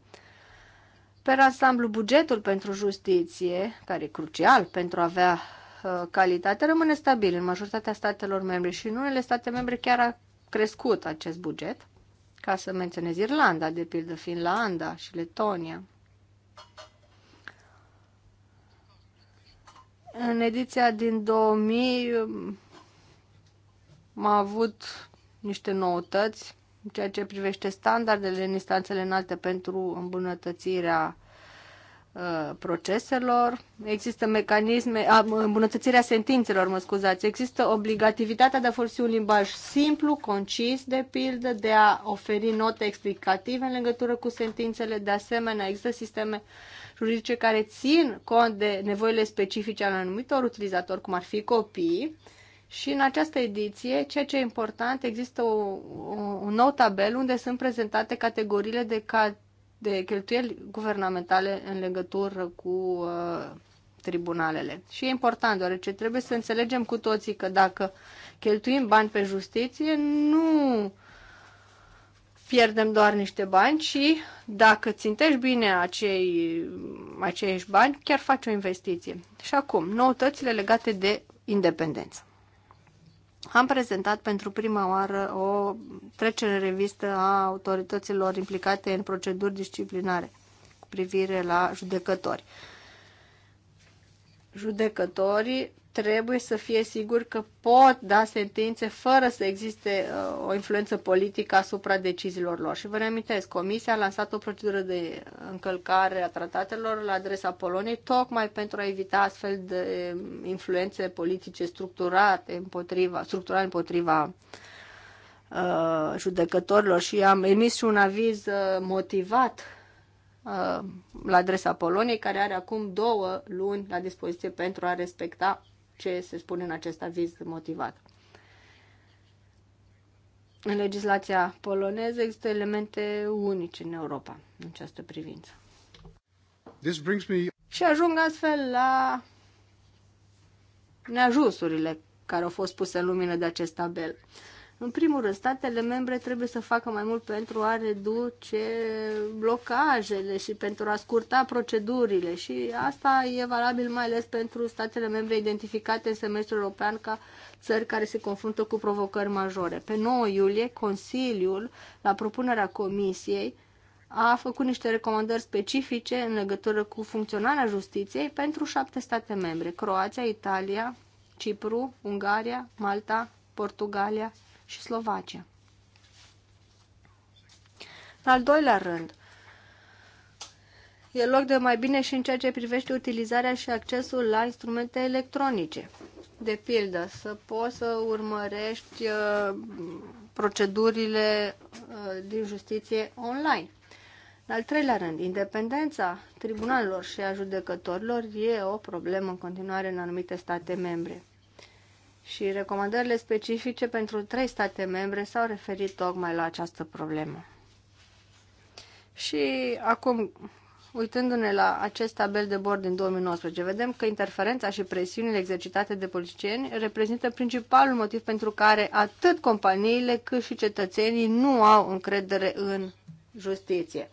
Per ansamblu, bugetul pentru justiție, care e crucial pentru a avea uh, calitate, rămâne stabil în majoritatea statelor membre și în unele state membre chiar a crescut acest buget, ca să menționez Irlanda, de pildă Finlanda și Letonia. În ediția din 2000 m-a um, avut niște noutăți în ceea ce privește standardele în instanțele înalte pentru îmbunătățirea uh, proceselor, există mecanisme, a, îmbunătățirea sentințelor, mă scuzați, există obligativitatea de a folosi un limbaj simplu, concis, de pildă, de a oferi note explicative în legătură cu sentințele, de asemenea există sisteme juridice care țin cont de nevoile specifice ale anumitor utilizatori, cum ar fi copii și în această ediție, ceea ce e important, există o, o, un nou tabel unde sunt prezentate categoriile de, ca, de cheltuieli guvernamentale în legătură cu uh, tribunalele. Și e important, deoarece trebuie să înțelegem cu toții că dacă cheltuim bani pe justiție, nu pierdem doar niște bani, ci dacă țintești bine acei, acești bani, chiar faci o investiție. Și acum, noutățile legate de independență am prezentat pentru prima oară o trecere în revistă a autorităților implicate în proceduri disciplinare cu privire la judecători. Judecătorii trebuie să fie siguri că pot da sentințe fără să existe uh, o influență politică asupra deciziilor lor. Și vă reamintesc, Comisia a lansat o procedură de încălcare a tratatelor la adresa Poloniei, tocmai pentru a evita astfel de influențe politice structurate împotriva, structurale împotriva uh, judecătorilor și am emis și un aviz uh, motivat uh, la adresa Poloniei, care are acum două luni la dispoziție pentru a respecta ce se spune în acest aviz motivat. În legislația poloneză există elemente unice în Europa în această privință. This brings me... Și ajung astfel la neajunsurile care au fost puse în lumină de acest tabel. În primul rând, statele membre trebuie să facă mai mult pentru a reduce blocajele și pentru a scurta procedurile și asta e valabil mai ales pentru statele membre identificate în semestrul european ca țări care se confruntă cu provocări majore. Pe 9 iulie, Consiliul, la propunerea Comisiei, a făcut niște recomandări specifice în legătură cu funcționarea justiției pentru șapte state membre, Croația, Italia, Cipru, Ungaria, Malta, Portugalia, și Slovacia. În al doilea rând, e loc de mai bine și în ceea ce privește utilizarea și accesul la instrumente electronice. De pildă, să poți să urmărești uh, procedurile uh, din justiție online. În al treilea rând, independența tribunalelor și a judecătorilor e o problemă în continuare în anumite state membre și recomandările specifice pentru trei state membre s-au referit tocmai la această problemă. Și acum, uitându-ne la acest tabel de bord din 2019, vedem că interferența și presiunile exercitate de politicieni reprezintă principalul motiv pentru care atât companiile cât și cetățenii nu au încredere în justiție.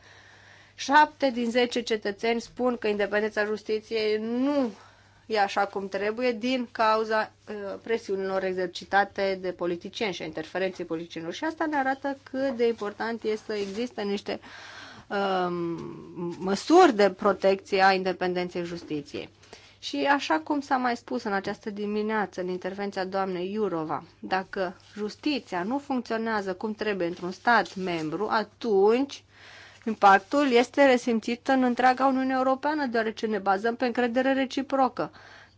Șapte din zece cetățeni spun că independența justiției nu e așa cum trebuie din cauza uh, presiunilor exercitate de politicieni și a interferenței politicienilor. Și asta ne arată cât de important este să existe niște um, măsuri de protecție a independenței justiției. Și așa cum s-a mai spus în această dimineață, în intervenția doamnei Iurova, dacă justiția nu funcționează cum trebuie într-un stat membru, atunci Impactul este resimțit în întreaga Uniune Europeană, deoarece ne bazăm pe încredere reciprocă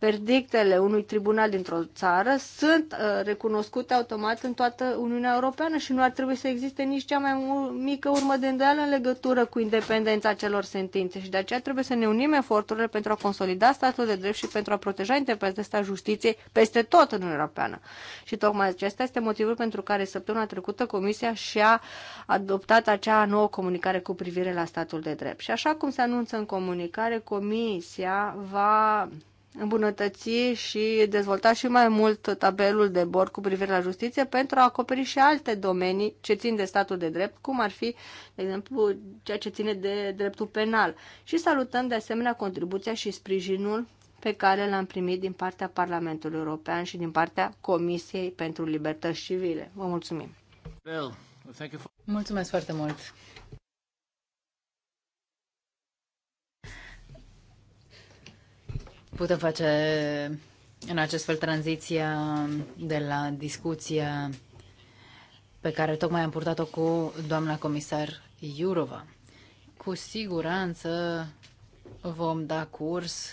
verdictele unui tribunal dintr-o țară sunt uh, recunoscute automat în toată Uniunea Europeană și nu ar trebui să existe nici cea mai mică urmă de îndoială în legătură cu independența celor sentințe și de aceea trebuie să ne unim eforturile pentru a consolida statul de drept și pentru a proteja independența justiției peste tot în Uniunea Europeană. Și tocmai acesta este motivul pentru care săptămâna trecută Comisia și-a adoptat acea nouă comunicare cu privire la statul de drept. Și așa cum se anunță în comunicare, Comisia va îmbunătăți și dezvolta și mai mult tabelul de bord cu privire la justiție pentru a acoperi și alte domenii ce țin de statul de drept, cum ar fi, de exemplu, ceea ce ține de dreptul penal. Și salutăm de asemenea contribuția și sprijinul pe care l-am primit din partea Parlamentului European și din partea Comisiei pentru Libertăți Civile. Vă mulțumim! Mulțumesc foarte mult! putem face în acest fel tranziția de la discuția pe care tocmai am purtat-o cu doamna comisar Iurova. Cu siguranță vom da curs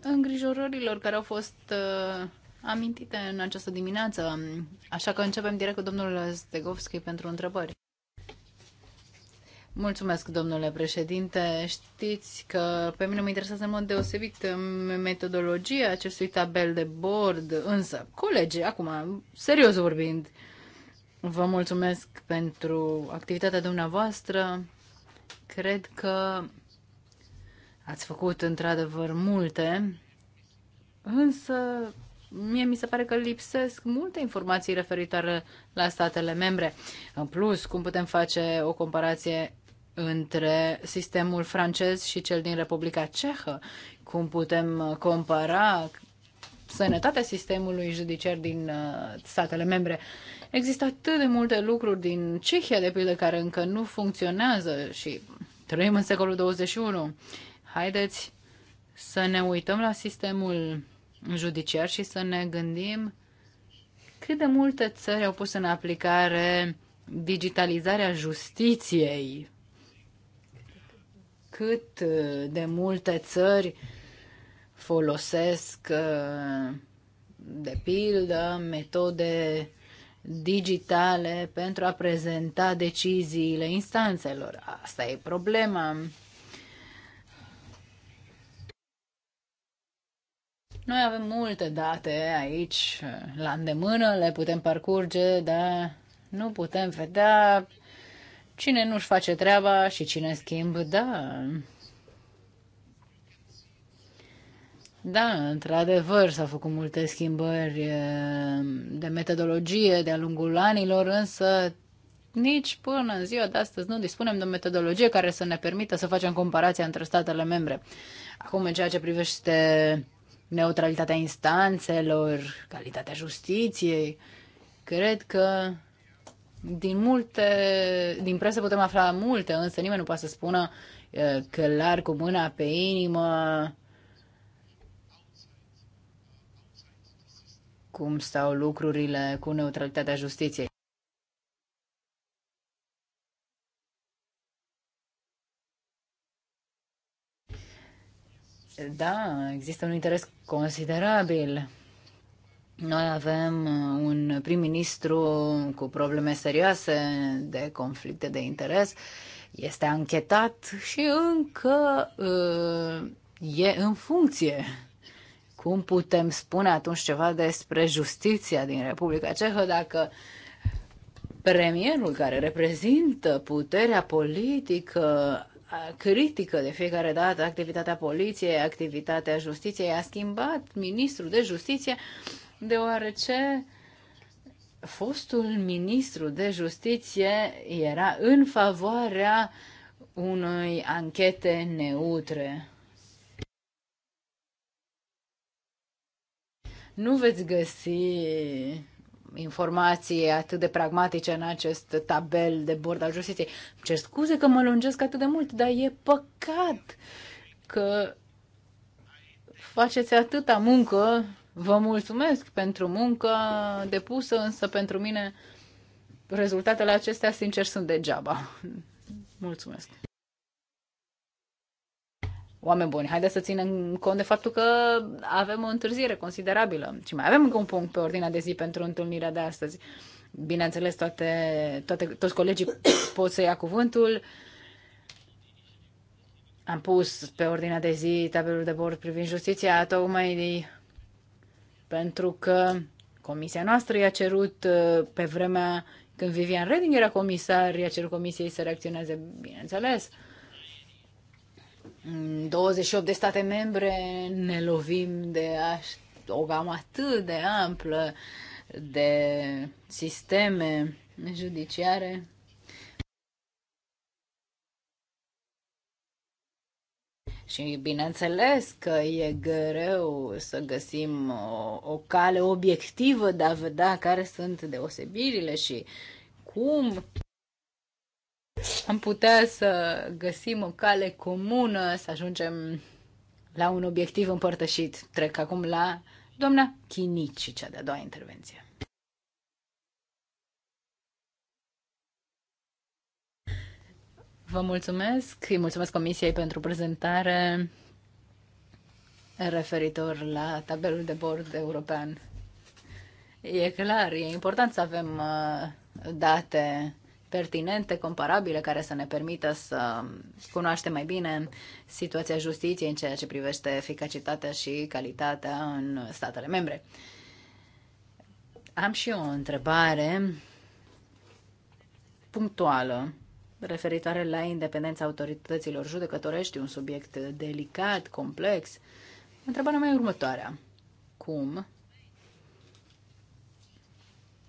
îngrijorărilor care au fost uh, amintite în această dimineață, așa că începem direct cu domnul Stegovski pentru întrebări. Mulțumesc, domnule președinte. Știți că pe mine mă interesează în mod deosebit metodologia acestui tabel de bord, însă, colegi, acum, serios vorbind, vă mulțumesc pentru activitatea dumneavoastră. Cred că ați făcut într-adevăr multe, însă mie mi se pare că lipsesc multe informații referitoare la statele membre. În plus, cum putem face o comparație între sistemul francez și cel din Republica Cehă? Cum putem compara sănătatea sistemului judiciar din uh, statele membre? Există atât de multe lucruri din Cehia, de pildă, care încă nu funcționează și trăim în secolul 21. Haideți să ne uităm la sistemul judiciar și să ne gândim cât de multe țări au pus în aplicare digitalizarea justiției cât uh, de multe țări folosesc, uh, de pildă, metode digitale pentru a prezenta deciziile instanțelor. Asta e problema. Noi avem multe date aici uh, la îndemână, le putem parcurge, dar nu putem vedea Cine nu-și face treaba și cine, schimb, da. Da, într-adevăr, s-au făcut multe schimbări eh, de metodologie de-a lungul anilor, însă nici până în ziua de astăzi nu dispunem de o metodologie care să ne permită să facem comparația între statele membre. Acum, în ceea ce privește neutralitatea instanțelor, calitatea justiției, cred că din multe, din presă putem afla multe, însă nimeni nu poate să spună clar cu mâna pe inimă cum stau lucrurile cu neutralitatea justiției. Da, există un interes considerabil noi avem uh, un prim-ministru cu probleme serioase de conflicte de interes, este anchetat și încă uh, e în funcție. Cum putem spune atunci ceva despre justiția din Republica Cehă dacă premierul care reprezintă puterea politică critică de fiecare dată activitatea poliției, activitatea justiției, a schimbat ministrul de justiție deoarece fostul ministru de justiție era în favoarea unei anchete neutre. Nu veți găsi informații atât de pragmatice în acest tabel de bord al justiției. Ce scuze că mă lungesc atât de mult, dar e păcat că faceți atâta muncă Vă mulțumesc pentru muncă depusă, însă pentru mine rezultatele acestea, sincer, sunt degeaba. Mulțumesc. Oameni buni, haideți să ținem cont de faptul că avem o întârziere considerabilă și mai avem încă un punct pe ordinea de zi pentru întâlnirea de astăzi. Bineînțeles, toate, toate, toți colegii pot să ia cuvântul. Am pus pe ordinea de zi tabelul de bord privind justiția, tocmai pentru că comisia noastră i-a cerut uh, pe vremea când Vivian Redding era comisar, i-a cerut comisiei să reacționeze, bineînțeles. 28 de state membre ne lovim de o gamă atât de amplă de sisteme judiciare Și bineînțeles că e greu să găsim o, o cale obiectivă de a vedea care sunt deosebirile și cum am putea să găsim o cale comună, să ajungem la un obiectiv împărtășit. Trec acum la doamna Chinici, cea de-a doua intervenție. Vă mulțumesc, îi mulțumesc Comisiei pentru prezentare referitor la tabelul de bord european. E clar, e important să avem uh, date pertinente, comparabile, care să ne permită să cunoaștem mai bine situația justiției în ceea ce privește eficacitatea și calitatea în statele membre. Am și eu o întrebare punctuală referitoare la independența autorităților judecătorești, un subiect delicat, complex. Întrebarea mea e următoarea. Cum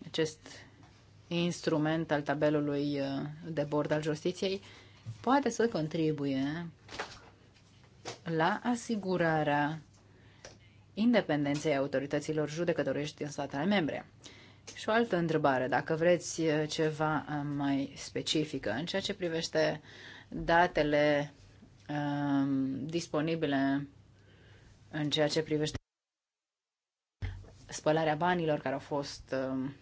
acest instrument al tabelului uh, de bord al justiției poate să contribuie la asigurarea independenței autorităților judecătorești din statele membre. Și o altă întrebare, dacă vreți ceva mai specifică în ceea ce privește datele um, disponibile în ceea ce privește spălarea banilor care au fost um,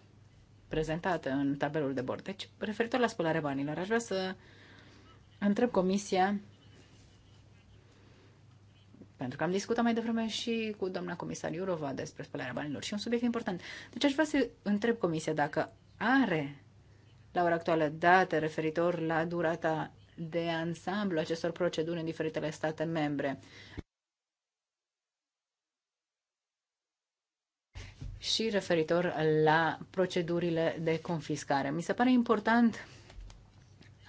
prezentate în tabelul de bord. Deci, referitor la spălarea banilor, aș vrea să întreb Comisia pentru că am discutat mai devreme și cu doamna comisar Iurova despre spălarea banilor și un subiect important. Deci aș vrea să întreb comisia dacă are la ora actuală date referitor la durata de ansamblu acestor proceduri în diferitele state membre. și referitor la procedurile de confiscare. Mi se pare important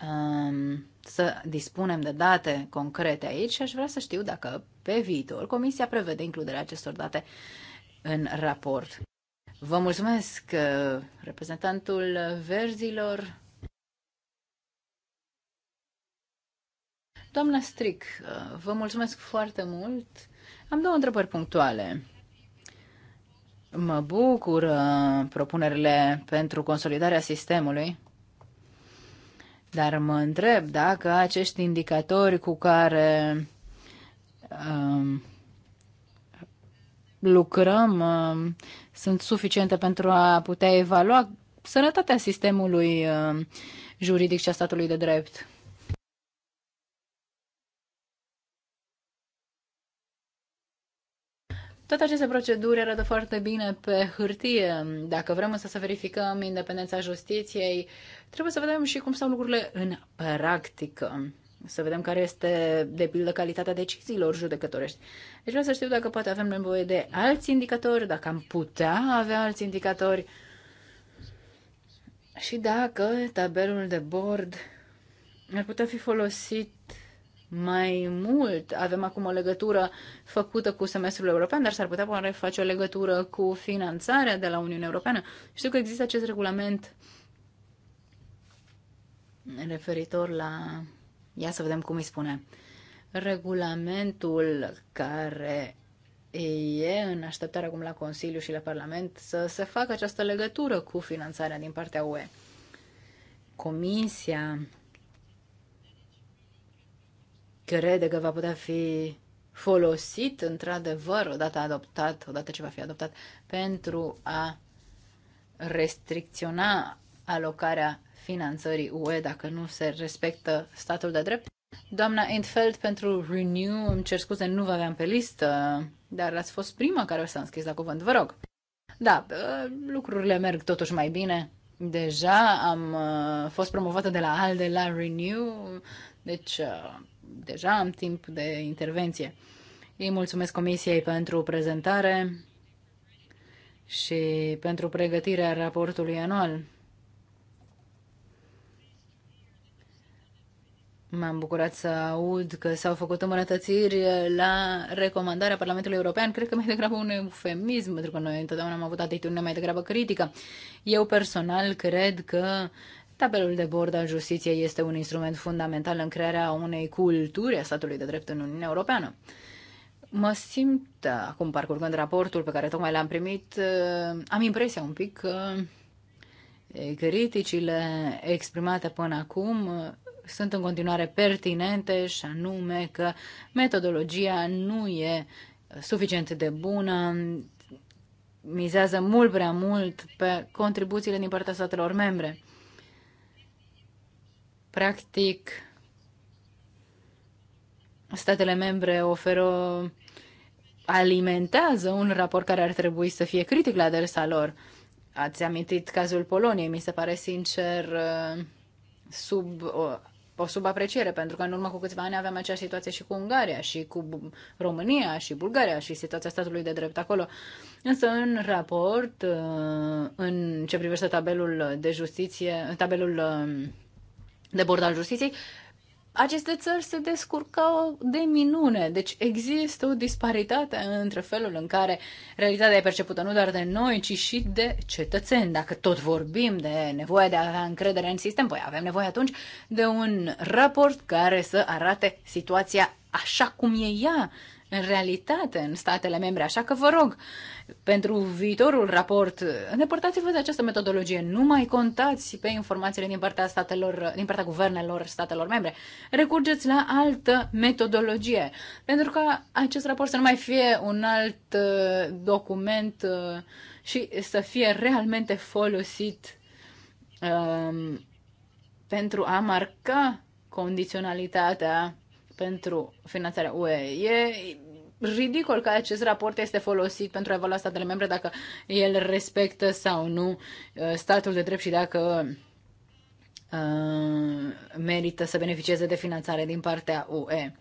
um, să dispunem de date concrete aici și aș vrea să știu dacă pe viitor Comisia prevede includerea acestor date în raport. Vă mulțumesc, uh, reprezentantul verzilor. Doamna Stric, uh, vă mulțumesc foarte mult. Am două întrebări punctuale. Mă bucur propunerile pentru consolidarea sistemului dar mă întreb dacă acești indicatori cu care um, lucrăm um, sunt suficiente pentru a putea evalua sănătatea sistemului um, juridic și a statului de drept. Toate aceste proceduri arată foarte bine pe hârtie. Dacă vrem însă să verificăm independența justiției, trebuie să vedem și cum stau lucrurile în practică. Să vedem care este, de pildă, calitatea deciziilor judecătorești. Deci vreau să știu dacă poate avem nevoie de alți indicatori, dacă am putea avea alți indicatori și dacă tabelul de bord ar putea fi folosit mai mult. Avem acum o legătură făcută cu semestrul european, dar s-ar putea poate face o legătură cu finanțarea de la Uniunea Europeană. Știu că există acest regulament referitor la... Ia să vedem cum îi spune. Regulamentul care e în așteptare acum la Consiliu și la Parlament să se facă această legătură cu finanțarea din partea UE. Comisia crede că va putea fi folosit într-adevăr odată adoptat, odată ce va fi adoptat, pentru a restricționa alocarea finanțării UE dacă nu se respectă statul de drept. Doamna Entfeld pentru Renew, îmi cer scuze, nu vă aveam pe listă, dar ați fost prima care s-a înscris la cuvânt, vă rog. Da, lucrurile merg totuși mai bine. Deja am uh, fost promovată de la ALDE la Renew, deci uh, deja în timp de intervenție. Îi mulțumesc Comisiei pentru prezentare și pentru pregătirea raportului anual. M-am bucurat să aud că s-au făcut îmbunătățiri la recomandarea Parlamentului European. Cred că mai degrabă un eufemism, pentru că noi întotdeauna am avut atitudine mai degrabă critică. Eu personal cred că Tabelul de bord al justiției este un instrument fundamental în crearea unei culturi a statului de drept în Uniunea Europeană. Mă simt, uh, acum parcurgând raportul pe care tocmai l-am primit, uh, am impresia un pic că criticile exprimate până acum uh, sunt în continuare pertinente și anume că metodologia nu e suficient de bună, mizează mult prea mult pe contribuțiile din partea statelor membre. Practic, statele membre oferă, alimentează un raport care ar trebui să fie critic la adresa lor. Ați amintit cazul Poloniei, mi se pare sincer uh, sub, o, uh, o subapreciere, pentru că în urmă cu câțiva ani aveam aceeași situație și cu Ungaria, și cu România, și Bulgaria, și situația statului de drept acolo. Însă în raport, uh, în ce privește tabelul de justiție, tabelul um, de bord al justiției, aceste țări se descurcau de minune. Deci există o disparitate între felul în care realitatea e percepută nu doar de noi, ci și de cetățeni. Dacă tot vorbim de nevoia de a avea încredere în sistem, păi avem nevoie atunci de un raport care să arate situația așa cum e ea în realitate în statele membre. Așa că vă rog, pentru viitorul raport, îndepărtați-vă de această metodologie. Nu mai contați pe informațiile din partea, statelor, din partea guvernelor statelor membre. Recurgeți la altă metodologie. Pentru că acest raport să nu mai fie un alt uh, document uh, și să fie realmente folosit um, pentru a marca condiționalitatea pentru finanțarea UE. E ridicol că acest raport este folosit pentru a evalua statele membre dacă el respectă sau nu uh, statul de drept și dacă uh, merită să beneficieze de finanțare din partea UE.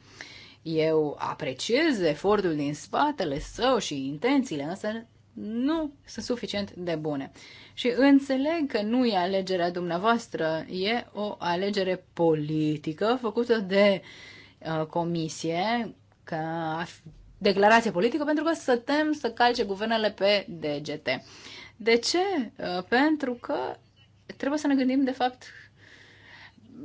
Eu apreciez efortul din spatele său și intențiile, însă nu sunt suficient de bune. Și înțeleg că nu e alegerea dumneavoastră, e o alegere politică făcută de uh, comisie, ca declarație politică pentru că să tem să calce guvernele pe degete. De ce? Uh, pentru că trebuie să ne gândim, de fapt,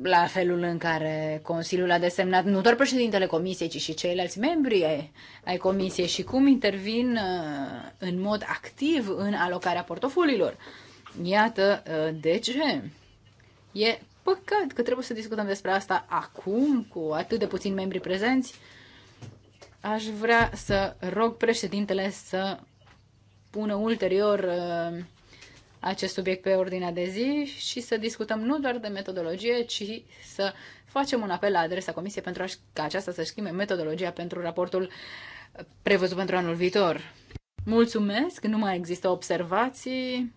la felul în care Consiliul a desemnat nu doar președintele Comisiei, ci și ceilalți membri ai, ai Comisiei și cum intervin uh, în mod activ în alocarea portofoliilor. Iată uh, de ce. E păcat că trebuie să discutăm despre asta acum, cu atât de puțini membri prezenți Aș vrea să rog președintele să pună ulterior uh, acest subiect pe ordinea de zi și să discutăm nu doar de metodologie, ci să facem un apel la adresa Comisiei pentru a, ca aceasta să schimbe metodologia pentru raportul prevăzut pentru anul viitor. Mulțumesc, nu mai există observații.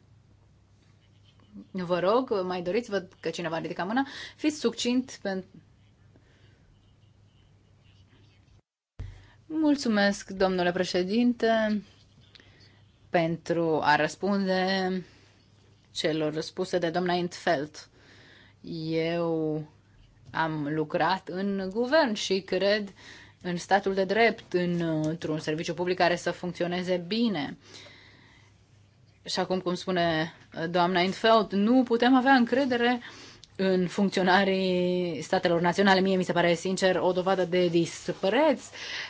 Vă rog, mai doriți, văd că cineva ridică mâna, fiți succint pentru Mulțumesc, domnule președinte, pentru a răspunde celor răspuse de doamna Intfeld. Eu am lucrat în guvern și cred în statul de drept, în, într-un serviciu public care să funcționeze bine. Și acum, cum spune doamna Intfeld, nu putem avea încredere uh, în funcționarii statelor naționale. Mie mi se pare sincer o dovadă de dispreț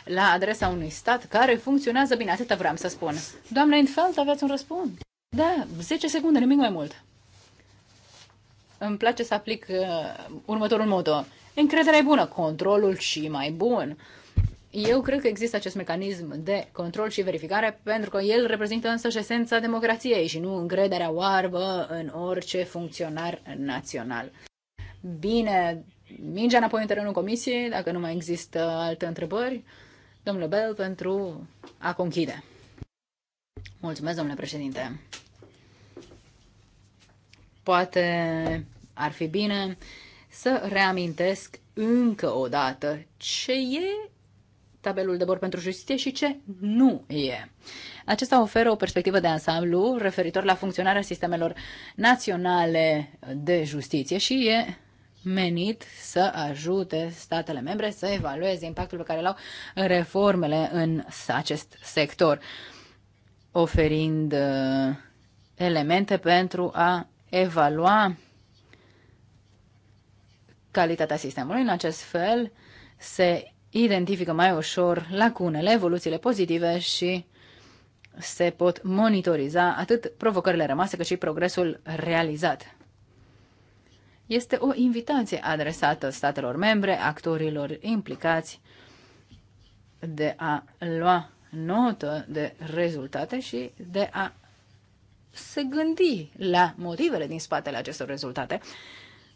la adresa unui stat care funcționează bine. Atâta vreau să spun. Doamna Infeld, aveți un răspuns? Da, 10 secunde, nimic mai mult. Îmi place să aplic uh, următorul moto. Încrederea e bună, controlul și mai bun. Eu cred că există acest mecanism de control și verificare pentru că el reprezintă și esența democrației și nu încrederea oarbă în orice funcționar național. Bine, mingea înapoi în terenul comisiei, dacă nu mai există alte întrebări, domnule Bell, pentru a conchide. Mulțumesc, domnule președinte. Poate ar fi bine să reamintesc încă o dată ce e tabelul de bord pentru justiție și ce nu e. Acesta oferă o perspectivă de ansamblu referitor la funcționarea sistemelor naționale de justiție și e menit să ajute statele membre să evalueze impactul pe care l-au reformele în acest sector, oferind uh, elemente pentru a evalua calitatea sistemului. În acest fel se identifică mai ușor lacunele, evoluțiile pozitive și se pot monitoriza atât provocările rămase cât și progresul realizat. Este o invitație adresată statelor membre, actorilor implicați de a lua notă de rezultate și de a se gândi la motivele din spatele acestor rezultate,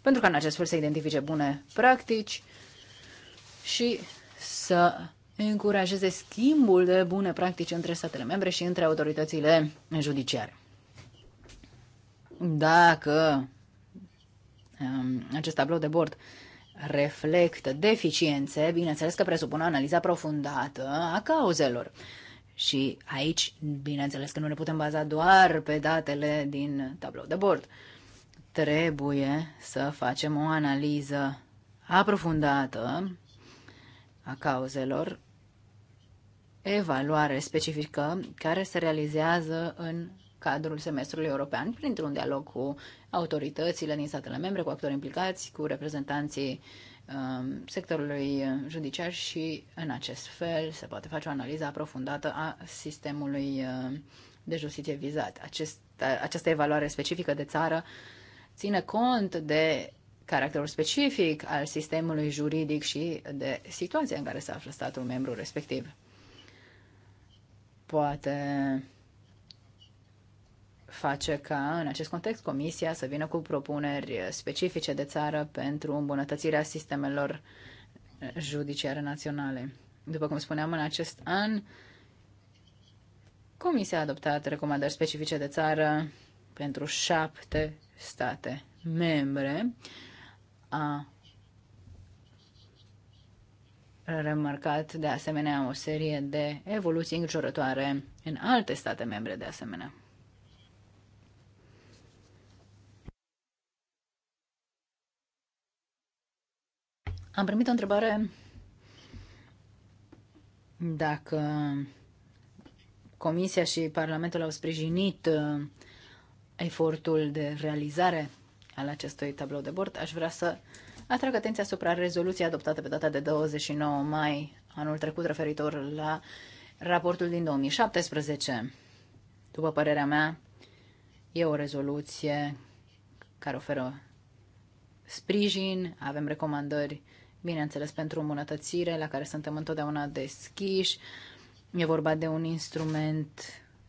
pentru că în acest fel se identifice bune practici și să încurajeze schimbul de bune practici între statele membre și între autoritățile judiciare. Dacă um, acest tablou de bord reflectă deficiențe, bineînțeles că presupune o analiză aprofundată a cauzelor. Și aici, bineînțeles că nu ne putem baza doar pe datele din tablou de bord. Trebuie să facem o analiză aprofundată a cauzelor, evaluare specifică care se realizează în cadrul semestrului european printr-un dialog cu autoritățile din statele membre, cu actori implicați, cu reprezentanții um, sectorului judiciar și în acest fel se poate face o analiză aprofundată a sistemului um, de justiție vizat. Acest, această evaluare specifică de țară ține cont de caracterul specific al sistemului juridic și de situația în care se află statul membru respectiv. Poate face ca, în acest context, Comisia să vină cu propuneri specifice de țară pentru îmbunătățirea sistemelor judiciare naționale. După cum spuneam, în acest an, Comisia a adoptat recomandări specifice de țară pentru șapte state membre a remarcat de asemenea o serie de evoluții îngrijorătoare în alte state membre de asemenea. Am primit o întrebare dacă Comisia și Parlamentul au sprijinit uh, efortul de realizare al acestui tablou de bord, aș vrea să atrag atenția asupra rezoluției adoptate pe data de 29 mai anul trecut referitor la raportul din 2017. După părerea mea, e o rezoluție care oferă sprijin, avem recomandări, bineînțeles, pentru îmbunătățire, la care suntem întotdeauna deschiși. E vorba de un instrument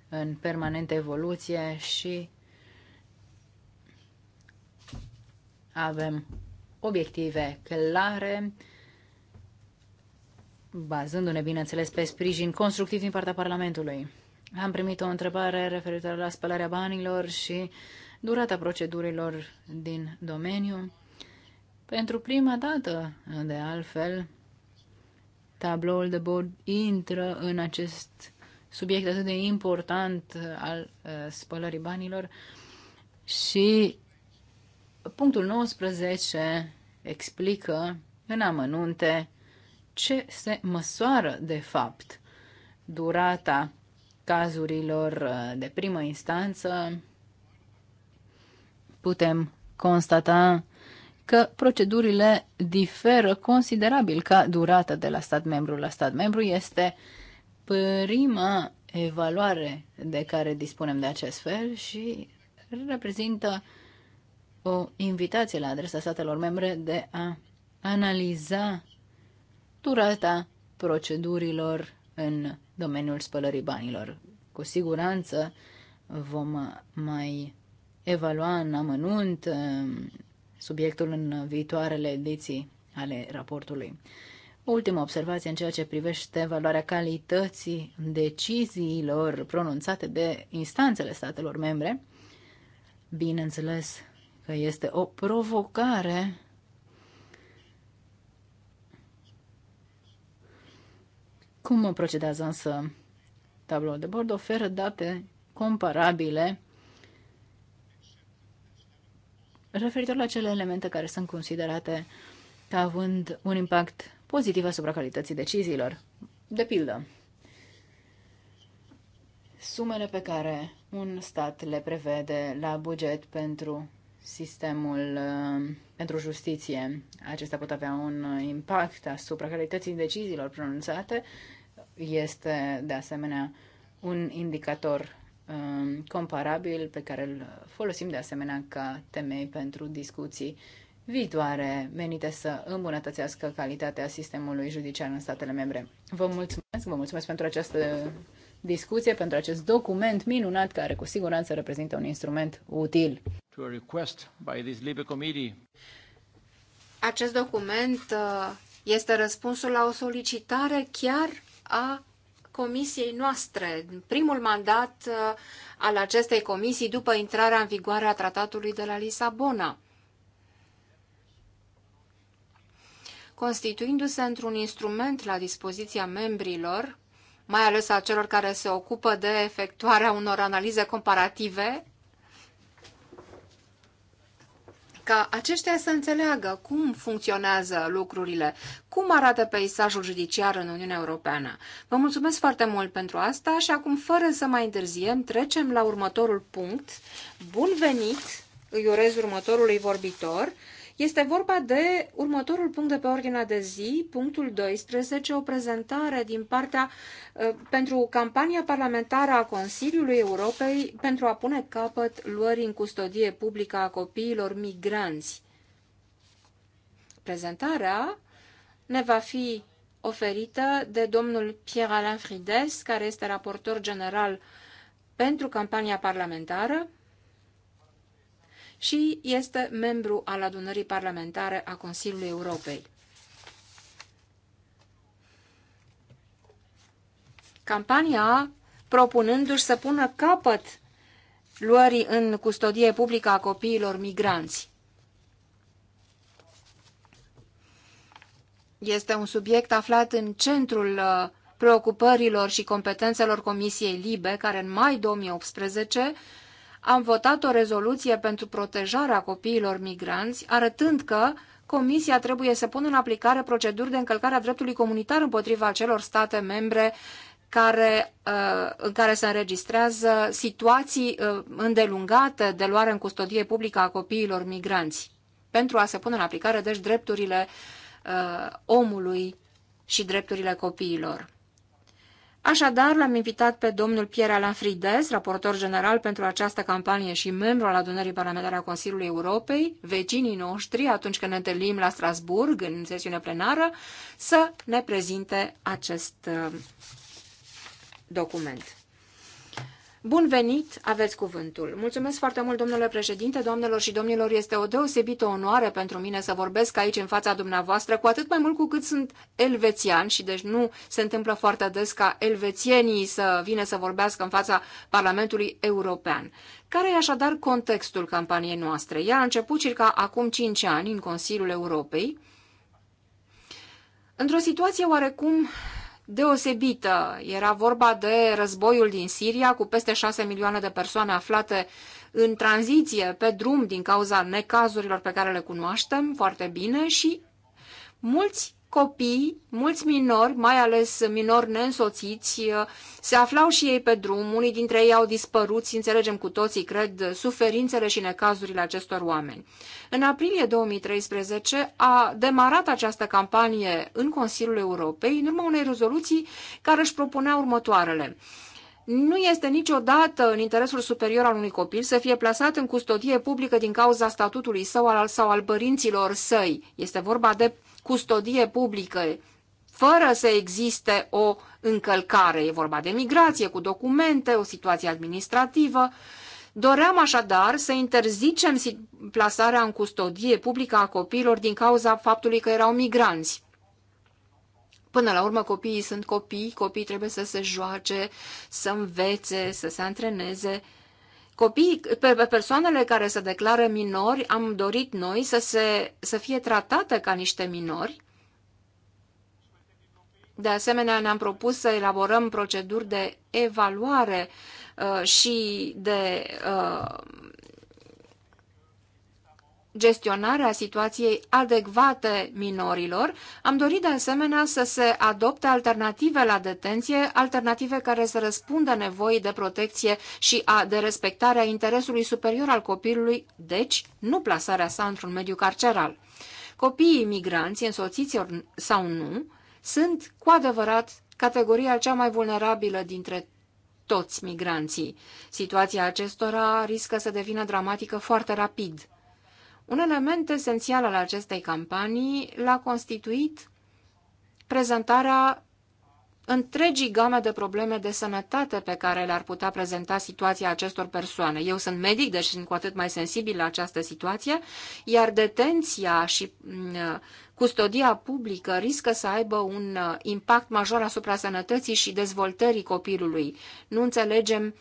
în permanentă evoluție și Avem obiective clare, bazându-ne, bineînțeles, pe sprijin constructiv din partea Parlamentului. Am primit o întrebare referitoare la spălarea banilor și durata procedurilor din domeniu. Pentru prima dată, de altfel, tabloul de bord intră în acest subiect atât de important al uh, spălării banilor și Punctul 19 explică în amănunte ce se măsoară de fapt durata cazurilor uh, de primă instanță, putem constata că procedurile diferă considerabil ca durată de la stat membru la stat membru. Este prima evaluare de care dispunem de acest fel și reprezintă o invitație la adresa statelor membre de a analiza durata procedurilor în domeniul spălării banilor. Cu siguranță vom mai evalua în amănunt um, subiectul în viitoarele ediții ale raportului. Ultima observație în ceea ce privește valoarea calității deciziilor pronunțate de instanțele statelor membre. Bineînțeles, că este o provocare Cum procedează însă tabloul de bord? Oferă date comparabile referitor la cele elemente care sunt considerate ca având un impact pozitiv asupra calității deciziilor. De pildă, sumele pe care un stat le prevede la buget pentru sistemul uh, pentru justiție. Acesta pot avea un uh, impact asupra calității deciziilor pronunțate. Este, de asemenea, un indicator uh, comparabil pe care îl folosim de asemenea ca temei pentru discuții viitoare menite să îmbunătățească calitatea sistemului judiciar în statele membre. Vă mulțumesc, vă mulțumesc pentru această discuție, pentru acest document minunat care cu siguranță reprezintă un instrument util. Acest document uh, este răspunsul la o solicitare chiar a comisiei noastre, primul mandat uh, al acestei comisii după intrarea în vigoare a tratatului de la Lisabona. Constituindu-se într-un instrument la dispoziția membrilor, mai ales a celor care se ocupă de efectuarea unor analize comparative, ca aceștia să înțeleagă cum funcționează lucrurile, cum arată peisajul judiciar în Uniunea Europeană. Vă mulțumesc foarte mult pentru asta și acum, fără să mai întârziem, trecem la următorul punct. Bun venit, îi urez următorului vorbitor, este vorba de următorul punct de pe ordinea de zi, punctul 12, o prezentare din partea uh, pentru campania parlamentară a Consiliului Europei pentru a pune capăt luării în custodie publică a copiilor migranți. Prezentarea ne va fi oferită de domnul Pierre Alain Frides, care este raportor general pentru campania parlamentară și este membru al adunării parlamentare a Consiliului Europei. Campania propunându-și să pună capăt luării în custodie publică a copiilor migranți. Este un subiect aflat în centrul uh, preocupărilor și competențelor Comisiei Libe, care în mai 2018 am votat o rezoluție pentru protejarea copiilor migranți, arătând că Comisia trebuie să pună în aplicare proceduri de încălcare a dreptului comunitar împotriva celor state membre care, uh, în care se înregistrează situații uh, îndelungate de luare în custodie publică a copiilor migranți, pentru a se pune în aplicare, deci, drepturile uh, omului și drepturile copiilor. Așadar, l-am invitat pe domnul Pierre Alain Frides, raportor general pentru această campanie și membru al adunării parlamentare a Consiliului Europei, vecinii noștri, atunci când ne întâlnim la Strasburg, în sesiune plenară, să ne prezinte acest uh, document. Bun venit, aveți cuvântul. Mulțumesc foarte mult, domnule președinte, doamnelor și domnilor. Este o deosebită onoare pentru mine să vorbesc aici în fața dumneavoastră, cu atât mai mult cu cât sunt elvețian și deci nu se întâmplă foarte des ca elvețienii să vină să vorbească în fața Parlamentului European. Care e așadar contextul campaniei noastre? Ea a început circa acum 5 ani în Consiliul Europei, într-o situație oarecum deosebită. Era vorba de războiul din Siria cu peste 6 milioane de persoane aflate în tranziție pe drum din cauza necazurilor pe care le cunoaștem foarte bine și mulți copii, mulți minori, mai ales minori neînsoțiți, se aflau și ei pe drum, unii dintre ei au dispărut, înțelegem cu toții, cred, suferințele și necazurile acestor oameni. În aprilie 2013 a demarat această campanie în Consiliul Europei în urma unei rezoluții care își propunea următoarele. Nu este niciodată în interesul superior al unui copil să fie plasat în custodie publică din cauza statutului său al, sau al părinților săi. Este vorba de custodie publică, fără să existe o încălcare. E vorba de migrație cu documente, o situație administrativă. Doream așadar să interzicem plasarea în custodie publică a copiilor din cauza faptului că erau migranți. Până la urmă, copiii sunt copii, copiii trebuie să se joace, să învețe, să se antreneze. Copiii, pe, pe persoanele care se declară minori, am dorit noi să, se, să fie tratate ca niște minori. De asemenea, ne-am propus să elaborăm proceduri de evaluare uh, Uh, și de uh, gestionarea situației adecvate minorilor, am dorit de asemenea să se adopte alternative la detenție, alternative care să răspundă nevoii de protecție și a, de respectarea interesului superior al copilului, deci nu plasarea sa într-un mediu carceral. Copiii migranți, însoțiți sau nu, sunt cu adevărat categoria cea mai vulnerabilă dintre toți migranții. Situația acestora riscă să devină dramatică foarte rapid. Un element esențial al acestei campanii l-a constituit prezentarea întregii game de probleme de sănătate pe care le-ar putea prezenta situația acestor persoane. Eu sunt medic, deci sunt cu atât mai sensibil la această situație, iar detenția și mm, custodia publică riscă să aibă un uh, impact major asupra sănătății și dezvoltării copilului. Nu înțelegem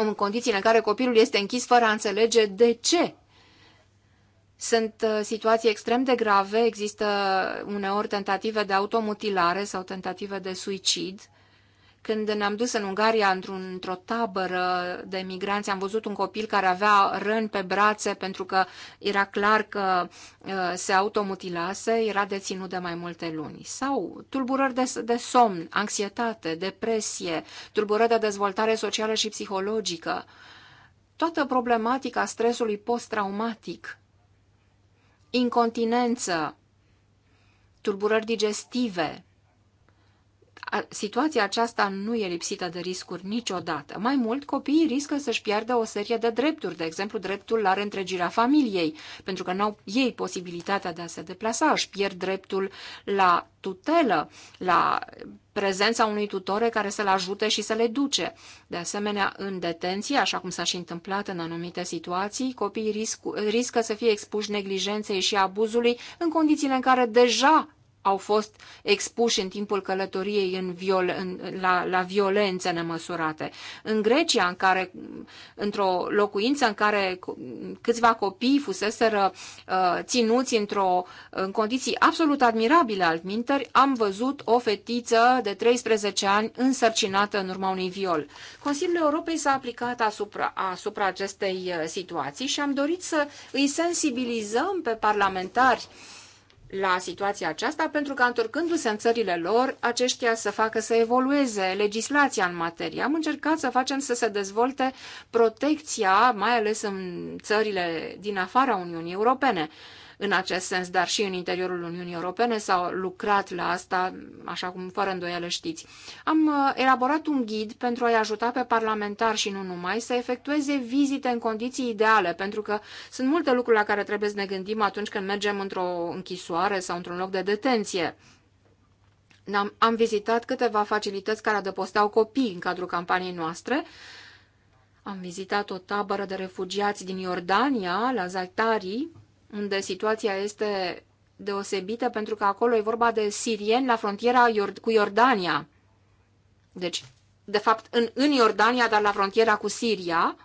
în condițiile în care copilul este închis fără a înțelege de ce sunt uh, situații extrem de grave, există uneori tentative de automutilare sau tentative de suicid. Când ne-am dus în Ungaria într-un, într-o tabără de migranți, am văzut un copil care avea răni pe brațe pentru că era clar că uh, se automutilase, era deținut de mai multe luni. Sau tulburări de, de somn, anxietate, depresie, tulburări de dezvoltare socială și psihologică. Toată problematica stresului post-traumatic incontinență, tulburări digestive, situația aceasta nu e lipsită de riscuri niciodată. Mai mult, copiii riscă să-și piardă o serie de drepturi, de exemplu dreptul la reîntregirea familiei, pentru că nu au ei posibilitatea de a se deplasa, își pierd dreptul la tutelă, la prezența unui tutore care să-l ajute și să le duce. De asemenea, în detenție, așa cum s-a și întâmplat în anumite situații, copiii risc, riscă să fie expuși neglijenței și abuzului în condițiile în care deja au fost expuși în timpul călătoriei în viol, în, la, la violențe nemăsurate. În Grecia, în care, într-o locuință în care câțiva copii fuseseră uh, ținuți într-o, în condiții absolut admirabile altminteri, am văzut o fetiță de 13 ani însărcinată în urma unui viol. Consiliul Europei s-a aplicat asupra, asupra acestei uh, situații și am dorit să îi sensibilizăm pe parlamentari uh, la situația aceasta, pentru că întorcându-se în țările lor, aceștia să facă să evolueze legislația în materie. Am încercat să facem să se dezvolte protecția, mai ales în țările din afara Uniunii Europene în acest sens, dar și în interiorul Uniunii Europene s-au lucrat la asta, așa cum fără îndoială știți. Am uh, elaborat un ghid pentru a-i ajuta pe parlamentari și nu numai să efectueze vizite în condiții ideale, pentru că sunt multe lucruri la care trebuie să ne gândim atunci când mergem într-o închisoare sau într-un loc de detenție. Am, am vizitat câteva facilități care adăposteau copii în cadrul campaniei noastre. Am vizitat o tabără de refugiați din Iordania, la Zaitari, unde situația este deosebită, pentru că acolo e vorba de sirieni la frontiera cu Iordania. Deci, de fapt, în, în Iordania, dar la frontiera cu Siria,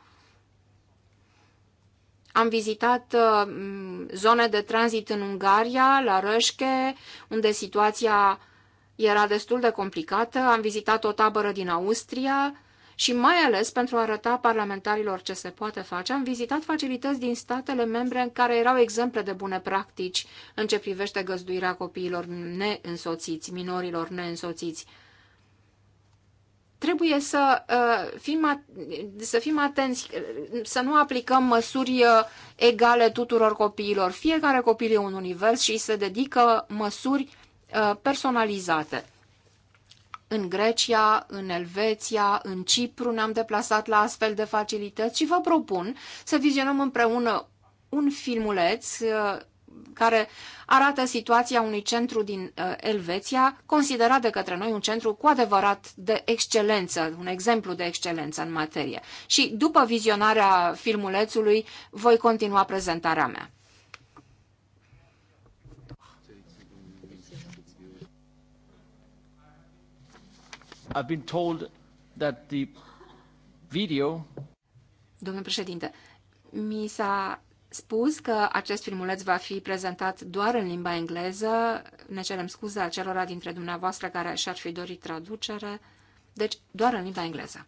am vizitat uh, zone de tranzit în Ungaria, la Rășche, unde situația era destul de complicată. Am vizitat o tabără din Austria, și mai ales pentru a arăta parlamentarilor ce se poate face, am vizitat facilități din statele membre în care erau exemple de bune practici în ce privește găzduirea copiilor neînsoțiți, minorilor neînsoțiți. Trebuie să, uh, fim să fim atenți, să nu aplicăm măsuri uh, egale tuturor copiilor. Fiecare copil e un univers și se dedică măsuri uh, personalizate. În Grecia, în Elveția, în Cipru ne-am deplasat la astfel de facilități și vă propun să vizionăm împreună un filmuleț uh, care arată situația unui centru din uh, Elveția, considerat de către noi un centru cu adevărat de excelență, un exemplu de excelență în materie. Și după vizionarea filmulețului voi continua prezentarea mea. I've been told that the video... Domnule președinte, mi s-a spus că acest filmuleț va fi prezentat doar în limba engleză. Ne cerem scuze acelora dintre dumneavoastră care și-ar fi dorit traducere. Deci, doar în limba engleză.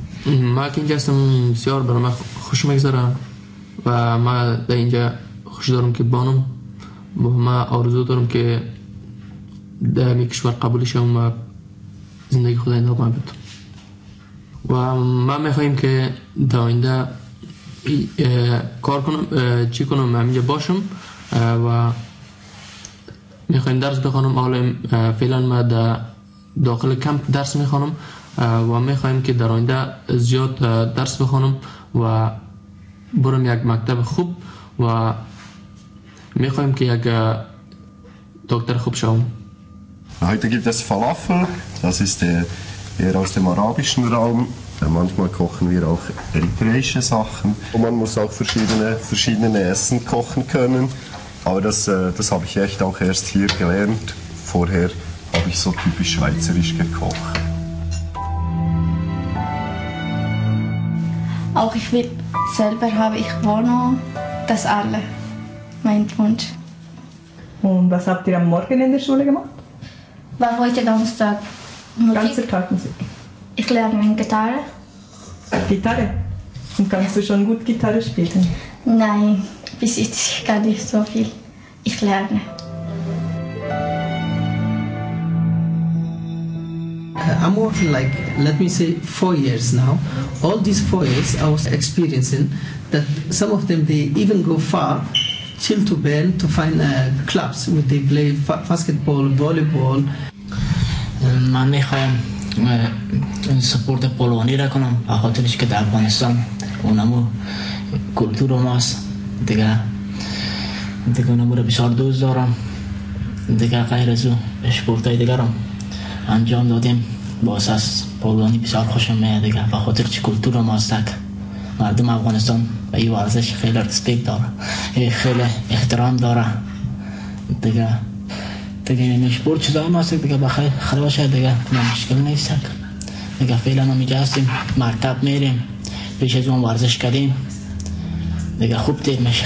ما که اینجا هستم بسیار برای من خوش میگذارم و ما در اینجا خوش دارم که بانم با ما آرزو دارم که در این کشور قبول شم و زندگی خدا این دارم بدم و ما میخواییم که در آینده کار کنم چی کنم من اینجا باشم و میخوایم درس بخوانم حالا فعلا ما در دا داخل کمپ درس میخوانم و می خواهیم که در آینده زیاد درس بخونم و برم یک مکتب خوب و می خواهیم که یک دکتر خوب شوم Heute gibt es Falafel, das ist eher aus dem arabischen Raum. Manchmal kochen wir auch eritreische Sachen. Und man muss auch verschiedene, verschiedene Essen kochen können. Aber das, äh, das habe ich echt auch erst hier gelernt. Vorher habe ich so typisch schweizerisch gekocht. Auch ich will selber habe ich Wohnung, das alle, mein Wunsch. Und was habt ihr am Morgen in der Schule gemacht? War heute Donnerstag. Musik. Ganze Tag Musik. Ich lerne Gitarre. Gitarre? Und kannst du schon gut Gitarre spielen? Nein, bis jetzt gar nicht so viel. Ich lerne. Uh, I'm working like, let me say, four years now. All these four years I was experiencing that some of them, they even go far till to Bern to find uh, clubs where they play fa- basketball, volleyball. من میخوام سپورت پولونی را کنم به خاطرش که در افغانستان اونمو کلتور ماست دیگه دیگه اونمو را بسیار دوست دارم دیگه غیر از او سپورت های دیگه را انجام دادیم با اساس پولانی بسیار خوشم میاد دیگه و خاطر چی کلتور ما استک مردم افغانستان به این ورزش خیلی رسپیک داره خیلی احترام داره دیگه دیگه نمیش بر چیزای ما است دیگه بخیر خراب شد دیگه من مشکل نیست دیگه فعلا ما اینجا هستیم مرتب میریم پیش از اون ورزش کردیم دیگه خوب تیر میشه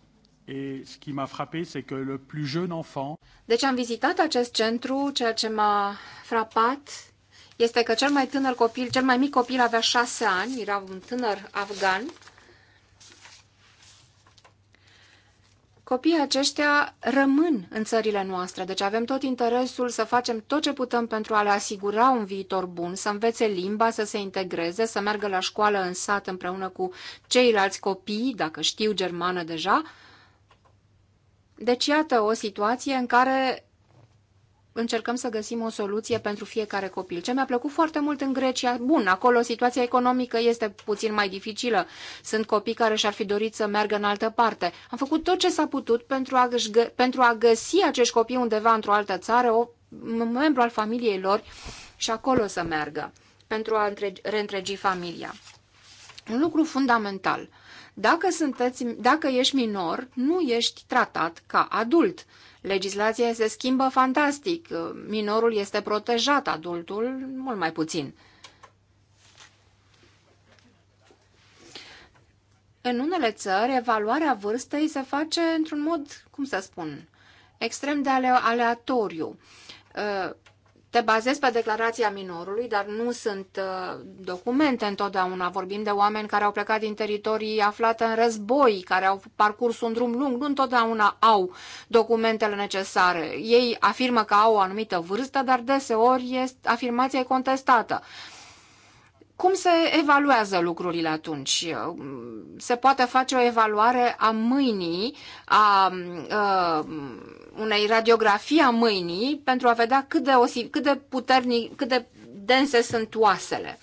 deci am vizitat acest centru, ceea ce m-a frapat este că cel mai tânăr copil, cel mai mic copil avea șase ani, era un tânăr afgan. Copiii aceștia rămân în țările noastre, deci avem tot interesul să facem tot ce putem pentru a le asigura un viitor bun, să învețe limba, să se integreze, să meargă la școală în sat împreună cu ceilalți copii, dacă știu germană deja, deci iată o situație în care încercăm să găsim o soluție pentru fiecare copil. Ce mi-a plăcut foarte mult în Grecia, bun, acolo situația economică este puțin mai dificilă. Sunt copii care și-ar fi dorit să meargă în altă parte. Am făcut tot ce s-a putut pentru a, pentru a găsi acești copii undeva într-o altă țară, o, un membru al familiei lor și acolo să meargă pentru a reîntregi familia. Un lucru fundamental – dacă, sunteți, dacă ești minor, nu ești tratat ca adult. Legislația se schimbă fantastic. Minorul este protejat, adultul mult mai puțin. În unele țări, evaluarea vârstei se face într-un mod, cum să spun, extrem de aleatoriu. Ă, te bazezi pe declarația minorului, dar nu sunt uh, documente întotdeauna. Vorbim de oameni care au plecat din teritorii aflate în război, care au parcurs un drum lung, nu întotdeauna au documentele necesare. Ei afirmă că au o anumită vârstă, dar deseori este, afirmația e contestată. Cum se evaluează lucrurile atunci? Se poate face o evaluare a mâinii, a, a uh, unei radiografii a mâinii pentru a vedea cât de, osi, cât de puternic, cât de dense sunt oasele.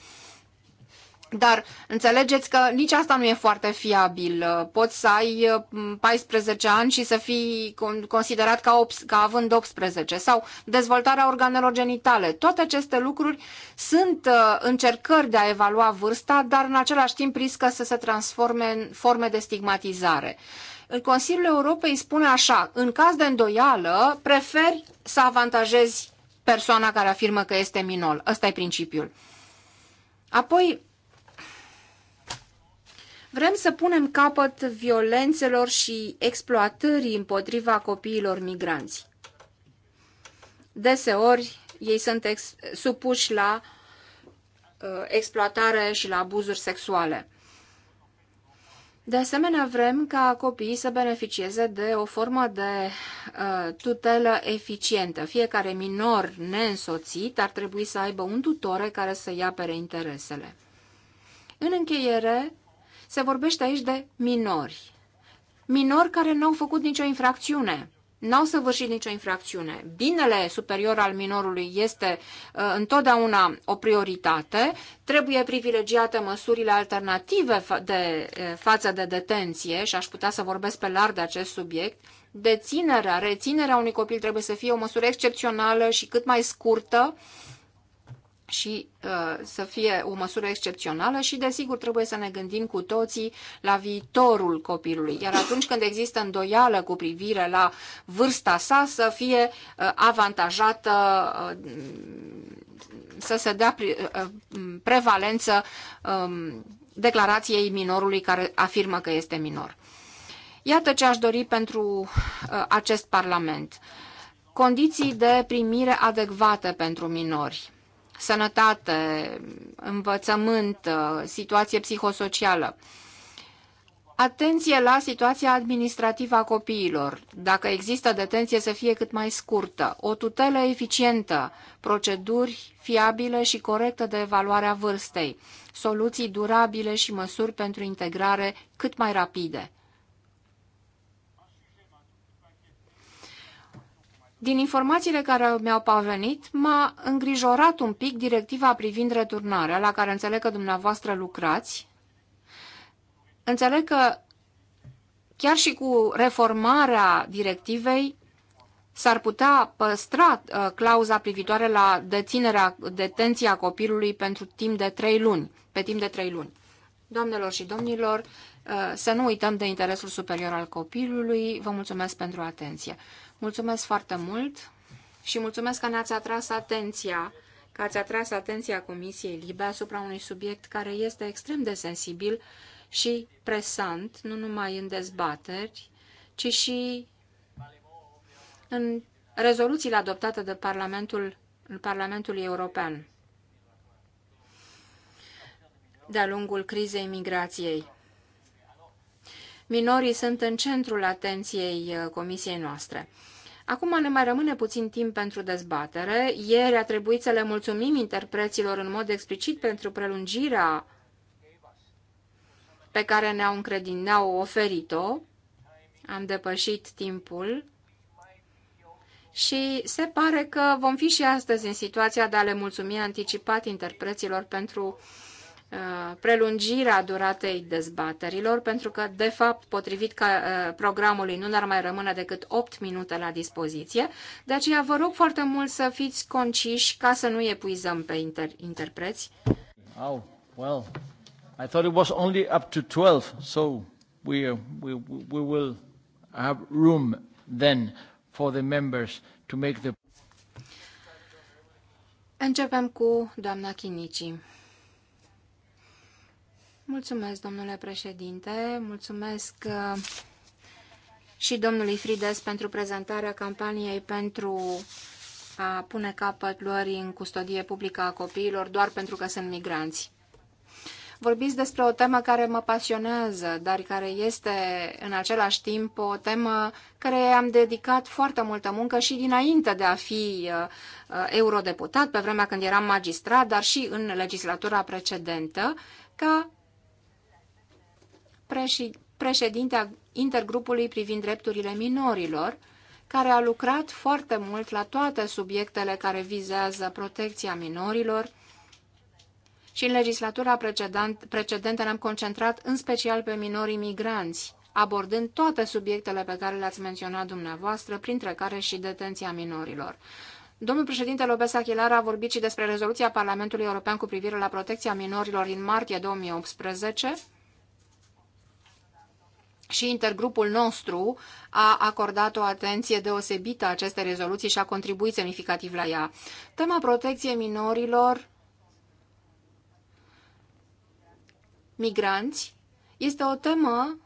Dar înțelegeți că nici asta nu e foarte fiabil. Poți să ai 14 mm, ani și să fii considerat ca, 8, ca având 18 sau dezvoltarea organelor genitale. Toate aceste lucruri sunt uh, încercări de a evalua vârsta, dar în același timp riscă să se transforme în forme de stigmatizare. Consiliul Europei spune așa, în caz de îndoială, preferi să avantajezi persoana care afirmă că este minor. Ăsta e principiul. Apoi, vrem să punem capăt violențelor și exploatării împotriva copiilor migranți. Deseori, ei sunt ex- supuși la uh, exploatare și la abuzuri sexuale. De asemenea, vrem ca copiii să beneficieze de o formă de uh, tutelă eficientă. Fiecare minor neînsoțit ar trebui să aibă un tutore care să-i apere interesele. În încheiere, se vorbește aici de minori. Minori care nu au făcut nicio infracțiune n-au săvârșit nicio infracțiune. Binele superior al minorului este uh, întotdeauna o prioritate, trebuie privilegiate măsurile alternative fa- de, uh, față de detenție și aș putea să vorbesc pe larg de acest subiect. Deținerea, reținerea unui copil trebuie să fie o măsură excepțională și cât mai scurtă, uh, și uh, să fie o măsură excepțională și, desigur, trebuie să ne gândim cu toții la viitorul copilului. Iar atunci când există îndoială cu privire la vârsta sa, să fie uh, avantajată, uh, să se dea pre, uh, prevalență um, uh, declarației minorului care afirmă că este minor. Iată ce aș dori pentru uh, acest Parlament. Condiții de primire adecvate pentru minori sănătate, învățământ, uh, situație psihosocială. Atenție la situația administrativă a copiilor. Dacă există detenție, să fie cât mai scurtă. O tutelă eficientă, proceduri fiabile și corectă de evaluare a vârstei, soluții durabile și măsuri pentru integrare cât mai rapide. Din informațiile care mi-au parvenit, m-a îngrijorat un pic directiva privind returnarea, la care înțeleg că dumneavoastră lucrați. Înțeleg că chiar și cu reformarea directivei s-ar putea păstra uh, clauza privitoare la deținerea, detenția copilului pentru timp de trei luni, pe timp de trei luni. Doamnelor și domnilor, uh, să nu uităm de interesul superior al copilului. Vă mulțumesc pentru atenție. Mulțumesc foarte mult și mulțumesc că ne-ați atras atenția, că ați atras atenția Comisiei Libe asupra unui subiect care este extrem de sensibil și presant, nu numai în dezbateri, ci și în rezoluțiile adoptate de Parlamentul, Parlamentul European de-a lungul crizei migrației minorii sunt în centrul atenției uh, comisiei noastre. Acum ne mai rămâne puțin timp pentru dezbatere. Ieri a trebuit să le mulțumim interpreților în mod explicit pentru prelungirea pe care ne-au încredin, ne-au oferit-o. Am depășit timpul și se pare că vom fi și astăzi în situația de a le mulțumi anticipat interpreților pentru uh, Uh, prelungirea duratei dezbaterilor, pentru că, de fapt, potrivit ca, uh, programului, nu ne-ar mai rămâne decât 8 minute la dispoziție. De aceea vă rog foarte mult să fiți conciși ca să nu epuizăm pe inter interpreți. Oh, well, I thought it was only up to 12, so we, uh, we, we will have room then for the members to make the... Începem cu doamna Chinicii. Mulțumesc, domnule președinte. Mulțumesc uh, și domnului Frides pentru prezentarea campaniei pentru a pune capăt luării în custodie publică a copiilor doar pentru că sunt migranți. Vorbiți despre o temă care mă pasionează, dar care este în același timp o temă care am dedicat foarte multă muncă și dinainte de a fi uh, uh, eurodeputat, pe vremea când eram magistrat, dar și în legislatura precedentă, ca președintea intergrupului privind drepturile minorilor, care a lucrat foarte mult la toate subiectele care vizează protecția minorilor și în legislatura precedent, precedentă ne-am concentrat în special pe minorii migranți, abordând toate subiectele pe care le-ați menționat dumneavoastră, printre care și detenția minorilor. Domnul președinte Lopez Achilar a vorbit și despre rezoluția Parlamentului European cu privire la protecția minorilor din martie 2018, și intergrupul nostru a acordat o atenție deosebită acestei rezoluții și a contribuit semnificativ la ea. Tema protecției minorilor migranți este o temă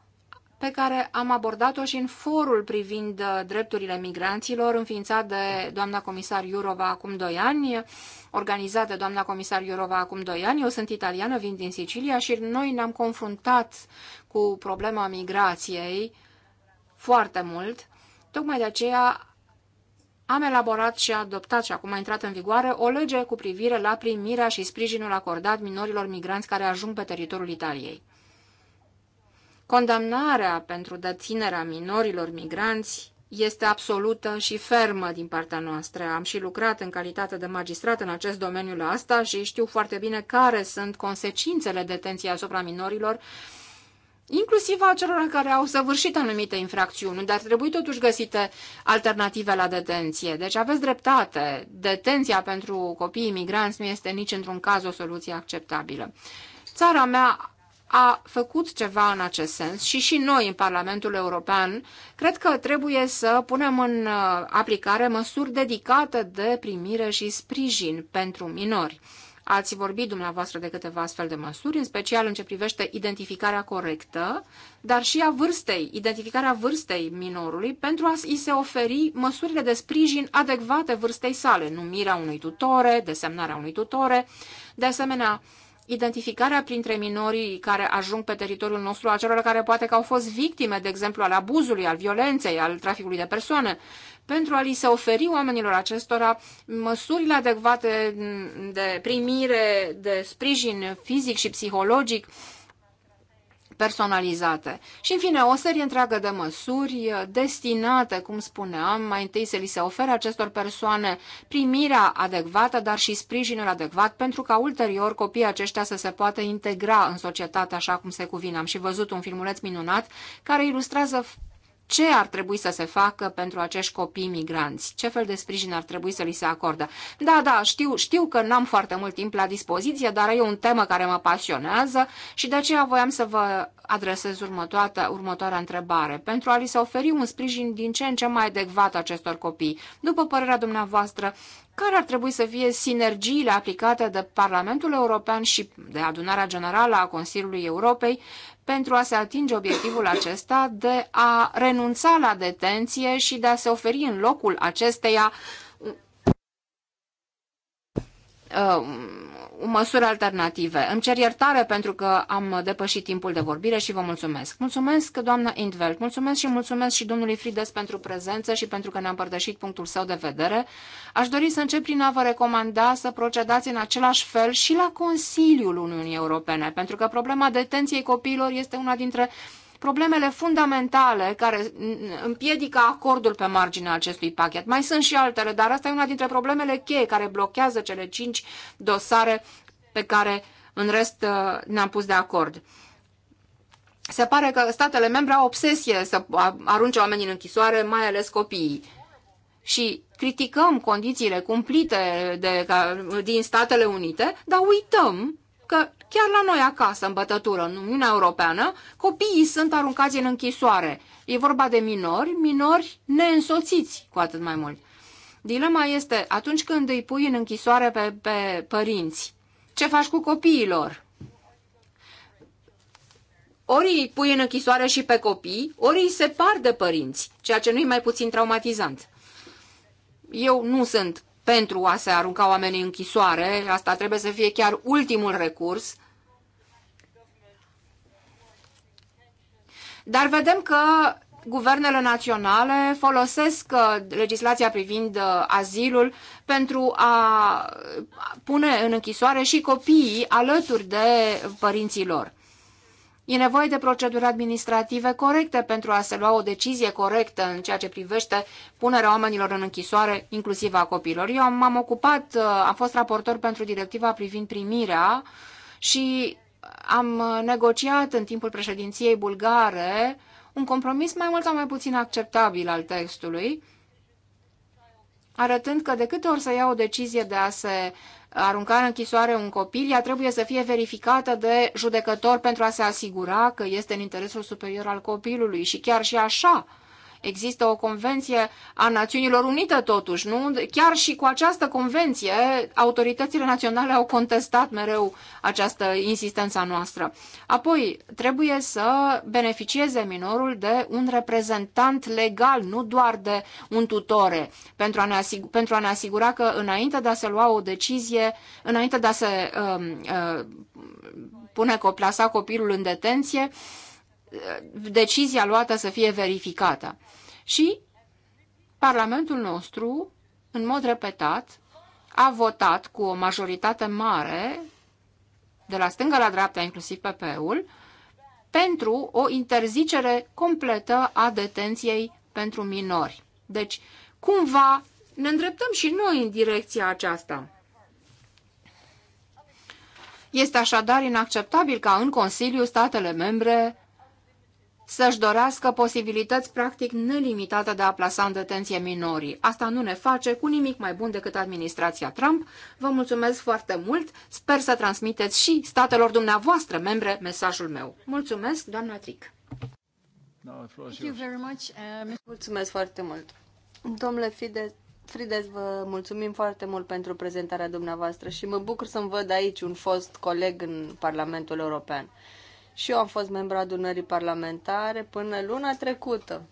pe care am abordat-o și în forul privind uh, drepturile migranților, înființat de doamna comisar Iurova acum doi ani, organizat de doamna comisar Iurova acum doi ani. Eu sunt italiană, vin din Sicilia și noi ne-am confruntat cu problema migrației foarte mult. Tocmai de aceea am elaborat și adoptat și acum a intrat în vigoare o lege cu privire la primirea și sprijinul acordat minorilor migranți care ajung pe teritoriul Italiei. Condamnarea pentru deținerea minorilor migranți este absolută și fermă din partea noastră. Am și lucrat în calitate de magistrat în acest domeniu la asta și știu foarte bine care sunt consecințele detenției asupra minorilor inclusiv a celor care au săvârșit anumite infracțiuni, dar trebuie totuși găsite alternative la detenție. Deci aveți dreptate, detenția pentru copiii imigranți nu este nici într-un caz o soluție acceptabilă. Țara mea a făcut ceva în acest sens și și noi în Parlamentul European cred că trebuie să punem în uh, aplicare măsuri dedicate de primire și sprijin pentru minori. Ați vorbit dumneavoastră de câteva astfel de măsuri, în special în ce privește identificarea corectă, dar și a vârstei, identificarea vârstei minorului pentru a-i se oferi măsurile de sprijin adecvate vârstei sale, numirea unui tutore, desemnarea unui tutore, de asemenea identificarea printre minorii care ajung pe teritoriul nostru a celor care poate că au fost victime, de exemplu, al abuzului, al violenței, al traficului de persoane, pentru a li se oferi oamenilor acestora măsurile adecvate de primire, de sprijin fizic și psihologic, personalizate. Și, în fine, o serie întreagă de măsuri uh, destinate, cum spuneam, mai întâi să li se ofere acestor persoane primirea adecvată, dar și sprijinul adecvat, pentru ca ulterior copiii aceștia să se poată integra în societate așa cum se cuvine. Am și văzut un filmuleț minunat care ilustrează ce ar trebui să se facă pentru acești copii migranți, ce fel de sprijin ar trebui să li se acordă. Da, da, știu, știu că n-am foarte mult timp la dispoziție, dar e un temă care mă pasionează și de aceea voiam să vă adresez următoarea, următoarea întrebare, pentru a li se oferi un sprijin din ce în ce mai adecvat acestor copii. După părerea dumneavoastră, care ar trebui să fie sinergiile aplicate de Parlamentul European și de adunarea generală a Consiliului Europei pentru a se atinge obiectivul acesta de a renunța la detenție și de a se oferi în locul acesteia um, măsuri alternative. Îmi cer iertare pentru că am depășit timpul de vorbire și vă mulțumesc. Mulțumesc, doamna Indveld, mulțumesc și mulțumesc și domnului Frides pentru prezență și pentru că ne-a împărtășit punctul său de vedere. Aș dori să încep prin a vă recomanda să procedați în același fel și la Consiliul Uniunii Europene, pentru că problema detenției copiilor este una dintre problemele fundamentale care împiedică acordul pe marginea acestui pachet. Mai sunt și altele, dar asta e una dintre problemele cheie care blochează cele cinci dosare pe care în rest uh, ne-am pus de acord. Se pare că statele membre au obsesie să arunce oamenii în închisoare, mai ales copiii. Și criticăm condițiile cumplite de, din Statele Unite, dar uităm că Chiar la noi acasă, în bătătură, în Uniunea Europeană, copiii sunt aruncați în închisoare. E vorba de minori, minori neînsoțiți, cu atât mai mult. Dilema este atunci când îi pui în închisoare pe, pe părinți, ce faci cu copiilor? Ori îi pui în închisoare și pe copii, ori îi separ de părinți, ceea ce nu-i mai puțin traumatizant. Eu nu sunt pentru a se arunca oamenii în închisoare, asta trebuie să fie chiar ultimul recurs, Dar vedem că guvernele naționale folosesc uh, legislația privind uh, azilul pentru a pune în închisoare și copiii alături de părinții lor. E nevoie de proceduri administrative corecte pentru a se lua o decizie corectă în ceea ce privește punerea oamenilor în închisoare, inclusiv a copiilor. Eu m-am ocupat, uh, am fost raportor pentru directiva privind primirea și am negociat în timpul președinției bulgare un compromis mai mult sau mai puțin acceptabil al textului, arătând că de câte ori se ia o decizie de a se arunca în închisoare un copil, ea trebuie să fie verificată de judecător pentru a se asigura că este în interesul superior al copilului și chiar și așa Există o convenție a Națiunilor Unite totuși, nu? Chiar și cu această convenție, autoritățile naționale au contestat mereu această insistență noastră. Apoi, trebuie să beneficieze minorul de un reprezentant legal, nu doar de un tutore, pentru a ne, asig- pentru a ne asigura că înainte de a se lua o decizie, înainte de a se uh, uh, pune, plasa copilul în detenție, uh, decizia luată să fie verificată. Și Parlamentul nostru, în mod repetat, a votat cu o majoritate mare, de la stânga la dreapta, inclusiv PP-ul, pentru o interzicere completă a detenției pentru minori. Deci, cumva, ne îndreptăm și noi în direcția aceasta. Este așadar inacceptabil ca în Consiliu statele membre să-și dorească posibilități practic nelimitate de a plasa în detenție minorii. Asta nu ne face cu nimic mai bun decât administrația Trump. Vă mulțumesc foarte mult. Sper să transmiteți și statelor dumneavoastră membre mesajul meu. Mulțumesc, doamna Tric. Uh, mulțumesc foarte mult. Domnule Fide, Frides, vă mulțumim foarte mult pentru prezentarea dumneavoastră și mă bucur să-mi văd aici un fost coleg în Parlamentul European. Și eu am fost membru adunării parlamentare până luna trecută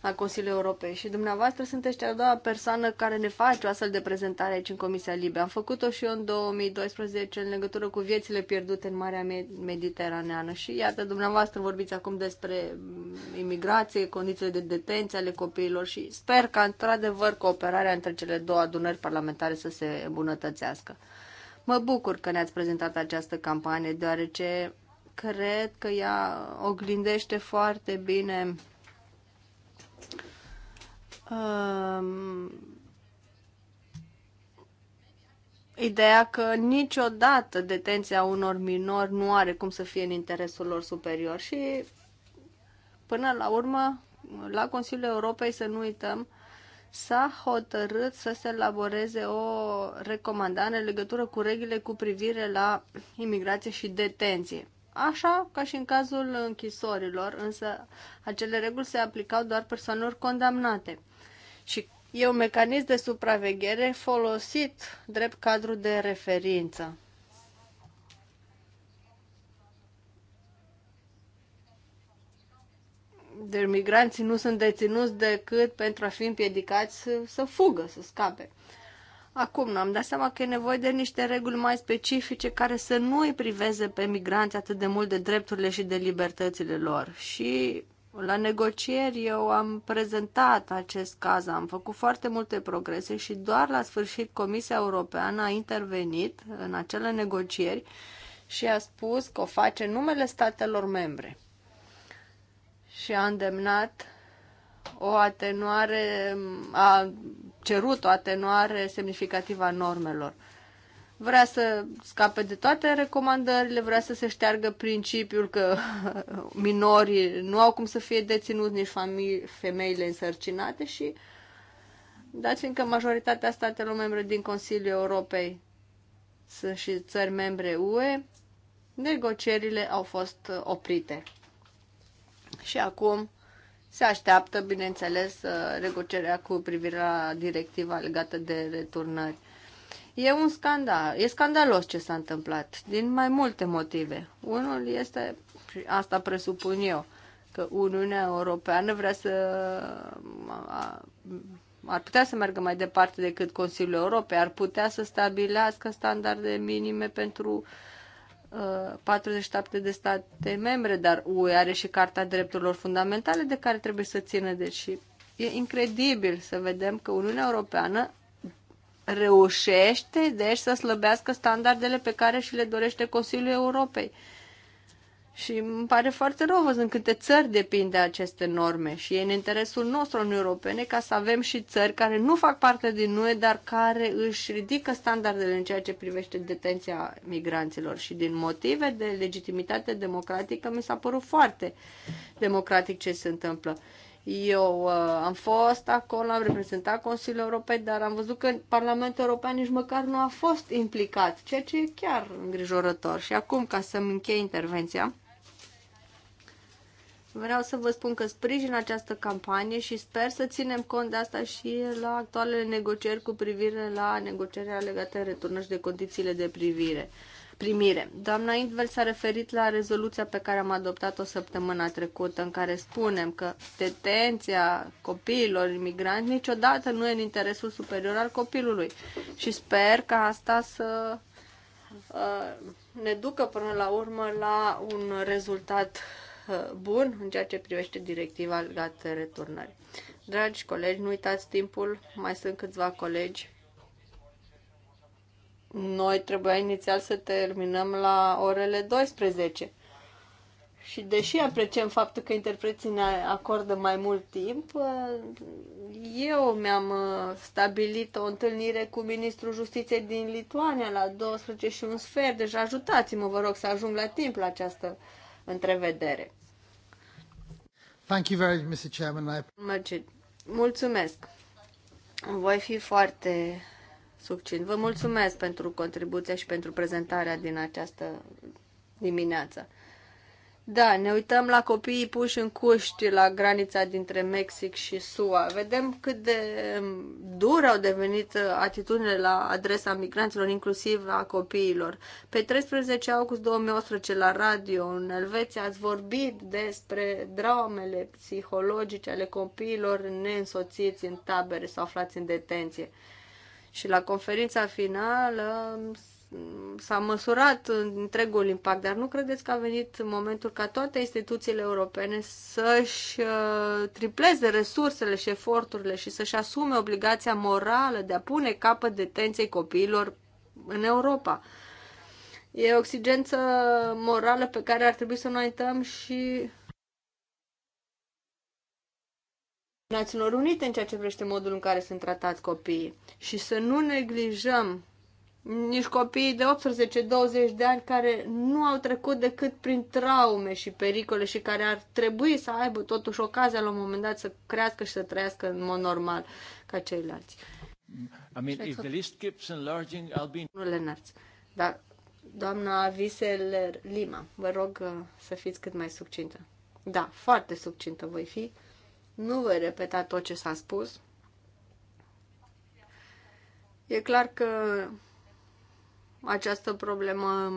a Consiliului Europei și dumneavoastră sunteți cea a doua persoană care ne face o astfel de prezentare aici în Comisia Libe. Am făcut-o și eu în 2012 în legătură cu viețile pierdute în Marea Mediteraneană și iată, dumneavoastră vorbiți acum despre imigrație, condițiile de detenție ale copiilor și sper ca într-adevăr cooperarea între cele două adunări parlamentare să se îmbunătățească. Mă bucur că ne-ați prezentat această campanie, deoarece cred că ea oglindește foarte bine um, ideea că niciodată detenția unor minori nu are cum să fie în interesul lor superior și până la urmă la Consiliul Europei să nu uităm s-a hotărât să se elaboreze o recomandare în legătură cu regulile cu privire la imigrație și detenție. Așa ca și în cazul închisorilor, însă acele reguli se aplicau doar persoanelor condamnate. Și e un mecanism de supraveghere folosit drept cadru de referință. de migranții nu sunt deținuți decât pentru a fi împiedicați să, să fugă, să scape. Acum, am dat seama că e nevoie de niște reguli mai specifice care să nu îi priveze pe migranți atât de mult de drepturile și de libertățile lor. Și la negocieri eu am prezentat acest caz, am făcut foarte multe progrese și doar la sfârșit Comisia Europeană a intervenit în acele negocieri și a spus că o face numele statelor membre și a îndemnat o atenuare, a cerut o atenuare semnificativă a normelor. Vrea să scape de toate recomandările, vrea să se șteargă principiul că minorii nu au cum să fie deținuți nici femeile însărcinate și dați fiindcă majoritatea statelor membre din Consiliul Europei sunt și țări membre UE, negocierile au fost oprite. Și acum se așteaptă, bineînțeles, regocerea uh, cu privire la directiva legată de returnări. E un scandal, e scandalos ce s-a întâmplat, din mai multe motive. Unul este, asta presupun eu, că Uniunea Europeană vrea să ar putea să meargă mai departe decât Consiliul Europei, ar putea să stabilească standarde minime pentru uh, 47 uh, de state membre, dar UE are și Carta Drepturilor Fundamentale de care trebuie să țină. Deci e incredibil să vedem că Uniunea Europeană reușește deci să slăbească standardele pe care și le dorește Consiliul Europei. Și îmi pare foarte rău văzând câte țări de aceste norme și e în interesul nostru în europene ca să avem și țări care nu fac parte din noi, dar care își ridică standardele în ceea ce privește detenția migranților. Și din motive de legitimitate democratică mi s-a părut foarte democratic ce se întâmplă. Eu uh, am fost acolo, am reprezentat Consiliul Europei, dar am văzut că Parlamentul European nici măcar nu a fost implicat, ceea ce e chiar îngrijorător. Și acum, ca să-mi închei intervenția, Vreau să vă spun că sprijin această campanie și sper să ținem cont de asta și la actualele negocieri cu privire la negocierea legată returnă și de condițiile de privire. primire. Doamna Indvel s-a referit la rezoluția pe care am adoptat-o săptămâna trecută, în care spunem că detenția copiilor imigranți niciodată nu e în interesul superior al copilului. Și sper ca asta să uh, ne ducă până la urmă la un rezultat Eh, bun în ceea ce privește directiva legată de returnări. Dragi colegi, nu uitați timpul, mai sunt câțiva colegi. Noi trebuia inițial să terminăm la orele 12. Și deși apreciem faptul că interpreții ne acordă mai mult timp, eh, eu mi-am eh, stabilit o întâlnire cu ministrul justiției din Lituania la 12 și un sfert. Deci ajutați-mă, vă rog, să ajung la timp la această întrevedere. Thank you very much, Mr. Chairman. I... Mulțumesc. Voi fi foarte succint. Vă mulțumesc pentru contribuția și pentru prezentarea din această dimineață. Da, ne uităm la copiii puși în cuști la granița dintre Mexic și SUA. Vedem cât de dur au devenit atitudinile la adresa migranților, inclusiv a copiilor. Pe 13 august 2018 la radio în Elveția ați vorbit despre dramele psihologice ale copiilor neînsoțiți în tabere sau aflați în detenție. Și la conferința finală s-a măsurat întregul impact, dar nu credeți că a venit momentul ca toate instituțiile europene să-și uh, tripleze resursele și eforturile și să-și asume obligația morală de a pune capăt detenției copiilor în Europa? E o exigență morală pe care ar trebui să o înaintăm și Națiunilor Unite în ceea ce vrește modul în care sunt tratați copiii și să nu neglijăm nici copiii de 18-20 de ani care nu au trecut decât prin traume și pericole și care ar trebui să aibă totuși ocazia la un moment dat să crească și să trăiască în mod normal ca ceilalți. I mean, if the list keeps enlarging, I'll be... Nu Lenarț, dar doamna Viseler Lima, vă rog uh, să fiți cât mai succintă. Da, foarte succintă voi fi. Nu voi repeta tot ce s-a spus. E clar că această problemă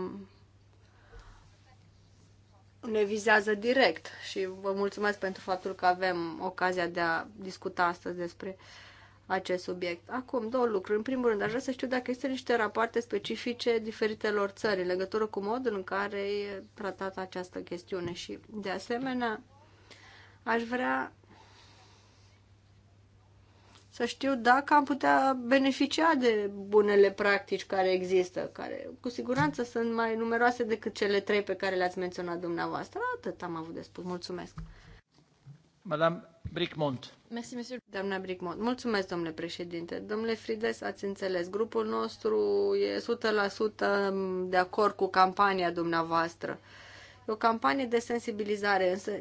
ne vizează direct și vă mulțumesc pentru faptul că avem ocazia de a discuta astăzi despre acest subiect. Acum, două lucruri. În primul rând, aș vrea să știu dacă există niște rapoarte specifice diferitelor țări în legătură cu modul în care e tratată această chestiune și, de asemenea, aș vrea să știu dacă am putea beneficia de bunele practici care există, care cu siguranță sunt mai numeroase decât cele trei pe care le-ați menționat dumneavoastră. Atât am avut de spus. Mulțumesc. Madame Bricmont. Merci, monsieur. Doamna Bricmont. Mulțumesc, domnule președinte. Domnule Frides, ați înțeles. Grupul nostru e 100% de acord cu campania dumneavoastră. E o campanie de sensibilizare, însă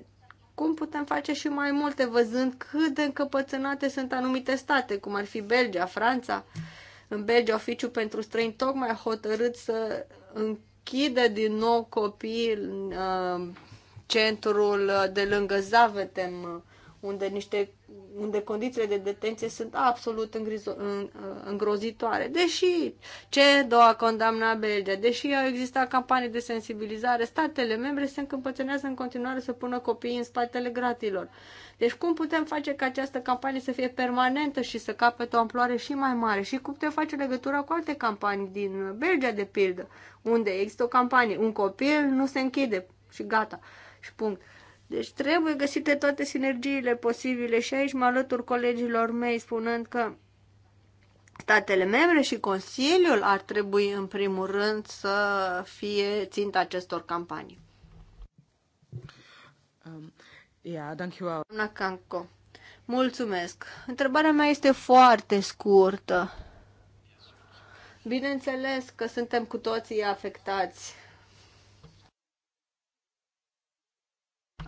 cum putem face și mai multe, văzând cât de încăpățânate sunt anumite state, cum ar fi Belgia, Franța. În Belgia, oficiul pentru străini tocmai a hotărât să închidă din nou copiii uh, centrul de lângă Zavetem unde, niște, unde condițiile de detenție sunt absolut îngrizo- în, uh, îngrozitoare. Deși ce doua condamna Belgia, deși au existat campanii de sensibilizare, statele membre se încăpățânează în continuare să pună copiii în spatele gratilor. Deci cum putem face ca această campanie să fie permanentă și să capete o amploare și mai mare? Și cum putem face legătura cu alte campanii din Belgia, de pildă, unde există o campanie, un copil nu se închide și gata și punct. Uh, deci trebuie găsite toate sinergiile posibile și aici mă alătur colegilor mei spunând că statele membre și Consiliul ar trebui în primul rând să fie ținta acestor campanii. Um, yeah, thank you. Doamna Canco, mulțumesc. Întrebarea mea este foarte scurtă. Bineînțeles că suntem cu toții afectați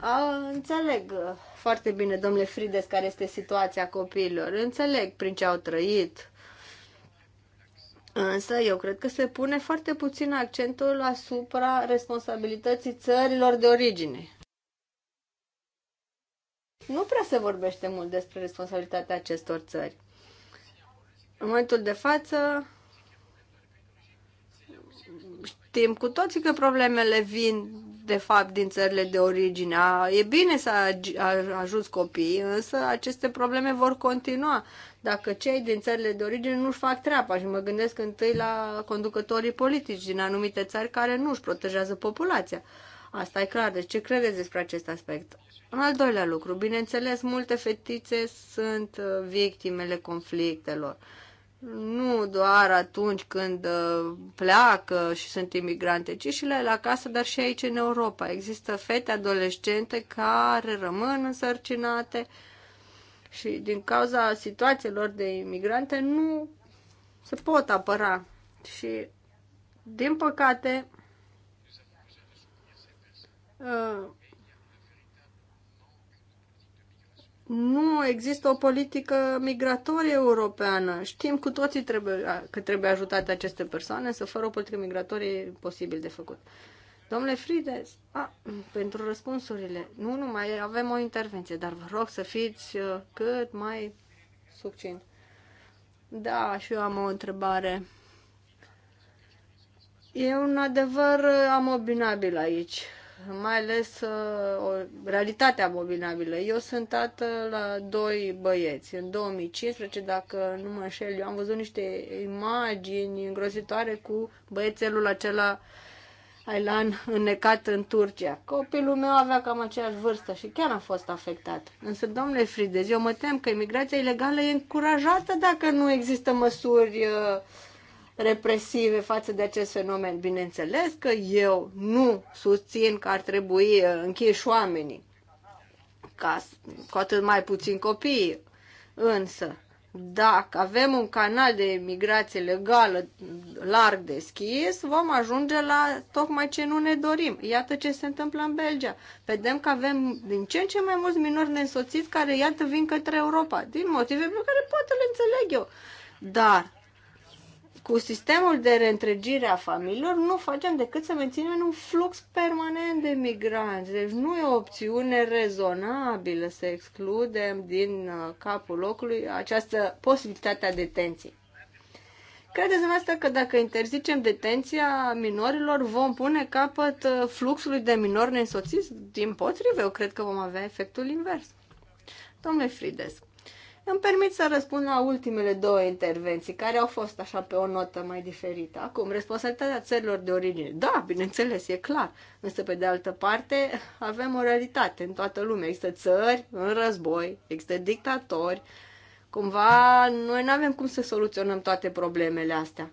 A, înțeleg uh, foarte bine, domnule Frides, care este situația copiilor. Înțeleg prin ce au trăit. Însă eu cred că se pune foarte puțin accentul asupra responsabilității țărilor de origine. Nu prea se vorbește mult despre responsabilitatea acestor țări. În momentul de față, știm cu toții că problemele vin de fapt, din țările de origine. E bine să ajuți copiii, însă aceste probleme vor continua dacă cei din țările de origine nu-și fac treaba. Și mă gândesc întâi la conducătorii politici din anumite țări care nu își protejează populația. Asta e clar. Deci ce credeți despre acest aspect? În al doilea lucru, bineînțeles, multe fetițe sunt uh, victimele conflictelor. Uh, nu doar atunci când uh, pleacă și sunt imigrante, ci și la, la casă, dar și aici în Europa. Există fete adolescente care rămân însărcinate și din cauza situațiilor de imigrante nu se pot apăra. Și, din păcate, uh, nu există o politică migratorie europeană. Știm cu toții trebuie, că trebuie ajutate aceste persoane, să fără o politică migratorie e posibil de făcut. Domnule Frides, a, pentru răspunsurile, nu, numai avem o intervenție, dar vă rog să fiți uh, cât mai succint. Da, și eu am o întrebare. E un adevăr uh, amobinabil aici mai ales uh, o, realitatea abominabilă. Eu sunt tată la doi băieți. În 2015, dacă nu mă înșel, eu am văzut niște imagini îngrozitoare cu băiețelul acela Ailan înnecat în Turcia. Copilul meu avea cam aceeași vârstă și chiar a fost afectat. Însă, domnule Fridez, eu mă tem că imigrația ilegală e încurajată dacă nu există măsuri uh, represive față de acest fenomen. Bineînțeles că eu nu susțin că ar trebui uh, închiși oamenii, ca, cu atât mai puțin copii, însă dacă avem un canal de migrație legală larg deschis, vom ajunge la tocmai ce nu ne dorim. Iată ce se întâmplă în Belgia. Vedem că avem din ce în ce mai mulți minori neînsoțiți care, iată, vin către Europa, din motive pe care poate le înțeleg eu. Dar cu sistemul de reîntregire a familiilor nu facem decât să menținem un flux permanent de migranți. Deci nu e o opțiune rezonabilă să excludem din uh, capul locului această posibilitate a detenției. Credeți dumneavoastră că dacă interzicem detenția minorilor, vom pune capăt uh, fluxului de minori neînsoțiți? Din potrivă, eu cred că vom avea efectul invers. Domnule Frides, îmi permit să răspund la ultimele două intervenții, care au fost așa pe o notă mai diferită. Acum, responsabilitatea țărilor de origine. Da, bineînțeles, e clar. Însă, pe de altă parte, avem o realitate în toată lumea. Există țări în război, există dictatori. Cumva, noi nu avem cum să soluționăm toate problemele astea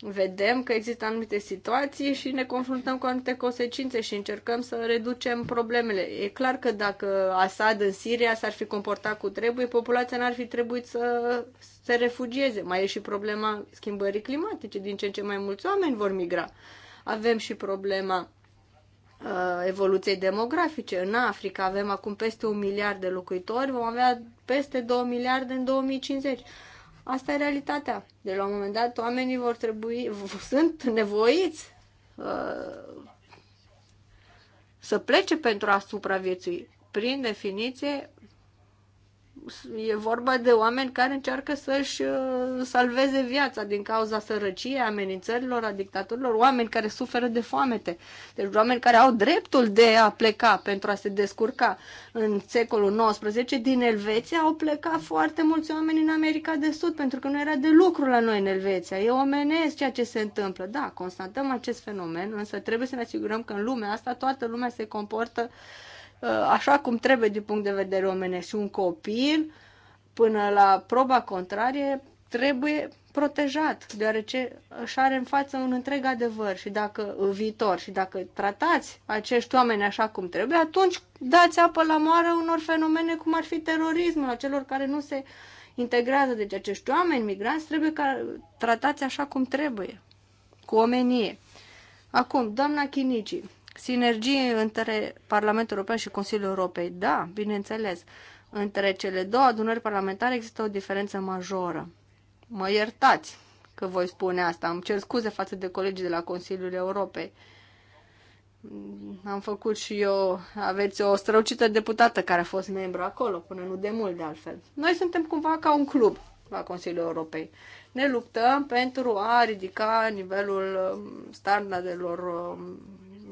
vedem că există anumite situații și ne confruntăm cu anumite consecințe și încercăm să reducem problemele. E clar că dacă Assad în Siria s-ar fi comportat cu trebuie, populația n-ar fi trebuit să se refugieze. Mai e și problema schimbării climatice, din ce în ce mai mulți oameni vor migra. Avem și problema uh, evoluției demografice. În Africa avem acum peste un miliard de locuitori, vom avea peste 2 miliarde în 2050. Asta e realitatea. De la un moment dat, oamenii vor trebui, sunt nevoiți uh, să plece pentru a supraviețui. Prin definiție, e vorba de oameni care încearcă să-și uh, salveze viața din cauza sărăciei, amenințărilor, a dictaturilor, oameni care suferă de foamete, deci oameni care au dreptul de a pleca pentru a se descurca. În secolul XIX din Elveția au plecat foarte mulți oameni în America de Sud pentru că nu era de lucru la noi în Elveția. E omenesc ceea ce se întâmplă. Da, constatăm acest fenomen, însă trebuie să ne asigurăm că în lumea asta toată lumea se comportă uh, Uh, așa cum trebuie din punct de vedere omenesc. Un copil, până la proba contrarie, trebuie protejat, deoarece își are în față un întreg adevăr și dacă în viitor și dacă tratați acești oameni așa cum trebuie, atunci dați apă la moară unor fenomene cum ar fi terorismul, a celor care nu se integrează. Deci acești oameni migranți trebuie ca tratați așa cum trebuie, cu omenie. Acum, doamna Chinici, Sinergii între Parlamentul European și Consiliul Europei. Da, bineînțeles. Între cele două adunări parlamentare există o diferență majoră. Mă iertați că voi spune asta. Am cer scuze față de colegii de la Consiliul Europei. Am făcut și eu, aveți o străucită deputată care a fost membru acolo, până nu de mult de altfel. Noi suntem cumva ca un club la Consiliul Europei. Ne luptăm pentru a ridica nivelul um, standardelor um,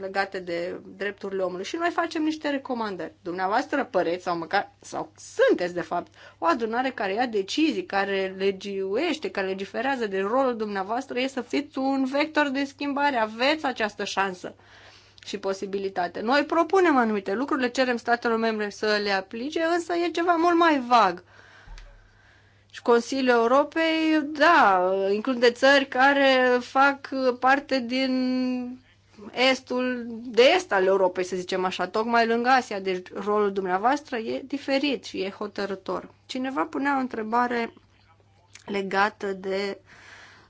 legate de drepturile omului și noi facem niște recomandări. Dumneavoastră păreți sau măcar, sau sunteți de fapt, o adunare care ia decizii, care legiuiește, care legiferează de rolul dumneavoastră e să fiți un vector de schimbare. Aveți această șansă și posibilitate. Noi propunem anumite lucruri, le cerem statelor membre să le aplice, însă e ceva mult mai vag. Și Consiliul Europei, da, include țări care fac parte din estul de est al Europei, să zicem așa, tocmai lângă Asia. Deci rolul dumneavoastră e diferit și e hotărător. Cineva punea o întrebare legată de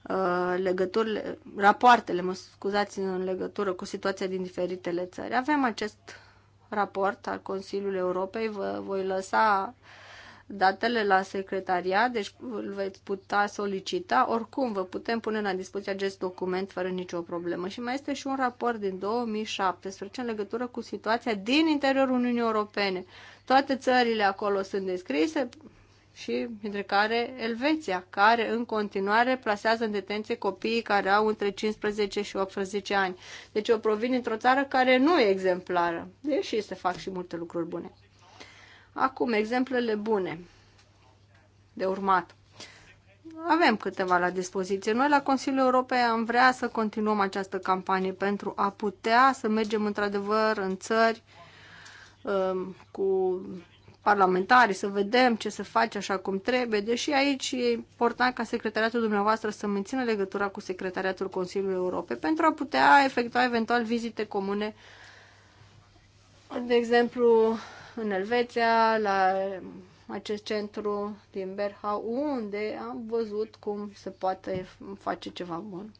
uh, legăturile, rapoartele, mă scuzați, în legătură cu situația din diferitele țări. Avem acest raport al Consiliului Europei, vă voi lăsa uh, datele la secretariat, deci îl veți putea solicita. Oricum, vă putem pune la dispoziție acest document fără nicio problemă. Și mai este și un raport din 2017 în legătură cu situația din interiorul Uniunii Europene. Toate țările acolo sunt descrise și dintre care Elveția, care în continuare plasează în detenție copiii care au între 15 și 18 ani. Deci eu provin dintr-o țară care nu e exemplară, deși se fac și multe lucruri bune. Acum, exemplele bune de urmat. Avem câteva la dispoziție. Noi la Consiliul Europei am vrea să continuăm această campanie pentru a putea să mergem într-adevăr în țări um, cu parlamentari, să vedem ce se face așa cum trebuie, deși aici e important ca secretariatul dumneavoastră să mențină legătura cu secretariatul Consiliului Europei pentru a putea efectua eventual vizite comune, de exemplu, în Elveția, la acest centru din Berhau, unde am văzut cum se poate face ceva bun.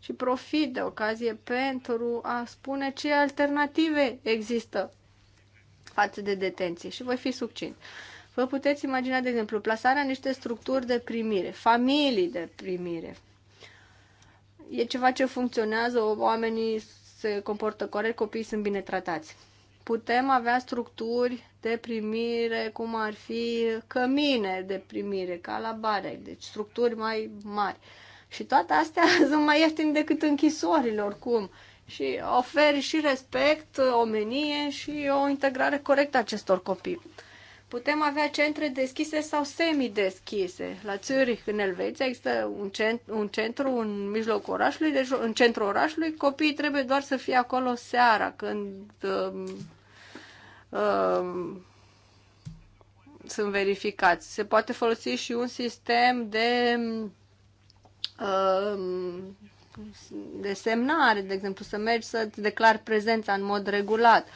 Și profit de ocazie pentru a spune ce alternative există față de detenție și voi fi succint. Vă puteți imagina, de exemplu, plasarea niște structuri de primire, familii de primire. E ceva ce funcționează, oamenii se comportă corect, copiii sunt bine tratați putem avea structuri de primire, cum ar fi cămine de primire, ca la bare, deci structuri mai mari. Și toate astea sunt mai ieftine decât închisorile, oricum. Și oferi și respect, omenie și o integrare corectă a acestor copii. Putem avea centre deschise sau semi-deschise. La Zurich, în Elveția, există un, cent- un centru în mijlocul orașului, deci în centrul orașului copiii trebuie doar să fie acolo seara, când um, Um, sunt verificați. Se poate folosi și un sistem de uh, de semnare, de exemplu, să mergi să declari prezența în mod regulat. Uh,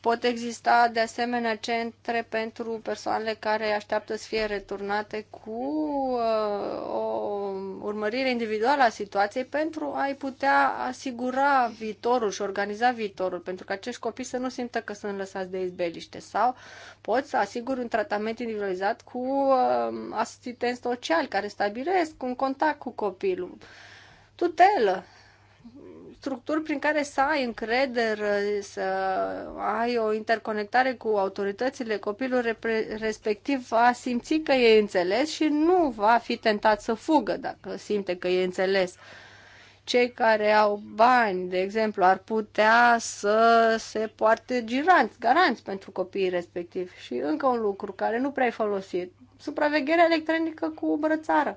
Pot exista de asemenea centre pentru persoanele care așteaptă să fie returnate cu uh, o urmărire individuală a situației pentru a-i putea asigura viitorul și organiza viitorul, pentru că acești copii să nu simtă că sunt lăsați de izbeliște sau pot să asiguri un tratament individualizat cu uh, asistenți sociali care stabilesc un contact cu copilul. Tutelă, structuri prin care să ai încredere, să ai o interconectare cu autoritățile, copilul respectiv va simți că e înțeles și nu va fi tentat să fugă dacă simte că e înțeles. Cei care au bani, de exemplu, ar putea să se poarte giranți, garanți pentru copiii respectivi. Și încă un lucru care nu prea e folosit, supravegherea electronică cu brățară.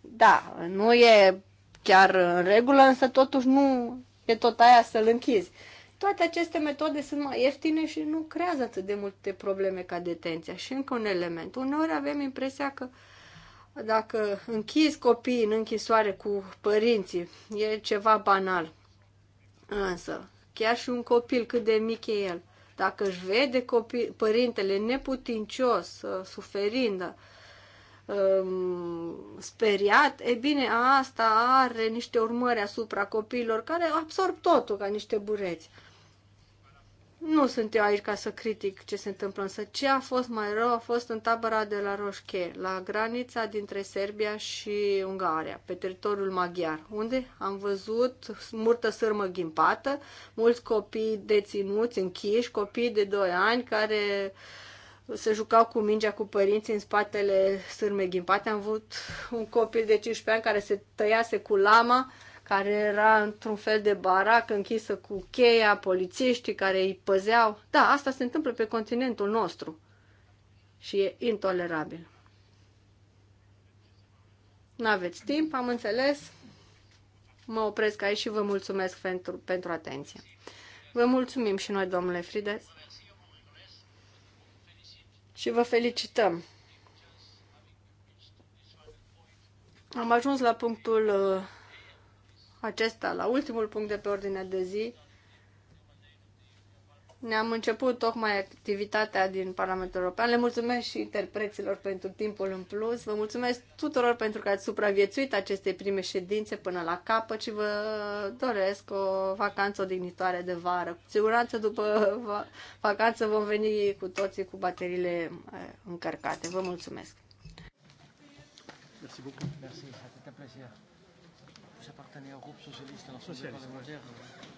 Da, nu e chiar în regulă, însă totuși nu e tot aia să-l închizi. Toate aceste metode sunt mai ieftine și nu creează atât de multe probleme ca detenția. Și încă un element. Uneori avem impresia că dacă închizi copiii în închisoare cu părinții, e ceva banal. Însă, chiar și un copil, cât de mic e el, dacă își vede copii, părintele neputincios, suferind, um, speriat, e bine, asta are niște urmări asupra copiilor care absorb totul ca niște bureți. Nu sunt eu aici ca să critic ce se întâmplă, însă ce a fost mai rău a fost în tabăra de la Roșche, la granița dintre Serbia și Ungaria, pe teritoriul maghiar, unde am văzut multă sârmă ghimpată, mulți copii deținuți, închiși, copii de 2 ani care uh, se jucau cu mingea cu părinții în spatele sârmei ghimpate. Am avut un copil de 15 ani care se tăiase cu lama, care era într-un fel de barac închisă cu cheia, polițiștii care îi păzeau. Da, asta se întâmplă pe continentul nostru și e intolerabil. Nu aveți timp, am înțeles. Mă opresc aici și vă mulțumesc pentru, pentru atenție. Vă mulțumim și noi, domnule Frides și vă felicităm. Am ajuns la punctul uh, acesta, la ultimul punct de pe ordinea de zi, ne-am început tocmai activitatea din Parlamentul European. Le mulțumesc și interpreților pentru timpul în plus. Vă mulțumesc tuturor pentru că ați supraviețuit acestei prime ședințe până la capăt și vă doresc o vacanță odihnitoare de vară. Cu siguranță după vacanță vom veni cu toții cu bateriile eh, încărcate. Vă mulțumesc! Mulțumesc!